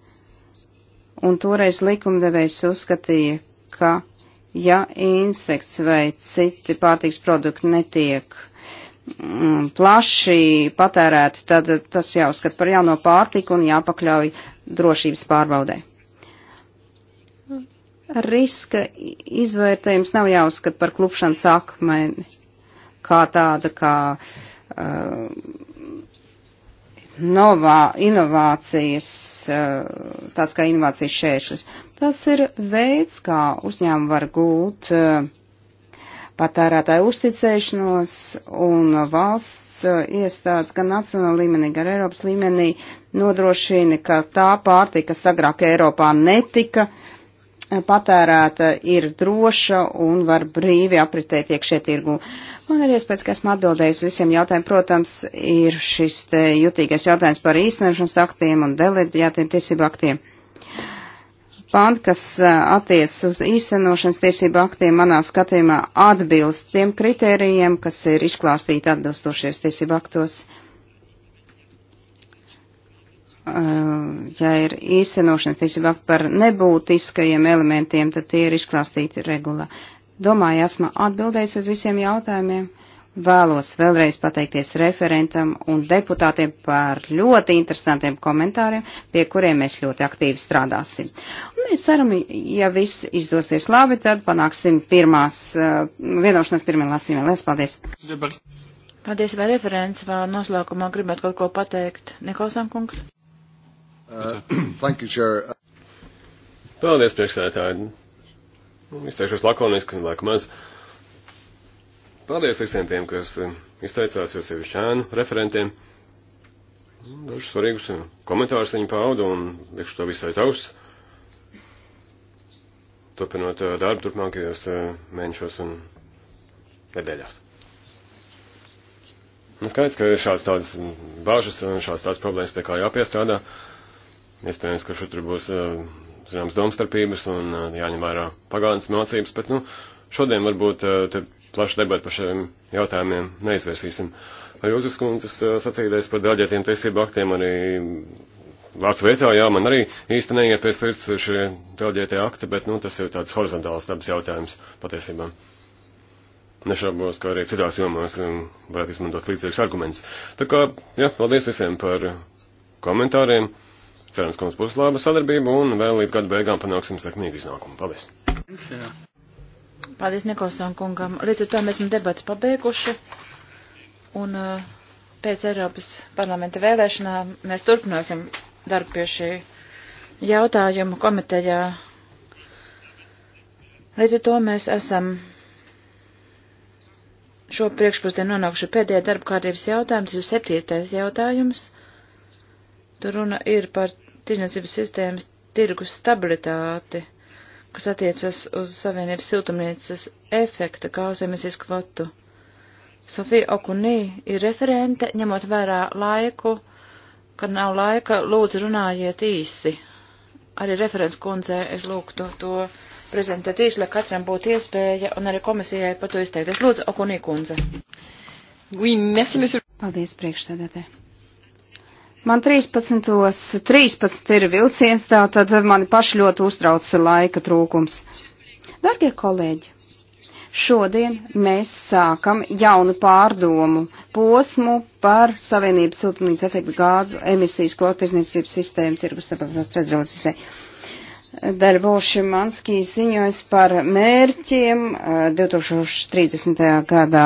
Un toreiz likumdevējs uzskatīja, ka ja insekts vai citi pārtiks produkti netiek mm, plaši patērēti, tad tas jāuzskata par jauno pārtiku un jāpakļauj drošības pārbaudē. Riska izvērtējums nav jāuzskata par klupšanas akmeni kā tāda, kā uh, novā, inovācijas, eh, tāds kā inovācijas šēršļus. Tas ir veids, kā uzņēmumi var gūt eh, patērētāju uzticēšanos un valsts eh, iestādes gan nacionāla līmenī, gan Eiropas līmenī nodrošina, ka tā pārtika, kas agrāk Eiropā netika patērēta, ir droša un var brīvi apritēt iekšē tirgu. Uh, Man ir iespējas, ka esmu atbildējis visiem jautājumiem. Protams, ir šis jutīgais jautājums par īstenošanas aktiem un deleģētiem tiesību aktiem. Panti, kas eh, attiec uz īstenošanas tiesību aktiem, manā skatījumā atbilst tiem kritērijiem, kas ir izklāstīti atbilstošies tiesību aktos eh, ja ir īstenošanas tiesībā par nebūtiskajiem elementiem, tad tie ir izklāstīti regulā. Domāju, esmu atbildējis uz visiem jautājumiem. Vēlos vēlreiz pateikties referentam un deputātiem par ļoti interesantiem komentāriem, pie kuriem mēs ļoti aktīvi strādāsim. Un mēs ceram, ja viss izdosies labi, tad panāksim pirmās uh, eh, vienošanās pirmajā lasījumā. Lielas paldies! Paldies, vai referents vai noslēgumā gribētu kaut ko pateikt? Nikolsam kungs? Uh, thank you, Chair. Paldies, priekšsētāji. Nu, izteikšos lakoniski, laika maz. Paldies visiem tiem, kas eh, izteicās, jo sevišķi ēnu referentiem. Dažus svarīgus eh, komentārus viņi pauda un likšu to visai zaus. Turpinot eh, darbu turpmākajos mēnešos un nedēļās. Un nu, skaidrs, ka ir šāds tāds bāžas un šāds tāds problēmas, pie kā jāpiestrādā. Iespējams, ka šur tur būs uh, zināmas domstarpības un uh, jāņem vērā pagātnes mācības, bet, nu, šodien varbūt uh, te plašu debatu par šiem jautājumiem neizvērsīsim. Vai jūs, kundzes, uh, sacīdēs par daļietiem tiesību aktiem arī vārds vietā, jā, man arī īsti neiet pēc sirds šie daļietie akti, bet, nu, tas ir tāds horizontāls dabas jautājums patiesībā. Nešaubos, ka arī citās jomās um, varētu izmantot līdzīgus argumentus. Tā kā, jā, paldies visiem par komentāriem. Cerams, ka mums būs laba sadarbība un vēl līdz gada beigām panāksim sekmīgu iznākumu. Paldies! Jā. Paldies Nikolson kungam. Līdz ar to mēs esam debats pabeiguši. Un eh, pēc Eiropas parlamenta vēlēšanām mēs turpināsim darbu pie šī jautājuma komitejā. Līdz ar to mēs esam šo priekšpusdienu nonākuši pēdējā darba kārtības jautājums, ir septītais jautājums. Tur runa ir par tirdzniecības sistēmas tirgus stabilitāti, kas attiecas uz Savienības siltumnīcas efekta kausemisīs kvotu. Sofija Okunī ir referente, ņemot vērā laiku, kad nav laika, lūdzu runājiet īsi. Arī referents kundzē es lūgtu to prezentēt īsi, lai katram būtu iespēja un arī komisijai par to izteikties. Lūdzu, Okunī kundze. Oui, merci, monsieur. Paldies, priekšsēdētāji. Man 13.13 13 ir vilciens, tā tad mani paši ļoti uztrauc laika trūkums. Dargie kolēģi, šodien mēs sākam jaunu pārdomu posmu par Savienības siltumnīca efekta gāzu emisijas kotirdzniecības sistēmu tirgus stabilizācijas rezolūcijai. Darboši Manskī ziņojas par mērķiem 2030. Eh, gadā.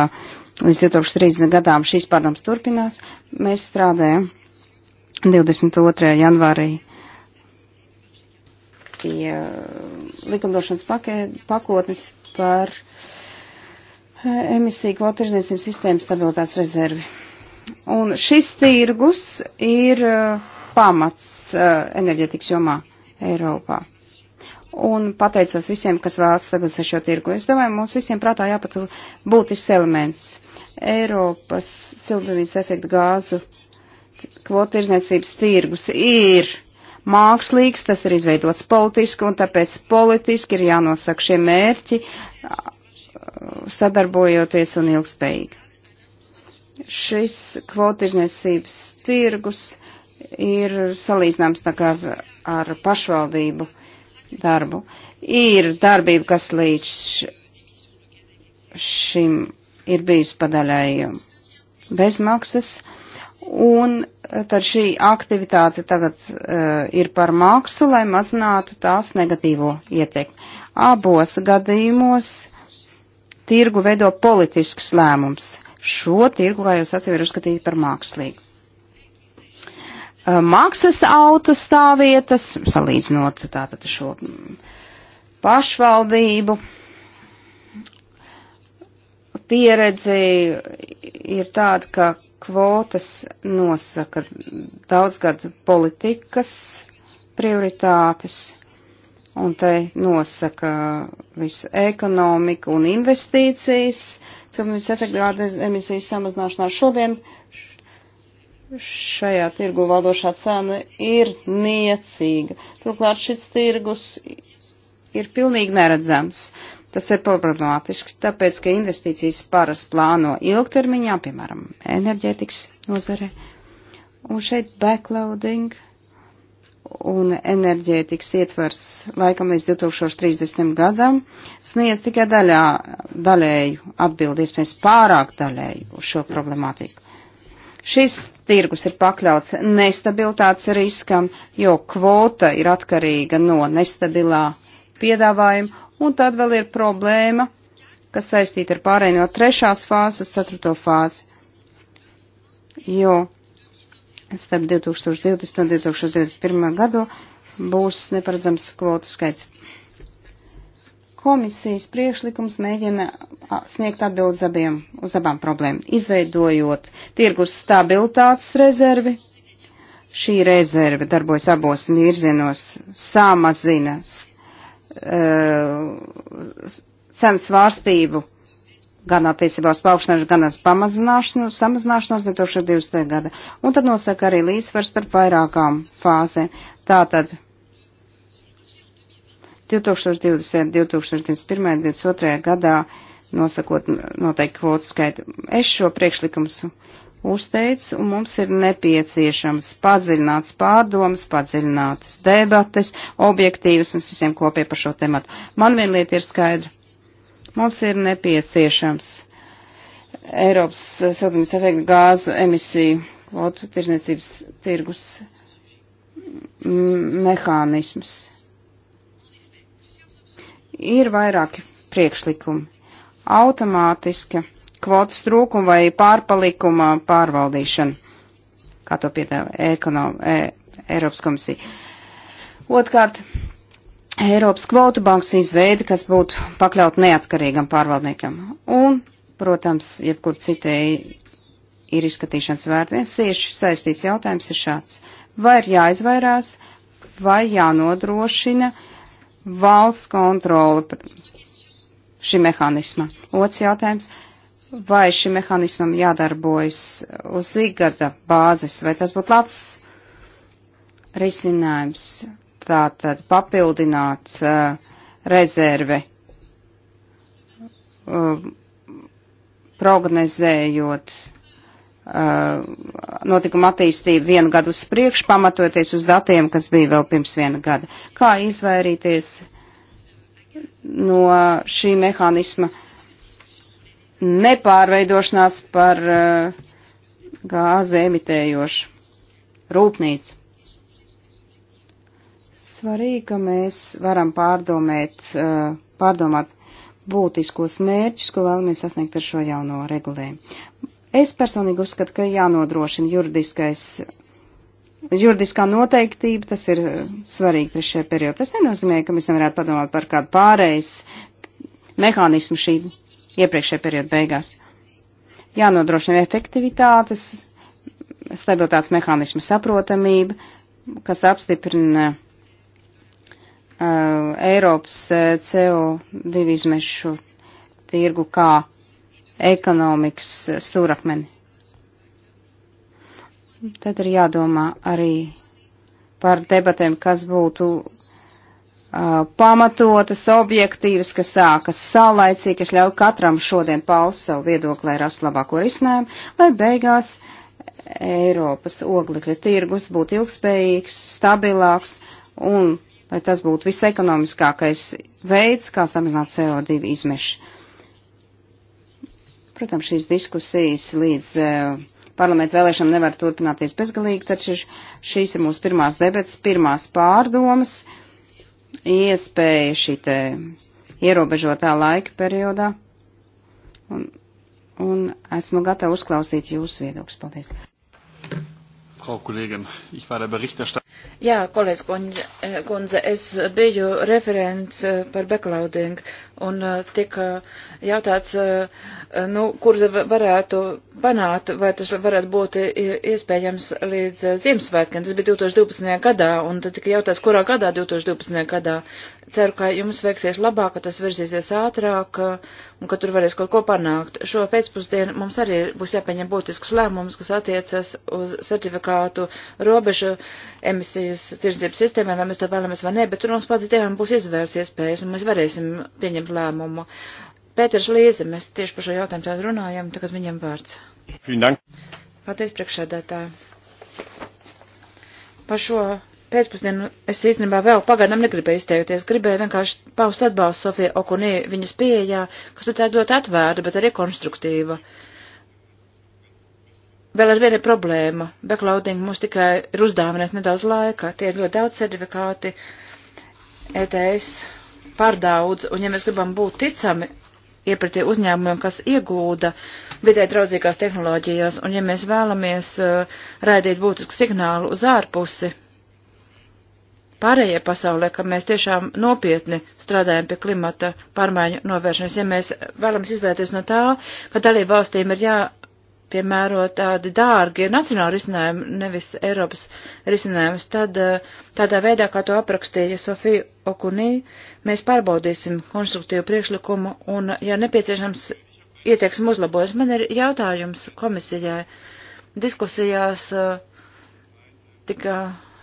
Līdz 2030. gadām šīs pārdomas turpinās. Mēs strādājam 22. janvārī pie eh, likumdošanas pakotnes par eh, emisiju kvotu tirdzniecības sistēmas stabilitātes rezervi. Un šis tirgus ir eh, pamats enerģetikas jomā Eiropā. Un pateicos visiem, kas vēlas stabilizēt šo tirgu. Es domāju, mums visiem prātā jāpatur būtisks elements Eiropas siltumnīcas efekta gāzu kvotu tirzniecības tirgus ir mākslīgs, tas ir izveidots politiski, un tāpēc politiski ir jānosaka šie mērķi, sadarbojoties un ilgspējīgi. Šis kvotirzniecības tirgus ir salīdzināms tā kā ar, ar pašvaldību darbu. Ir darbība, kas līdz šim ir bijusi padaļai bezmaksas. Uh, Un e, tad šī aktivitāte tagad uh, ir par maksu, lai mazinātu tās negatīvo ietekmi. Abos gadījumos tirgu veido politisks lēmums. Šo tirgu, kā jau sacīju, ir uzskatīti par mākslīgu. Uh, maksas autostāvvietas, salīdzinot tātad šo pašvaldību pieredzi, ir tāda, ka Kvotas nosaka daudzgadu politikas prioritātes, un te nosaka visu ekonomiku un investīcijas, cilvēks efektīvā emisijas samazināšanā šodien šajā tirgu valdošā cena ir niecīga. Turklāt šis tirgus ir pilnīgi neredzams. Tas ir problemātisks, tāpēc, ka investīcijas paras plāno ilgtermiņā, piemēram, enerģētikas nozare, un šeit backloading un enerģētikas ietvers laikam līdz 2030. gadam sniedz tikai daļā, daļēju atbildi, iespējams pārāk daļēju uz šo problemātiku. Šis tirgus ir pakļauts nestabilitātes riskam, jo kvota ir atkarīga no nestabilā piedāvājuma Un tad vēl ir problēma, kas saistīta ar pārēju no trešās fāzes uz ceturto fāzi. Jo starp 2020 un 2021 gadu būs neparedzams kvotu skaits. Komisijas priekšlikums mēģina sniegt atbildes abiem, uz abām problēmām, izveidojot tirgus stabilitātes rezervi. Šī rezerve darbojas abos virzienos, samazina Uh, cenu svārstību gan attiecībā uz paaugstināšanu, gan uz pamazināšanu, samazināšanos 2020. gada. Un tad nosaka arī līdzsvars starp vairākām fāzēm. Tātad 2020, 2021, 2022 gadā nosakot noteikti kvotu skaitu. Es šo priekšlikumu uzteicu, un mums ir nepieciešams padziļināts pārdomas, padziļinātas debates, objektīvas un visiem kopie par šo tematu. Man viena lieta ir skaidra. Mums ir nepieciešams Eiropas siltumnīca efekta gāzu emisiju kvotu tirzniecības tirgus mehānisms. Ir vairāki priekšlikumi. Automātiska kvotas trūkuma vai pārpalikuma pārvaldīšana, kā to piedāvā ekonom, e, Eiropas komisija. Otkārt, Eiropas kvotu bankas izveida, kas būtu pakļaut neatkarīgam pārvaldniekam. Un, protams, jebkur citai ir izskatīšanas vērts. Viens tieši saistīts jautājums ir šāds. Vai ir jāizvairās, vai jānodrošina valsts kontrole šī mehānisma? Otrs jautājums vai šim mehānismam jādarbojas uz igada bāzes, vai tas būtu labs risinājums tātad papildināt uh, rezerve, uh, prognozējot uh, notikuma attīstību vienu gadu uz priekšu, pamatoties uz datiem, kas bija vēl pirms viena gada. Kā izvairīties no šī mehānisma uh, nepārveidošanās par eh, gāzi emitējošu rūpnīcu. Svarīgi, ka mēs varam pārdomēt, eh, pārdomāt būtiskos mērķus, ko vēlamies sasniegt ar šo jauno regulējumu. Es personīgi uzskatu, ka jānodrošina juridiskais, juridiskā noteiktība, tas ir eh, svarīgi pret šajā periodu. Tas nenozīmē, ka mēs nevarētu padomāt par kādu pārējais mehānismu šīm iepriekšējā perioda beigās. Jānodrošina efektivitātes, stabilitātes mehānismu saprotamība, kas apstiprina uh, Eiropas uh, CO2 izmešu tirgu kā ekonomikas stūrakmeni. Tad ir jādomā arī par debatēm, kas būtu Uh, pamatotas, objektīvas, kas sākas saulaicīgi, kas ļauj katram šodien paust savu viedokli, lai rastu labāko risinājumu, lai beigās Eiropas oglekļa tirgus būtu ilgspējīgs, stabilāks un lai tas būtu visekonomiskākais veids, kā samazināt CO2 izmešu. Protams, šīs diskusijas līdz uh, parlamentu vēlēšanām nevar turpināties bezgalīgi, taču šīs ir mūsu pirmās debats, pirmās pārdomas. Uh, iespēja šitē ierobežotā laika periodā. Un, un esmu gatava uzklausīt jūsu viedokļus. Paldies! Frau Kollegin, ich war der Berichterstatter. Jā, kolēģis eh, kundze, es biju referents eh, par backloading un eh, tika jautāts, nu, kur varētu panākt, vai tas varētu būt iespējams līdz Ziemassvētkiem. Tas bija 2012. gadā un tad tika jautāts, kurā gadā 2012. gadā ceru, ka jums veiksies labāk, ka tas virzīsies ātrāk uh, un ka tur varēs kaut ko panākt. Šo pēcpusdienu mums arī būs jāpieņem būtisks lēmums, kas attiecas uz certifikātu robežu emisijas tirdzības sistēmai, vai mēs to vēlamies vai nē, bet tur mums pats dievam būs izvēles iespējas un mēs varēsim pieņemt lēmumu. Pēters Līze, mēs tieši par šo jautājumu tādu runājam, tagad viņam vārds. Paldies, priekšsēdētāji. Par šo pēcpusdienu es īstenībā vēl pagaidām negribēju izteikties, gribēju vienkārši paust atbalstu Sofija Okunī viņas pieejā, kas ir tāda ļoti atvērta, bet arī konstruktīva. Vēl ar vienu problēmu. Backloading mums tikai ir uzdāvinājis nedaudz laika. Tie ir ļoti daudz certifikāti, ETS pārdaudz, un ja mēs gribam būt ticami iepratie uzņēmumiem, kas iegūda vidē draudzīgās tehnoloģijās, un ja mēs vēlamies uh, raidīt būtisku signālu uz ārpusi, pārējai pasaulē, ka mēs tiešām nopietni strādājam pie klimata pārmaiņu novēršanas. Ja mēs vēlamies izvērties no tā, ka dalību valstīm ir jā piemēro tādi dārgi nacionāli risinājumi, nevis Eiropas risinājumus, tad eh, tādā veidā, kā to aprakstīja Sofija Okunī, mēs pārbaudīsim konstruktīvu priekšlikumu un, ja nepieciešams, ieteiksim uzlabojas. Man ir jautājums komisijai. Diskusijās eh, tika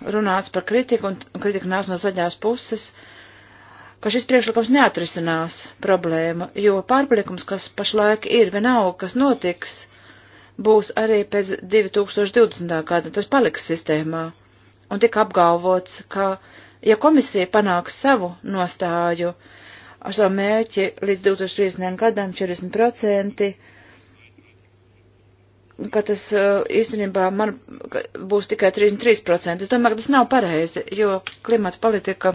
runāts par kritiku, un kritika nāc no zaļās puses, ka šis priekšlikums neatrisinās problēmu, jo pārpalikums, kas pašlaik ir, vienalga, kas notiks, būs arī pēc 2020. gada, tas paliks sistēmā. Un tika apgalvots, ka, ja komisija panāks savu nostāju ar savu mērķi līdz 2030. gadam 40%, ka tas uh, īstenībā man būs tikai 33%. Es domāju, ka tas nav pareizi, jo klimata politika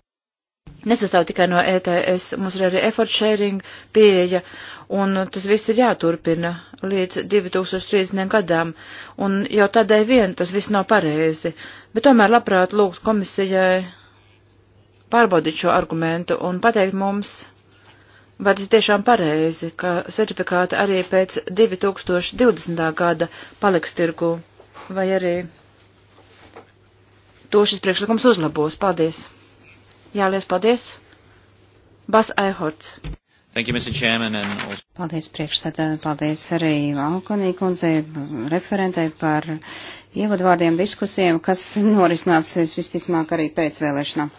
nesastāv tikai no ETS, mums ir arī effort sharing pieeja, un tas viss ir jāturpina līdz 2030. gadām, un jau tādēļ vien tas viss nav pareizi. Bet tomēr labprāt lūgt komisijai pārbaudīt šo argumentu un pateikt mums, Vai tas tiešām pareizi, ka certifikāti arī pēc 2020. gada paliks tirgu, vai arī to šis priekšlikums uzlabos? Paldies! Jā, liels paldies! Bas Eihorts. Thank you, Mr. Chairman, and also... Paldies priekšsēdē, paldies arī Alkonī kundzei, referentei par ievadvārdiem diskusijām, kas norisināsies visticamāk arī pēc vēlēšanām.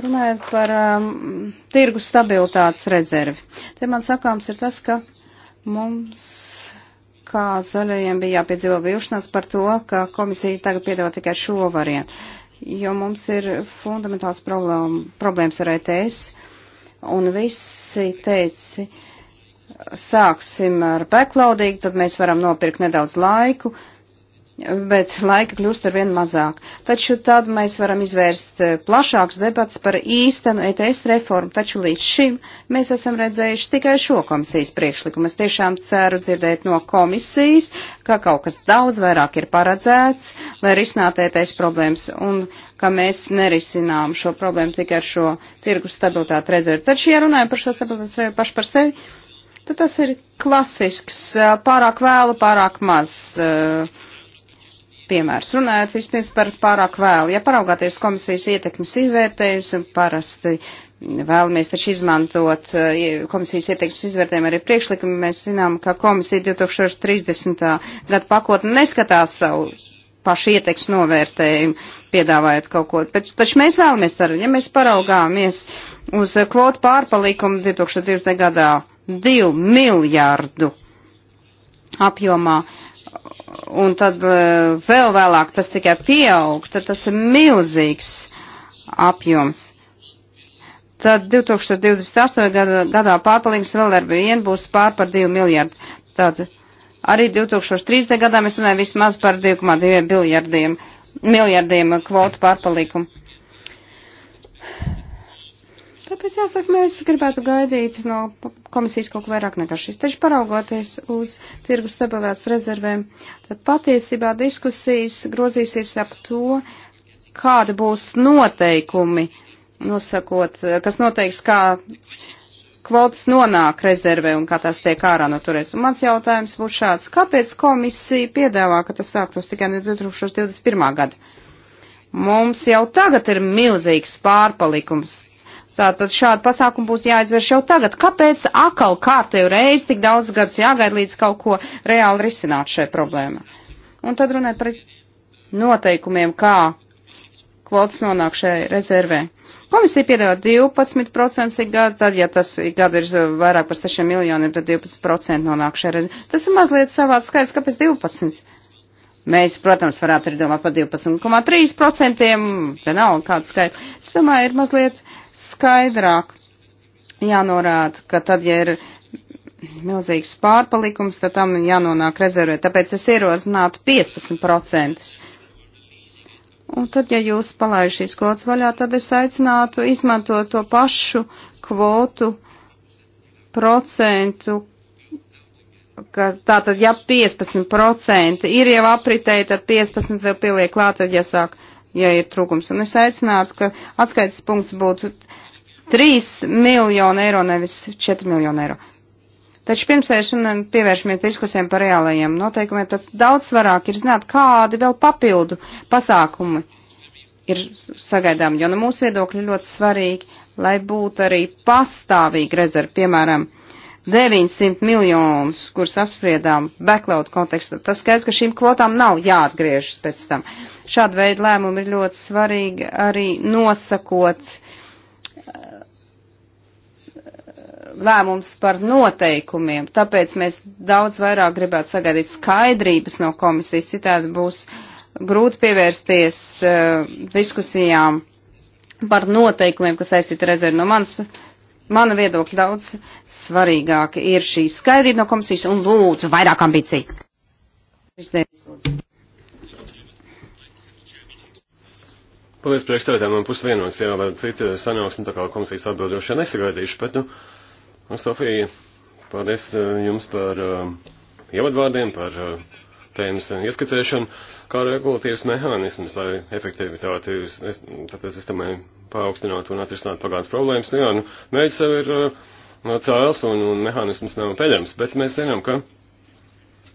Runājot par um, tirgu stabilitātes rezervi. Te man sakāms ir tas, ka mums, kā zaļajiem, bija jāpiedzīvo vilšanās par to, ka komisija tagad piedāvā tikai šo variantu, jo mums ir fundamentāls problēma, problēmas ar ETS, un visi teici, sāksim ar backloading, tad mēs varam nopirkt nedaudz laiku, uh, bet laika kļūst ar vien mazāk. Taču tad mēs varam izvērst eh, plašāks debats par īstenu ETS reformu, taču līdz šim mēs esam redzējuši tikai šo komisijas priekšlikumu. Es tiešām ceru dzirdēt no komisijas, ka kaut kas daudz vairāk ir paredzēts, lai risinātu ETS problēmas un ka mēs nerisinām šo problēmu tikai ar šo tirgus stabilitāti rezervi. Taču, ja runājam par šo stabilitātes rezervi paši par sevi, tad tas ir klasisks, eh, pārāk vēlu, pārāk maz. Uh, piemērs. Runājot vispirms par pārāk vēlu. Ja paraugāties komisijas ietekmes izvērtējums, un parasti vēlamies taču izmantot eh, komisijas ietekmes izvērtējumu arī priekšlikumu, mēs zinām, ka komisija 2030. gada pakotne neskatās savu pašu ietekmes novērtējumu, piedāvājot kaut ko. Bet, taču mēs vēlamies, ar, ja mēs paraugāmies uz kvotu pārpalikumu 2020. gadā 2 miljārdu apjomā, un tad eh, vēl vēlāk tas tikai pieaug, tad tas ir milzīgs apjoms. Tad 2028. Gada, gadā pārpalīgs vēl ar vienu būs pār par 2 miljardu. Tad arī 2030. gadā mēs runājam vismaz par 2,2 miljardiem, miljardiem kvotu pārpalīkumu. Tāpēc jāsaka, mēs gribētu gaidīt no komisijas kaut ko vairāk nekā šis. Taču paraugoties uz tirgus stabilās rezervēm, tad patiesībā diskusijas grozīsies ap to, kāda būs noteikumi, nosakot, kas noteiks, kā kvotas nonāk rezervē un kā tās tiek ārā no turēs. Un mans jautājums būs šāds. Kāpēc komisija piedāvā, ka tas sāktos tikai no 2021. gada? Mums jau tagad ir milzīgs pārpalikums Tātad šādu pasākumu būs jāizvērš jau tagad. Kāpēc akal kārtēju reizi tik daudz gadus jāgaida līdz kaut ko reāli risināt šai problēmai? Un tad runāja par noteikumiem, kā kvotas nonāk šai rezervē. Komisija piedāvā 12% ik gadu, tad, ja tas ik gadu ir vairāk par 6 miljoniem, tad 12% nonāk šai rezervē. Tas ir mazliet savāds skaits, kāpēc 12%? Mēs, protams, varētu arī domāt par 12,3%, te nav kādu skaitu. Es domāju, ir mazliet skaidrāk jānorāda, ka tad, ja ir milzīgs pārpalikums, tad tam jānonāk rezervē. Tāpēc es ierosinātu 15%. Un tad, ja jūs palaiž šīs kvotas vaļā, tad es aicinātu izmantot to pašu kvotu procentu, ka tātad, ja 15% ir jau apritēji, tad 15 vēl pieliek klāt, tad jāsāk. Ja ja ir trūkums. Un es aicinātu, ka atskaites punkts būtu 3 miljonu eiro, nevis 4 miljonu eiro. Taču pirms šodien pievēršamies diskusijām par reālajiem noteikumiem, tad daudz svarāk ir zināt, kādi vēl papildu pasākumi ir sagaidām, jo no mūsu viedokļa ļoti svarīgi, lai būtu arī pastāvīgi rezervi, piemēram, 900 miljonus, kurus apspriedām backload kontekstā. Tas skaidrs, ka šīm kvotām nav jāatgriežas pēc tam. Šāda veida lēmumi ir ļoti svarīgi arī nosakot eh, lēmums par noteikumiem, tāpēc mēs daudz vairāk gribētu sagaidīt skaidrības no komisijas, citādi būs grūti pievērsties uh, diskusijām par noteikumiem, kas aizsita rezervi no manas Mana viedokļa daudz svarīgāka ir šī skaidrība no komisijas un lūdzu vairāk ambīciju. Paldies priekšstādātājiem, man pusvienos jau vēl citi sanāksmi, nu, tā kā komisijas atbildošie nesagaidīšu, bet, nu, un nu, Sofija, paldies eh, jums par uh, ievadvārdiem, par uh, tēmas ieskacēšanu. Uh, kā regulatīvs mehānisms, lai efektivitāti tātad sistēmai paaugstinātu un atrisinātu pagātnes problēmas. Nu, jā, nu, mērķis jau ir no uh, cēls un, un mehānisms nav peļams, bet mēs zinām, ka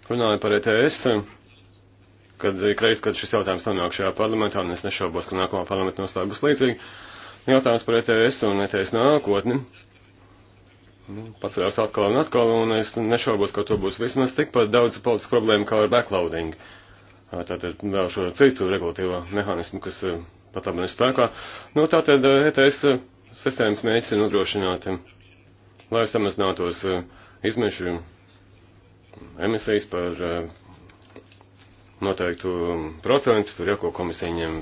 runājot par ETS, kad ikreiz, kad šis jautājums nonāk šajā parlamentā, un es nešaubos, ka nākamā parlamenta nostāja būs līdzīga, jautājums par ETS un ETS nākotni nu, paceļās atkal un atkal, un es nešaubos, ka to būs vismaz tikpat daudz politisku problēmu kā ar backloading. Uh, tātad vēl šo citu regulatīvo mehānismu, kas pat labi nespēkā. Nu, tātad ETS sistēmas mēģis ir nodrošināt, lai samazinātos izmešu emisijas par noteiktu procentu, tur jau ko komisija ņem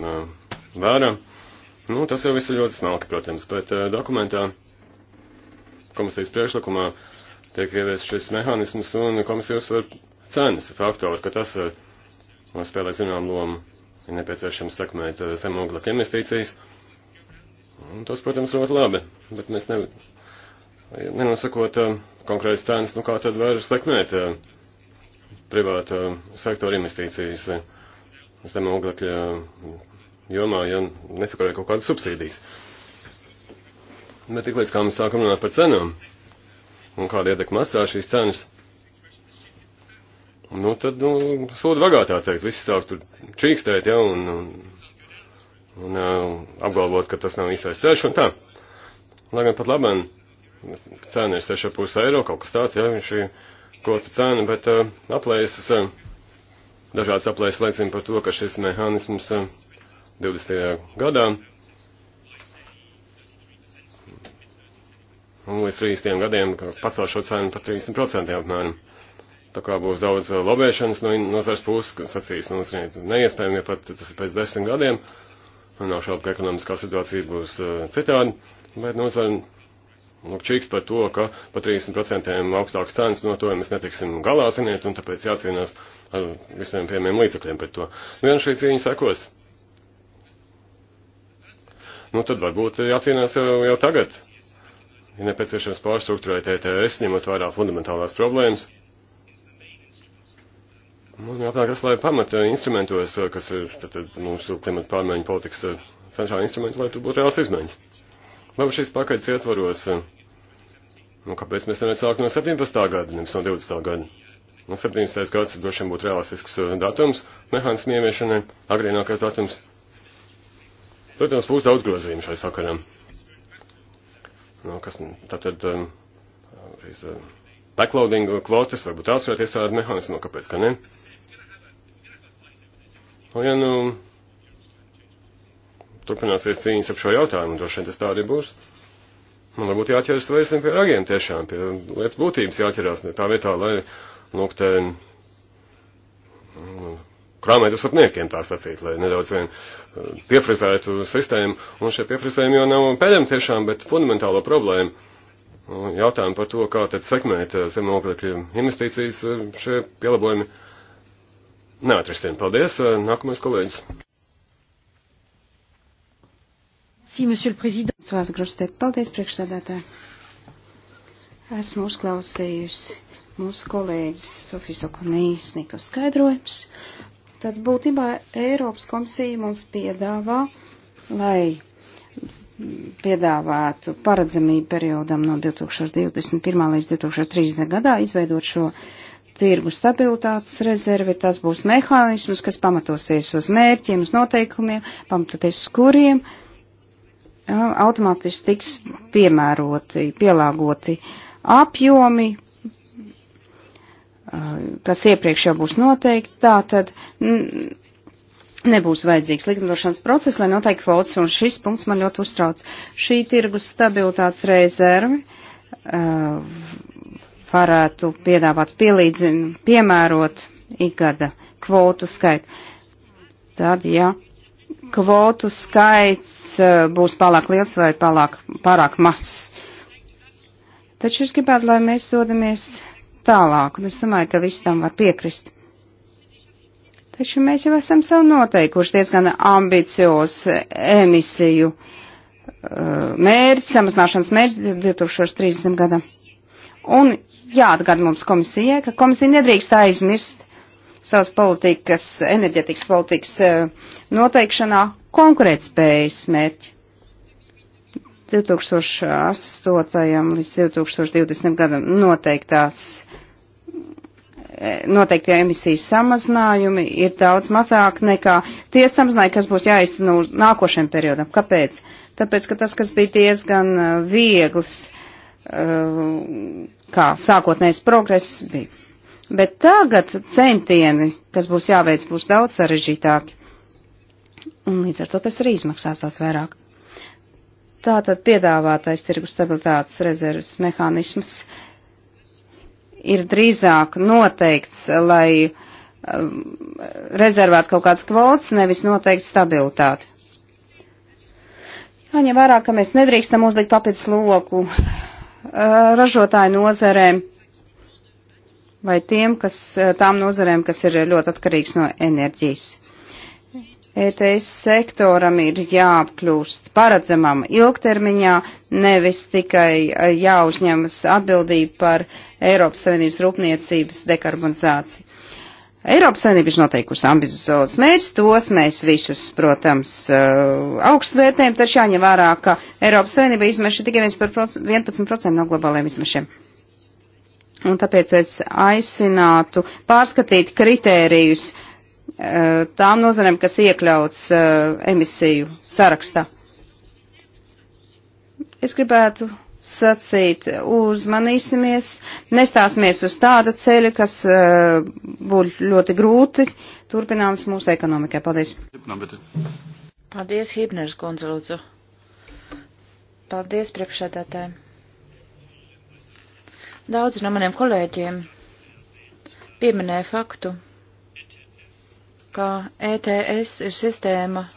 vērā. Nu, tas jau viss ir ļoti smalki, protams, bet dokumentā, komisijas priekšlikumā, tiek ievies šis mehānisms un komisija uzsver cenas faktoru, ka tas spēlē zinām lomu, ir nepieciešams sekmēt eh, zemoglekļa investīcijas. Un tas, protams, ļoti labi, bet mēs ne, nenosakot eh, konkrētas cenas, nu kā tad var sekmēt eh, privāta sektora investīcijas zemoglekļa jomā, ja nefigurē kaut kādas subsīdijas. Bet tiklīdz kā mēs sākam runāt par cenām un kāda ietekma atstās šīs cenas, nu tad, nu, sūdu vagā tā teikt, visi sāk tur čīkstēt, ja, un, un, un uh, apgalvot, ka tas nav īstais ceļš, un tā. Lai gan pat labam, cena ir 6,5 eiro, kaut kas tāds, ja, šī kota cena, bet uh, aplēsas, uh, dažādas aplēsas liecina par to, ka šis mehānisms uh, 20. gadā, un līdz 30 gadiem, ka pacēl šo cenu par 30% apmēram. Ja, Tā kā būs daudz eh, lobēšanas no nozars puses, kas sacīs, nu, ziniet, neiespējami, ja pat tas ir pēc desmit gadiem. Un nav šaubu, ka ekonomiskā situācija būs uh, citādi, bet nozara nu, čīks par to, ka pa 30% augstākas cenas no to, ja mēs netiksim galā, ziniet, un tāpēc jācīnās ar visiem piemiem līdzekļiem pret to. Nu, vien šī cīņa sekos. Nu, tad varbūt jācīnās jau, jau tagad. Ir ja nepieciešams pārstruktūrēt ETS, ņemot vērā fundamentālās problēmas. Man jāprāt, kas lai pamata instrumentos, eh, kas ir tātad, mūsu klimata pārmaiņu politikas eh, centrāla instrumenta, lai tur būtu reāls izmaiņas. Vai šīs pakaļas ietvaros, eh, nu, kāpēc mēs nevaram sākt no 17. gada, nevis no 20. gada? No nu, 17. gads droši vien būtu realistisks datums, mehānismu ieviešanai, agrīnākais datums. Protams, būs daudz grozījumu šai sakaram. Nu, kas, tātad, um, arī, backloading kvotas, varbūt tās varētu iestrādāt mehānismu, kāpēc, ka ne? Un ja nu turpināsies cīņas ap šo jautājumu, droši vien tas tā arī būs. Man varbūt jāķeras vairs ne pie ragiem tiešām, pie lietas būtības jāķerās, ne tā vietā, lai noktē nu, nu, krāmēt uz sapniekiem tā sacīt, lai nedaudz vien eh, piefrizētu sistēmu. Un šie piefrizējumi jau nav pēdējiem tiešām, bet fundamentālo problēmu. Nu, jautājumu par to, kā tad sekmēt eh, zemokļu investīcijas eh, šie pielabojumi. Uh, neatrastiem. Paldies. Nākamais kolēģis. Sī, monsieur le président, Svās Grostēt. Paldies, priekšsēdētāji. Esmu uzklausījusi mūsu kolēģis Sofijas Okonijas sniegto skaidrojums. Tad būtībā Eiropas komisija mums piedāvā, lai piedāvātu paredzamību periodam no 2021. līdz 2030. gadā izveidot šo uh, tirgu stabilitātes rezervi, tas būs mehānisms, kas pamatosies uz mērķiem, uz noteikumiem, pamatoties uz kuriem automātiski tiks piemēroti, pielāgoti apjomi, kas iepriekš jau būs noteikti, tā tad nebūs vajadzīgs likumdošanas process, lai noteikti kvotas, un šis punkts man ļoti uztrauc. Šī tirgus stabilitātes rezerve uh, varētu piedāvāt pielīdzin, piemērot ikgada kvotu skaitu. Tad, ja kvotu skaits eh, būs pārāk liels vai pārāk, pārāk mazs. Taču es gribētu, lai mēs dodamies tālāk, un es domāju, ka visi tam var piekrist. Taču mēs jau esam savu noteikuši diezgan ambicios emisiju eh, mērķi, samazināšanas mērķi 2030. gadam. Un jāatgādina mums komisijai, ka komisija nedrīkst aizmirst savas politikas, enerģetikas politikas eh, noteikšanā konkurētspējas mērķi. 2008. līdz 2020. gadam noteiktās, eh, noteiktie emisijas samazinājumi ir daudz mazāk nekā tie samazinājumi, kas būs jāizteno nākošajam periodam. Kāpēc? Tāpēc, ka tas, kas bija diezgan eh, viegls, kā sākotnējs progress bija. Bet tagad centieni, kas būs jāveic, būs daudz sarežģītāki. Un līdz ar to tas arī izmaksās tās vairāk. Tātad piedāvātais tirgu stabilitātes rezerves mehānisms ir drīzāk noteikts, lai um, rezervētu kaut kāds kvots, nevis noteikti stabilitāti. Jāņem vērā, ka mēs nedrīkstam uzlikt papildus loku Eh, ražotāju nozarēm vai tiem, kas, eh, tām nozarēm, kas ir ļoti atkarīgs no enerģijas. ETS sektoram ir jāapkļūst paredzamam ilgtermiņā, nevis tikai eh, jāuzņemas atbildība par Eiropas Savienības rūpniecības dekarbonizāciju. Eiropas Savienība ir noteikusi ambiciozus mērķus, tos mēs visus, protams, eh, augstvērtējam, taču jāņem vērā, ka Eiropas Savienība izmeša tikai 11% no globāliem izmešiem. Un tāpēc es aicinātu pārskatīt kritērijus eh, tām nozarēm, kas iekļauts eh, emisiju sarakstā. Es gribētu sacīt, uzmanīsimies, nestāsimies uz tāda ceļa, kas uh, būtu ļoti grūti turpināms mūsu ekonomikai. Paldies. Paldies, Hībners kundze, lūdzu. Paldies priekšsēdētājiem. Daudz no maniem kolēģiem pieminēja faktu, ka ETS ir sistēma,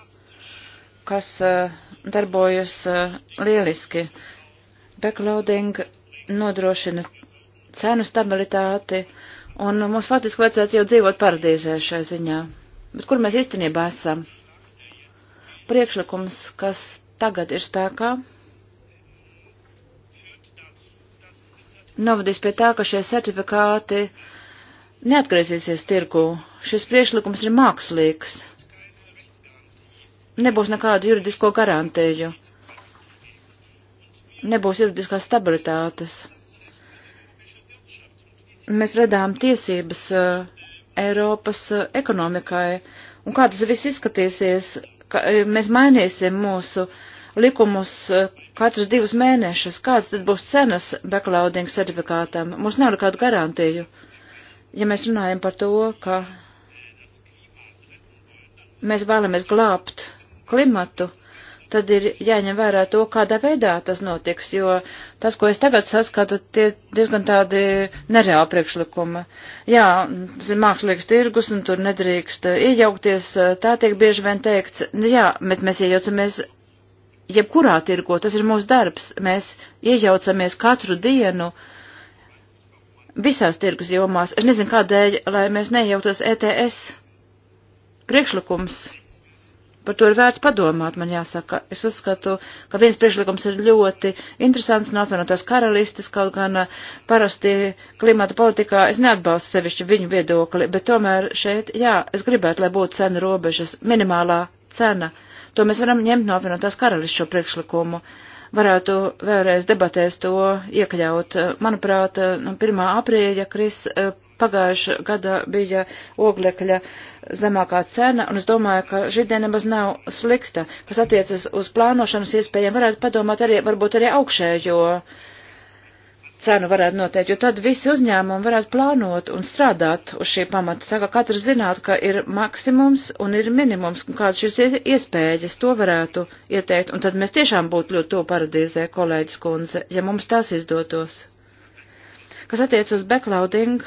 kas uh, darbojas uh, lieliski. Uh, Backloading nodrošina cenu stabilitāti, un mums faktiski vajadzētu jau dzīvot paradīzē šai ziņā. Bet kur mēs īstenībā esam? Priekšlikums, kas tagad ir spēkā, novadīs pie tā, ka šie certifikāti neatgriezīsies tirgu. Šis priekšlikums ir mākslīgs. Nebūs nekādu juridisko garantēju nebūs juridiskās stabilitātes. Mēs redām tiesības uh, Eiropas uh, ekonomikai, un kā tas viss izskatīsies, ka eh, mēs mainīsim mūsu likumus katrus divus mēnešus, kāds tad būs cenas backloading certifikātam. Mums nav nekādu garantiju, ja mēs runājam par to, ka mēs vēlamies glābt klimatu tad ir jāņem vērā to, kādā veidā tas notiks, jo tas, ko es tagad saskatu, tie diezgan tādi nereāli priekšlikumi. Jā, tas ir mākslīgs tirgus un tur nedrīkst eh, iejaukties, eh, tā tiek bieži vien teikts, jā, bet mēs iejaucamies jebkurā tirgo, tas ir mūsu darbs, mēs iejaucamies katru dienu visās tirgus jomās. Es nezinu, kādēļ, lai mēs neiejauktos ETS priekšlikums Par to ir vērts padomāt, man jāsaka. Es uzskatu, ka viens priekšlikums ir ļoti interesants no apvienotās karalistes, kaut gan eh, parasti klimata politikā es neatbalstu sevišķi viņu viedokli, bet tomēr šeit, jā, es gribētu, lai būtu cena robežas, minimālā cena. To mēs varam ņemt no apvienotās karalistes šo priekšlikumu. Varētu vēlreiz debatēs to iekļaut. Manuprāt, no 1. aprīļa Kris eh, pagājušā gada bija oglekļa zemākā cena, un es domāju, ka šī diena nemaz nav slikta. Kas attiecas uz plānošanas iespējām, varētu padomāt arī, varbūt arī augšējo cenu varētu noteikt, jo tad visi uzņēmumi varētu plānot un strādāt uz šī pamata, tā kā katrs zinātu, ka ir maksimums un ir minimums, un kādas šīs iespējas to varētu ieteikt, un tad mēs tiešām būtu ļoti to paradīzē, kolēģis kundze, ja mums tas izdotos. Kas attiec uz backloading,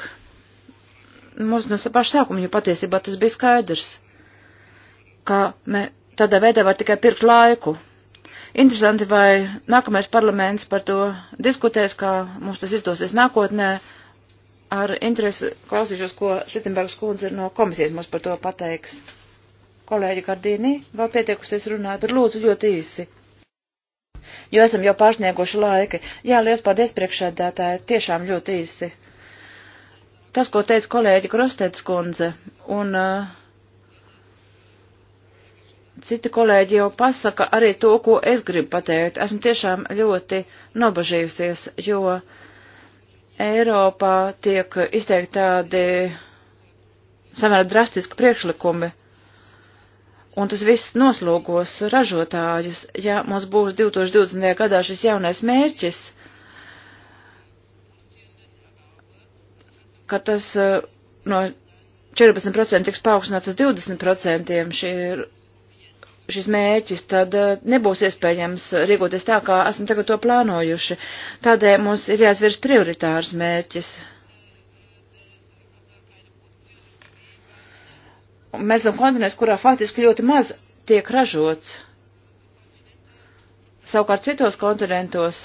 mums no paša sākuma, jo patiesībā tas bija skaidrs, ka mē, tādā veidā var tikai pirkt laiku. Interesanti, vai nākamais parlaments par to diskutēs, kā mums tas izdosies nākotnē. Ar interesi klausīšos, ko Sittenbergs kundze no komisijas mums par to pateiks. Kolēģi Kardīnī, vēl pietiekusies runāt, bet lūdzu ļoti īsi jo esam jau pārsnieguši laiki. Jā, liels paldies priekšēdētāji, tiešām ļoti īsi tas, ko teica kolēģi Grostets kundze, un uh, citi kolēģi jau pasaka arī to, ko es gribu pateikt. Esmu tiešām ļoti nobažījusies, jo Eiropā tiek izteikti tādi samērā drastiski priekšlikumi, un tas viss noslogos ražotājus. Ja mums būs 2020. gadā šis jaunais mērķis, ka tas e, no 14% tiks paaugstināts uz 20%, šī ir šis mērķis, tad e, nebūs iespējams rīkoties tā, kā esam tagad to plānojuši. Tādēļ mums ir jāizvirs prioritārs mērķis. Mēs esam kontinents, kurā faktiski ļoti maz tiek ražots. Savukārt citos kontinentos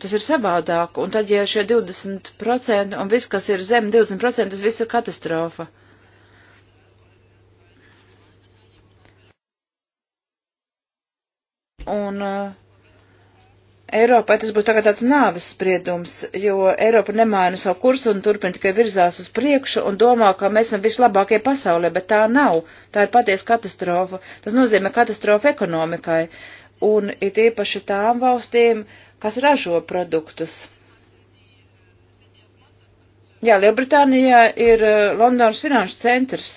tas ir savādāk. Un tad, ja šie 20% un viss, kas ir zem 20%, tas viss ir katastrofa. Un uh, Eiropai tas būtu tagad tāds nāves spriedums, jo Eiropa nemaina savu kursu un turpina tikai virzās uz priekšu un domā, ka mēs esam vislabākie pasaulē, bet tā nav. Tā ir patiesa katastrofa. Tas nozīmē katastrofu ekonomikai. Un it īpaši tām valstīm, uh, kas ražo produktus. Jā, Lielbritānijā ir eh, Londonas finanšu centrs,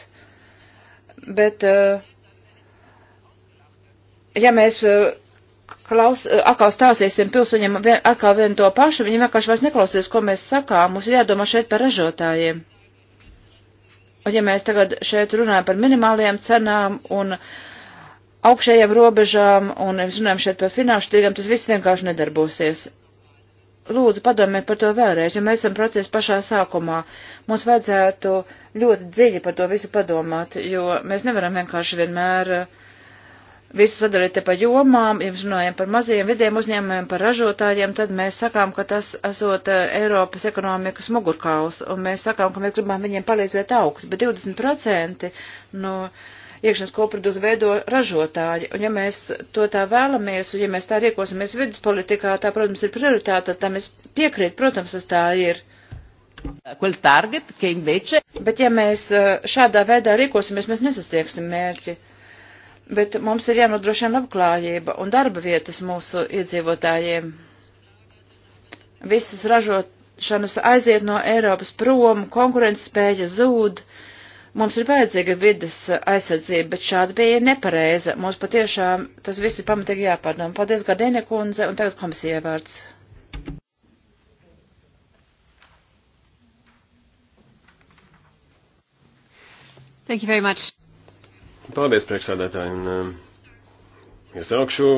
bet, eh, ja mēs eh, klaus, atkal stāstīsim pilsoņiem vien, atkal vienu to pašu, viņi vienkārši vairs neklausīs, ko mēs sakām, mums ir jādomā šeit par ražotājiem. Un ja mēs tagad šeit runājam par minimālajām cenām un uh, augšējām robežām un runājam šeit par finanšu tirgiem, tas viss vienkārši nedarbosies. Lūdzu, padomājiet par to vēlreiz, jo mēs esam procesa pašā sākumā. Mums vajadzētu ļoti dziļi par to visu padomāt, jo mēs nevaram vienkārši vienmēr eh, visu sadalīt te pa jomām, ja mēs runājam par mazajiem vidiem uzņēmumiem, par ražotājiem, tad mēs sakām, ka tas esot eh, Eiropas ekonomikas mugurkauls, un mēs sakām, ka mēs gribam viņiem palīdzēt augt, bet 20% no. Nu, iekšzemes koproduktu veido ražotāji. Un ja mēs to tā vēlamies, un ja mēs tā riekosimies vidas politikā, tā, protams, ir prioritāte, tam es piekrītu, protams, tas tā ir. Quel target, che invece... Bet ja mēs uh, šādā veidā rīkosimies, mēs nesasniegsim mērķi. Bet mums ir jānodrošina labklājība un darba vietas mūsu iedzīvotājiem. Visas ražotājas ražošanas aiziet no Eiropas prom, konkurences spēja zūd, Mums ir vajadzīga vidas aizsardzība, bet šāda bija nepareiza. Mums patiešām tas viss ir pamatīgi jāpārdomā. Paldies, Gardēne kundze, un tagad komisijai vārds. Thank you very much. Paldies, priekšsādātāji. Um, es augšu.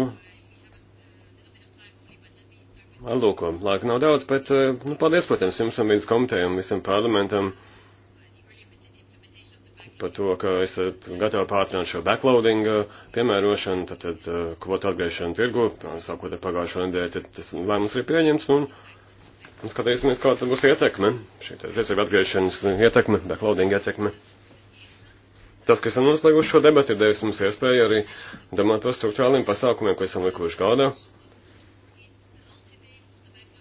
Lūko, laika nav daudz, bet, uh, nu, paldies, protams, jums un līdz komitejam, visam parlamentam par to, ka esat gatavi pātrināt šo backloading uh, piemērošanu, tad, tad uh, kvotu atgriešanu tirgu, sākot ar pagājušo nedēļu, tad tas lēmums ir pieņemts, un, un skatīsimies, kāda būs ietekme, šī tiesība atgriešanas ietekme, backloading ietekme. Tas, kas ir noslēguši šo debatu, ir devis mums iespēju arī domāt par struktūrāliem pasākumiem, ko esam likuši gādā.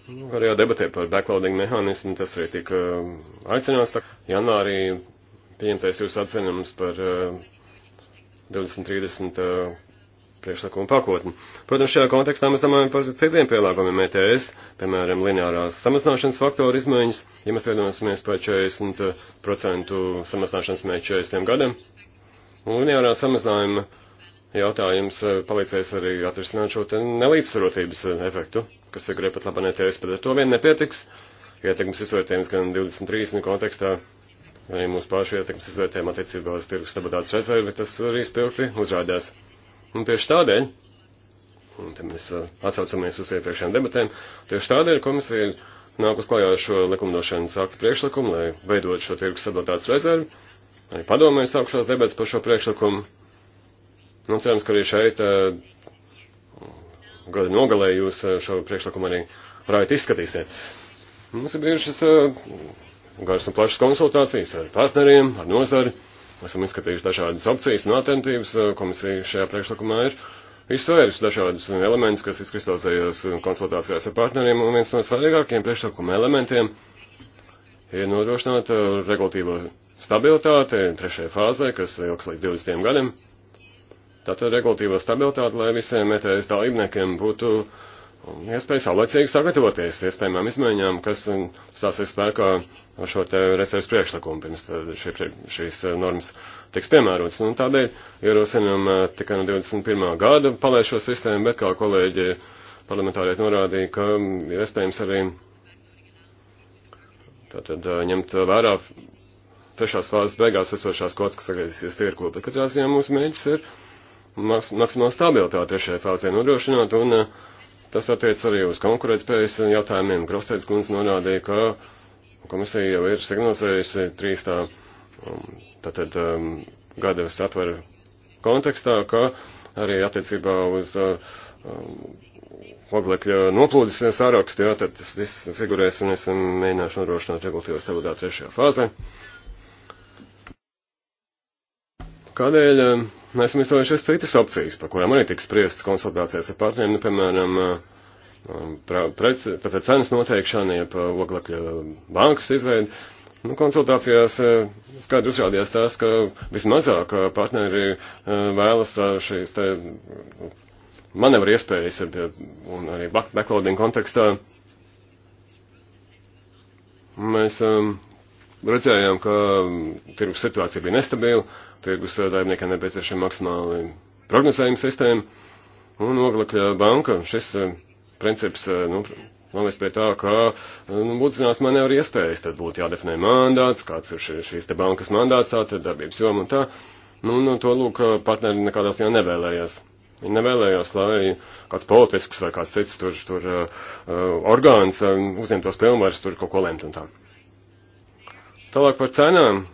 Nu, arī jau debatē par backloading mehānismu tas arī tika uh, aicināts. Tā, janvārī pieņemtais jūsu atzinums par uh, 2030 uh, priekšlikumu pakotni. Protams, šajā kontekstā mēs domājam par citiem pielāgojumiem ETS, piemēram, lineārās samazināšanas faktoru izmaiņas, ja mēs vienosimies par 40% eh, samazināšanas mērķi 40 gadam. Un lineārā samazinājuma jautājums eh, palīdzēs arī atrisināt šo nelīdzsvarotības eh, efektu, kas figurē pat labanē ETS, bet ar to vien nepietiks. Ietekmes izvērtējums gan 2030 kontekstā arī mūsu pašu ietekmes izvērtējumu attiecībā uz tirgus stabilitātes rezervi, tas arī spilgti uzrādās. Un tieši tādēļ, un te mēs uh, atsaucamies uz iepriekšējām debatēm, tieši tādēļ komisija ir nākus klajā ar šo likumdošanas aktu priekšlikumu, lai veidot šo tirgus stabilitātes rezervi. Arī padomēju sākušās debats par šo priekšlikumu. Nu, cerams, ka arī šeit uh, gada nogalē jūs uh, šo priekšlikumu arī varētu izskatīsiet. Mums ir bijušas garas un plašas konsultācijas ar partneriem, ar nozari. Esam izskatījuši dažādas opcijas un alternatīvas. Eh, komisija šajā priekšlikumā ir izsvērus dažādus elementus, kas izkristalizējās konsultācijās ar partneriem, un viens no svarīgākajiem priekšlikuma elementiem ir nodrošināt eh, regulatīvo stabilitāti trešajai fāzē, kas ilgs līdz 20 gadiem. Tātad regulatīvo stabilitāti, lai visiem ETS dalībniekiem būtu uh, iespēju saulēcīgi sagatavoties iespējamām izmaiņām, kas um, stāsies spēkā ar šo te reserves priekšlikumu, pirms šie, šīs uh, normas tiks piemērotas. Un nu, tādēļ ierosinām uh, tikai no 21. gada palēst šo sistēmu, bet kā kolēģi parlamentārieši norādīja, ka um, ir iespējams arī tātad uh, ņemt vērā trešās fāzes beigās esošās kods, kas atgriezīsies tirko, bet katrā ziņā mūsu mēģis ir maksimāla stabilitāte trešajā fāzē nodrošināt un uh, Tas attiec arī uz konkurētspējas jautājumiem. Grostēts kundze norādīja, ka komisija jau ir signalizējusi trīs tā, um, tātad um, gadas atveru kontekstā, ka arī attiecībā uz uh, um, oglekļa noplūdes sārakstu, jā, tad tas viss figurēs un es mēģināšu nodrošināt regulatīvas stabilitāti trešajā fāzē. Kādēļ um, esam izvēlējušies citas opcijas, par kurām arī tiks spriestas konsultācijās ar partneriem, nu, piemēram, prec, tātad cenas noteikšana, ja pa oglekļa bankas izveidi. Nu, konsultācijās skaidri uzrādījās tās, ka vismazāk partneri vēlas šīs te manevru iespējas un arī backloading kontekstā. Mēs um, redzējām, ka tirgus situācija bija nestabila, tirgus darbiniekiem nepieciešama maksimāli prognozējuma sistēma, un oglekļa banka šis eh, princips, eh, nu, novest pie tā, ka eh, nu, būtisinās manevru iespējas, tad būtu jādefinē mandāts, kāds ir šīs, šīs te bankas mandāts, tā tad darbības joma un tā. Nu, nu, to lūk, partneri nekādās jau nevēlējās. Viņi nevēlējās, lai kāds politisks vai kāds cits tur, tur uh, orgāns uh, uzņemtos pilnvaras tur kaut ko lemt un tā. Tālāk par cenām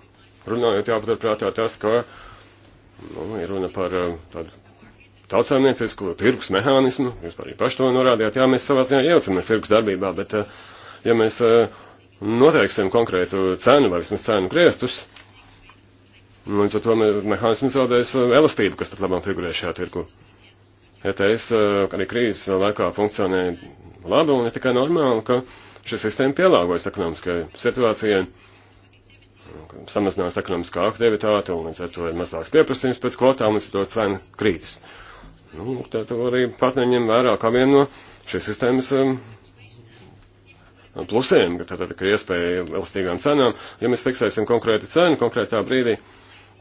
runājot jāpatur prātā tas, ka nu, ir runa par eh, tādu tautsājumniecisko tirgus mehānismu, jūs arī paši to norādījāt, jā, mēs savā ziņā iejaucamies tirgus darbībā, bet eh, ja mēs eh, noteiksim konkrētu cenu vai vismaz cenu griestus, nu, līdz ar to mehānisms zaudēs elastību, kas pat labam figurē šajā tirgu. ETS arī krīzes laikā funkcionēja labi un ir tikai normāli, ka šī sistēma pielāgojas ekonomiskai situācijai samazinās ekonomiskā aktivitāte, un līdz ar to ir mazāks pieprasījums pēc kvotām, līdz ar to cena krītas. Nu, tā to arī partneriem vērā kā vienu no šīs sistēmas um, plusiem, ka tātad, ka iespēja elastīgām cenām, ja mēs fiksēsim konkrētu cenu konkrētā brīdī,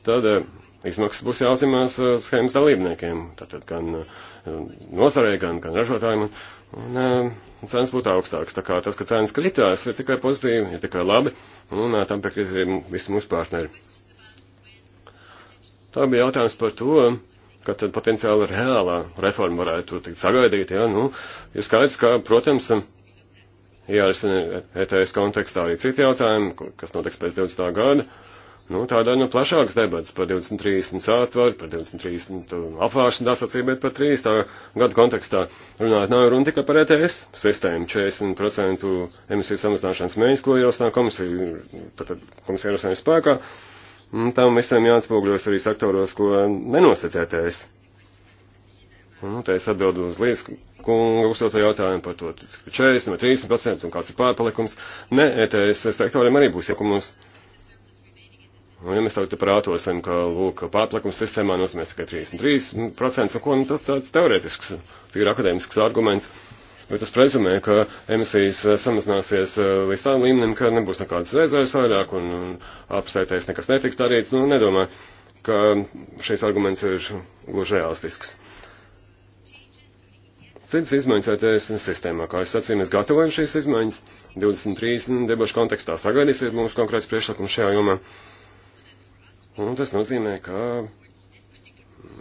tad uh, izmaksas būs jāuzņemās uh, schēmas dalībniekiem, tātad gan uh, nozarei, gan, gan ražotājiem, un, Un uh, cenas būtu augstākas. Tā kā tas, ka cenas kritās, ir tikai pozitīvi, ir tikai labi, un uh, tam piekrīt visi mūsu partneri. Tā bija jautājums par to, ka tad potenciāli reālā reforma varētu tikt sagaidīta. Ja? Nu, ir skaidrs, ka, protams, jārisina ETS kontekstā arī citi jautājumi, kas notiks pēc 20. gada. Nu, tādā nu plašāks debats par 2030 atvaru, par 2030 um, apvāršanu dasacību, bet par 3 gadu kontekstā runāt nav runa tikai par ETS sistēmu 40% emisiju samazināšanas mēģis, ko ierosina komisija, komisija ierosina spēkā. Un tam visam jāatspūgļos arī sektoros, ko nenosac ETS. Nu, te es atbildu uz Līdz kunga uzdoto jautājumu par to 40 vai 30% un kāds ir pārpalikums. Ne, ETS sektoriem arī būs iekums. Ja Un, ja mēs tagad prātosim, ka, lūk, pārplakums sistēmā nozīmēs tikai 33%, un ko, nu, tas tāds teorētisks, tīri akadēmisks arguments, bet tas prezumē, ka emisijas eh, samazināsies eh, līdz tādam līmenim, ka nebūs nekādas rezerves vairāk, un apstētais nekas netiks darīts, nu, nedomāju, ka šis arguments ir gluži realistisks. Citas izmaiņas ETS sistēmā, kā es sacīju, mēs gatavojam šīs izmaiņas, 23 debašu kontekstā sagaidīsiet mūsu konkrēts priekšlikums šajā jomā. Jo Un tas nozīmē, ka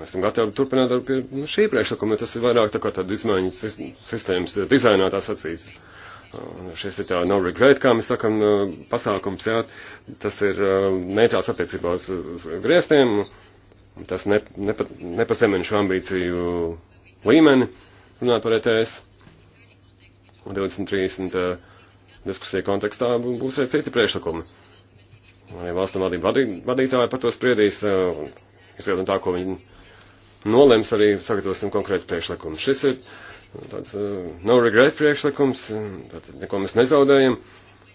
esam gatavi turpināt darbu pie nu, šī priekšlikuma, tas ir vairāk tā kā tāda izmaiņu sistēmas dizainā tā sacīts. Šis ir tā no regret, kā mēs sakam, pasākums, jā, tas ir um, neitrās attiecībā uz, uz griestiem, tas ne, nepa, nepasemina šo ambīciju līmeni, runāt par ETS. 2030 uh, diskusija kontekstā būs arī citi priekšlikumi. Ja valsts un valdību vadī, vadītāji par to spriedīs, eh, izskatot tā, ko viņi nolems, arī sagatavosim konkrēts priekšlikums. Šis ir tāds eh, no regret priekšlikums, eh, tātad neko mēs nezaudējam.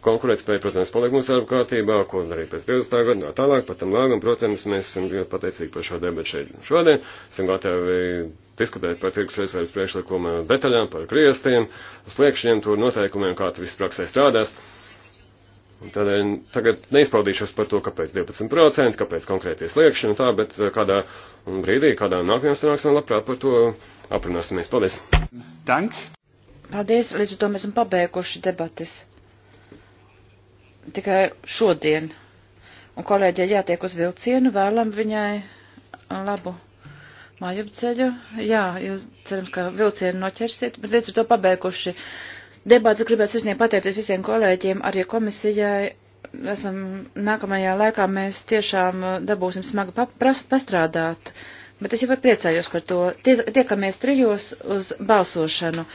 Konkurētspēja, protams, paliek mūsu darba kārtībā, ko darīt pēc 20. gada, tā tālāk, pat tam lāgam, protams, mēs esam ļoti pateicīgi par šo debatu šeit šodien. Esam gatavi diskutēt par tirgus aizsardzības priekšlikuma detaļām, par griestiem, uz liekšņiem, tur noteikumiem, kā tas viss praksē strādās. Tādēļ eh, tagad neizpaudīšos par to, kāpēc 12%, kāpēc konkrēties liekšana un tā, bet eh, kādā brīdī, kādā nākamajā sanāksmē, labprāt par to aprunāsimies. Paldies! Dank! Paldies, līdz ar to mēs esam pabeiguši debatis. Tikai šodien. Un kolēģi jātiek uz vilcienu, vēlam viņai labu mājup ceļu. Jā, jūs cerams, ka vilcienu noķersiet, bet līdz ar to pabeiguši debats. Gribētu sirsnīgi pateikties visiem kolēģiem, arī komisijai. Esam nākamajā laikā mēs tiešām uh, dabūsim smagu pastrādāt. Bet es jau priecājos par to. Tie, tiekamies trijos uz balsošanu.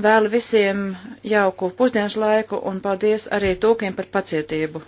Vēlu visiem jauku pusdienas laiku un paldies arī tūkiem par pacietību.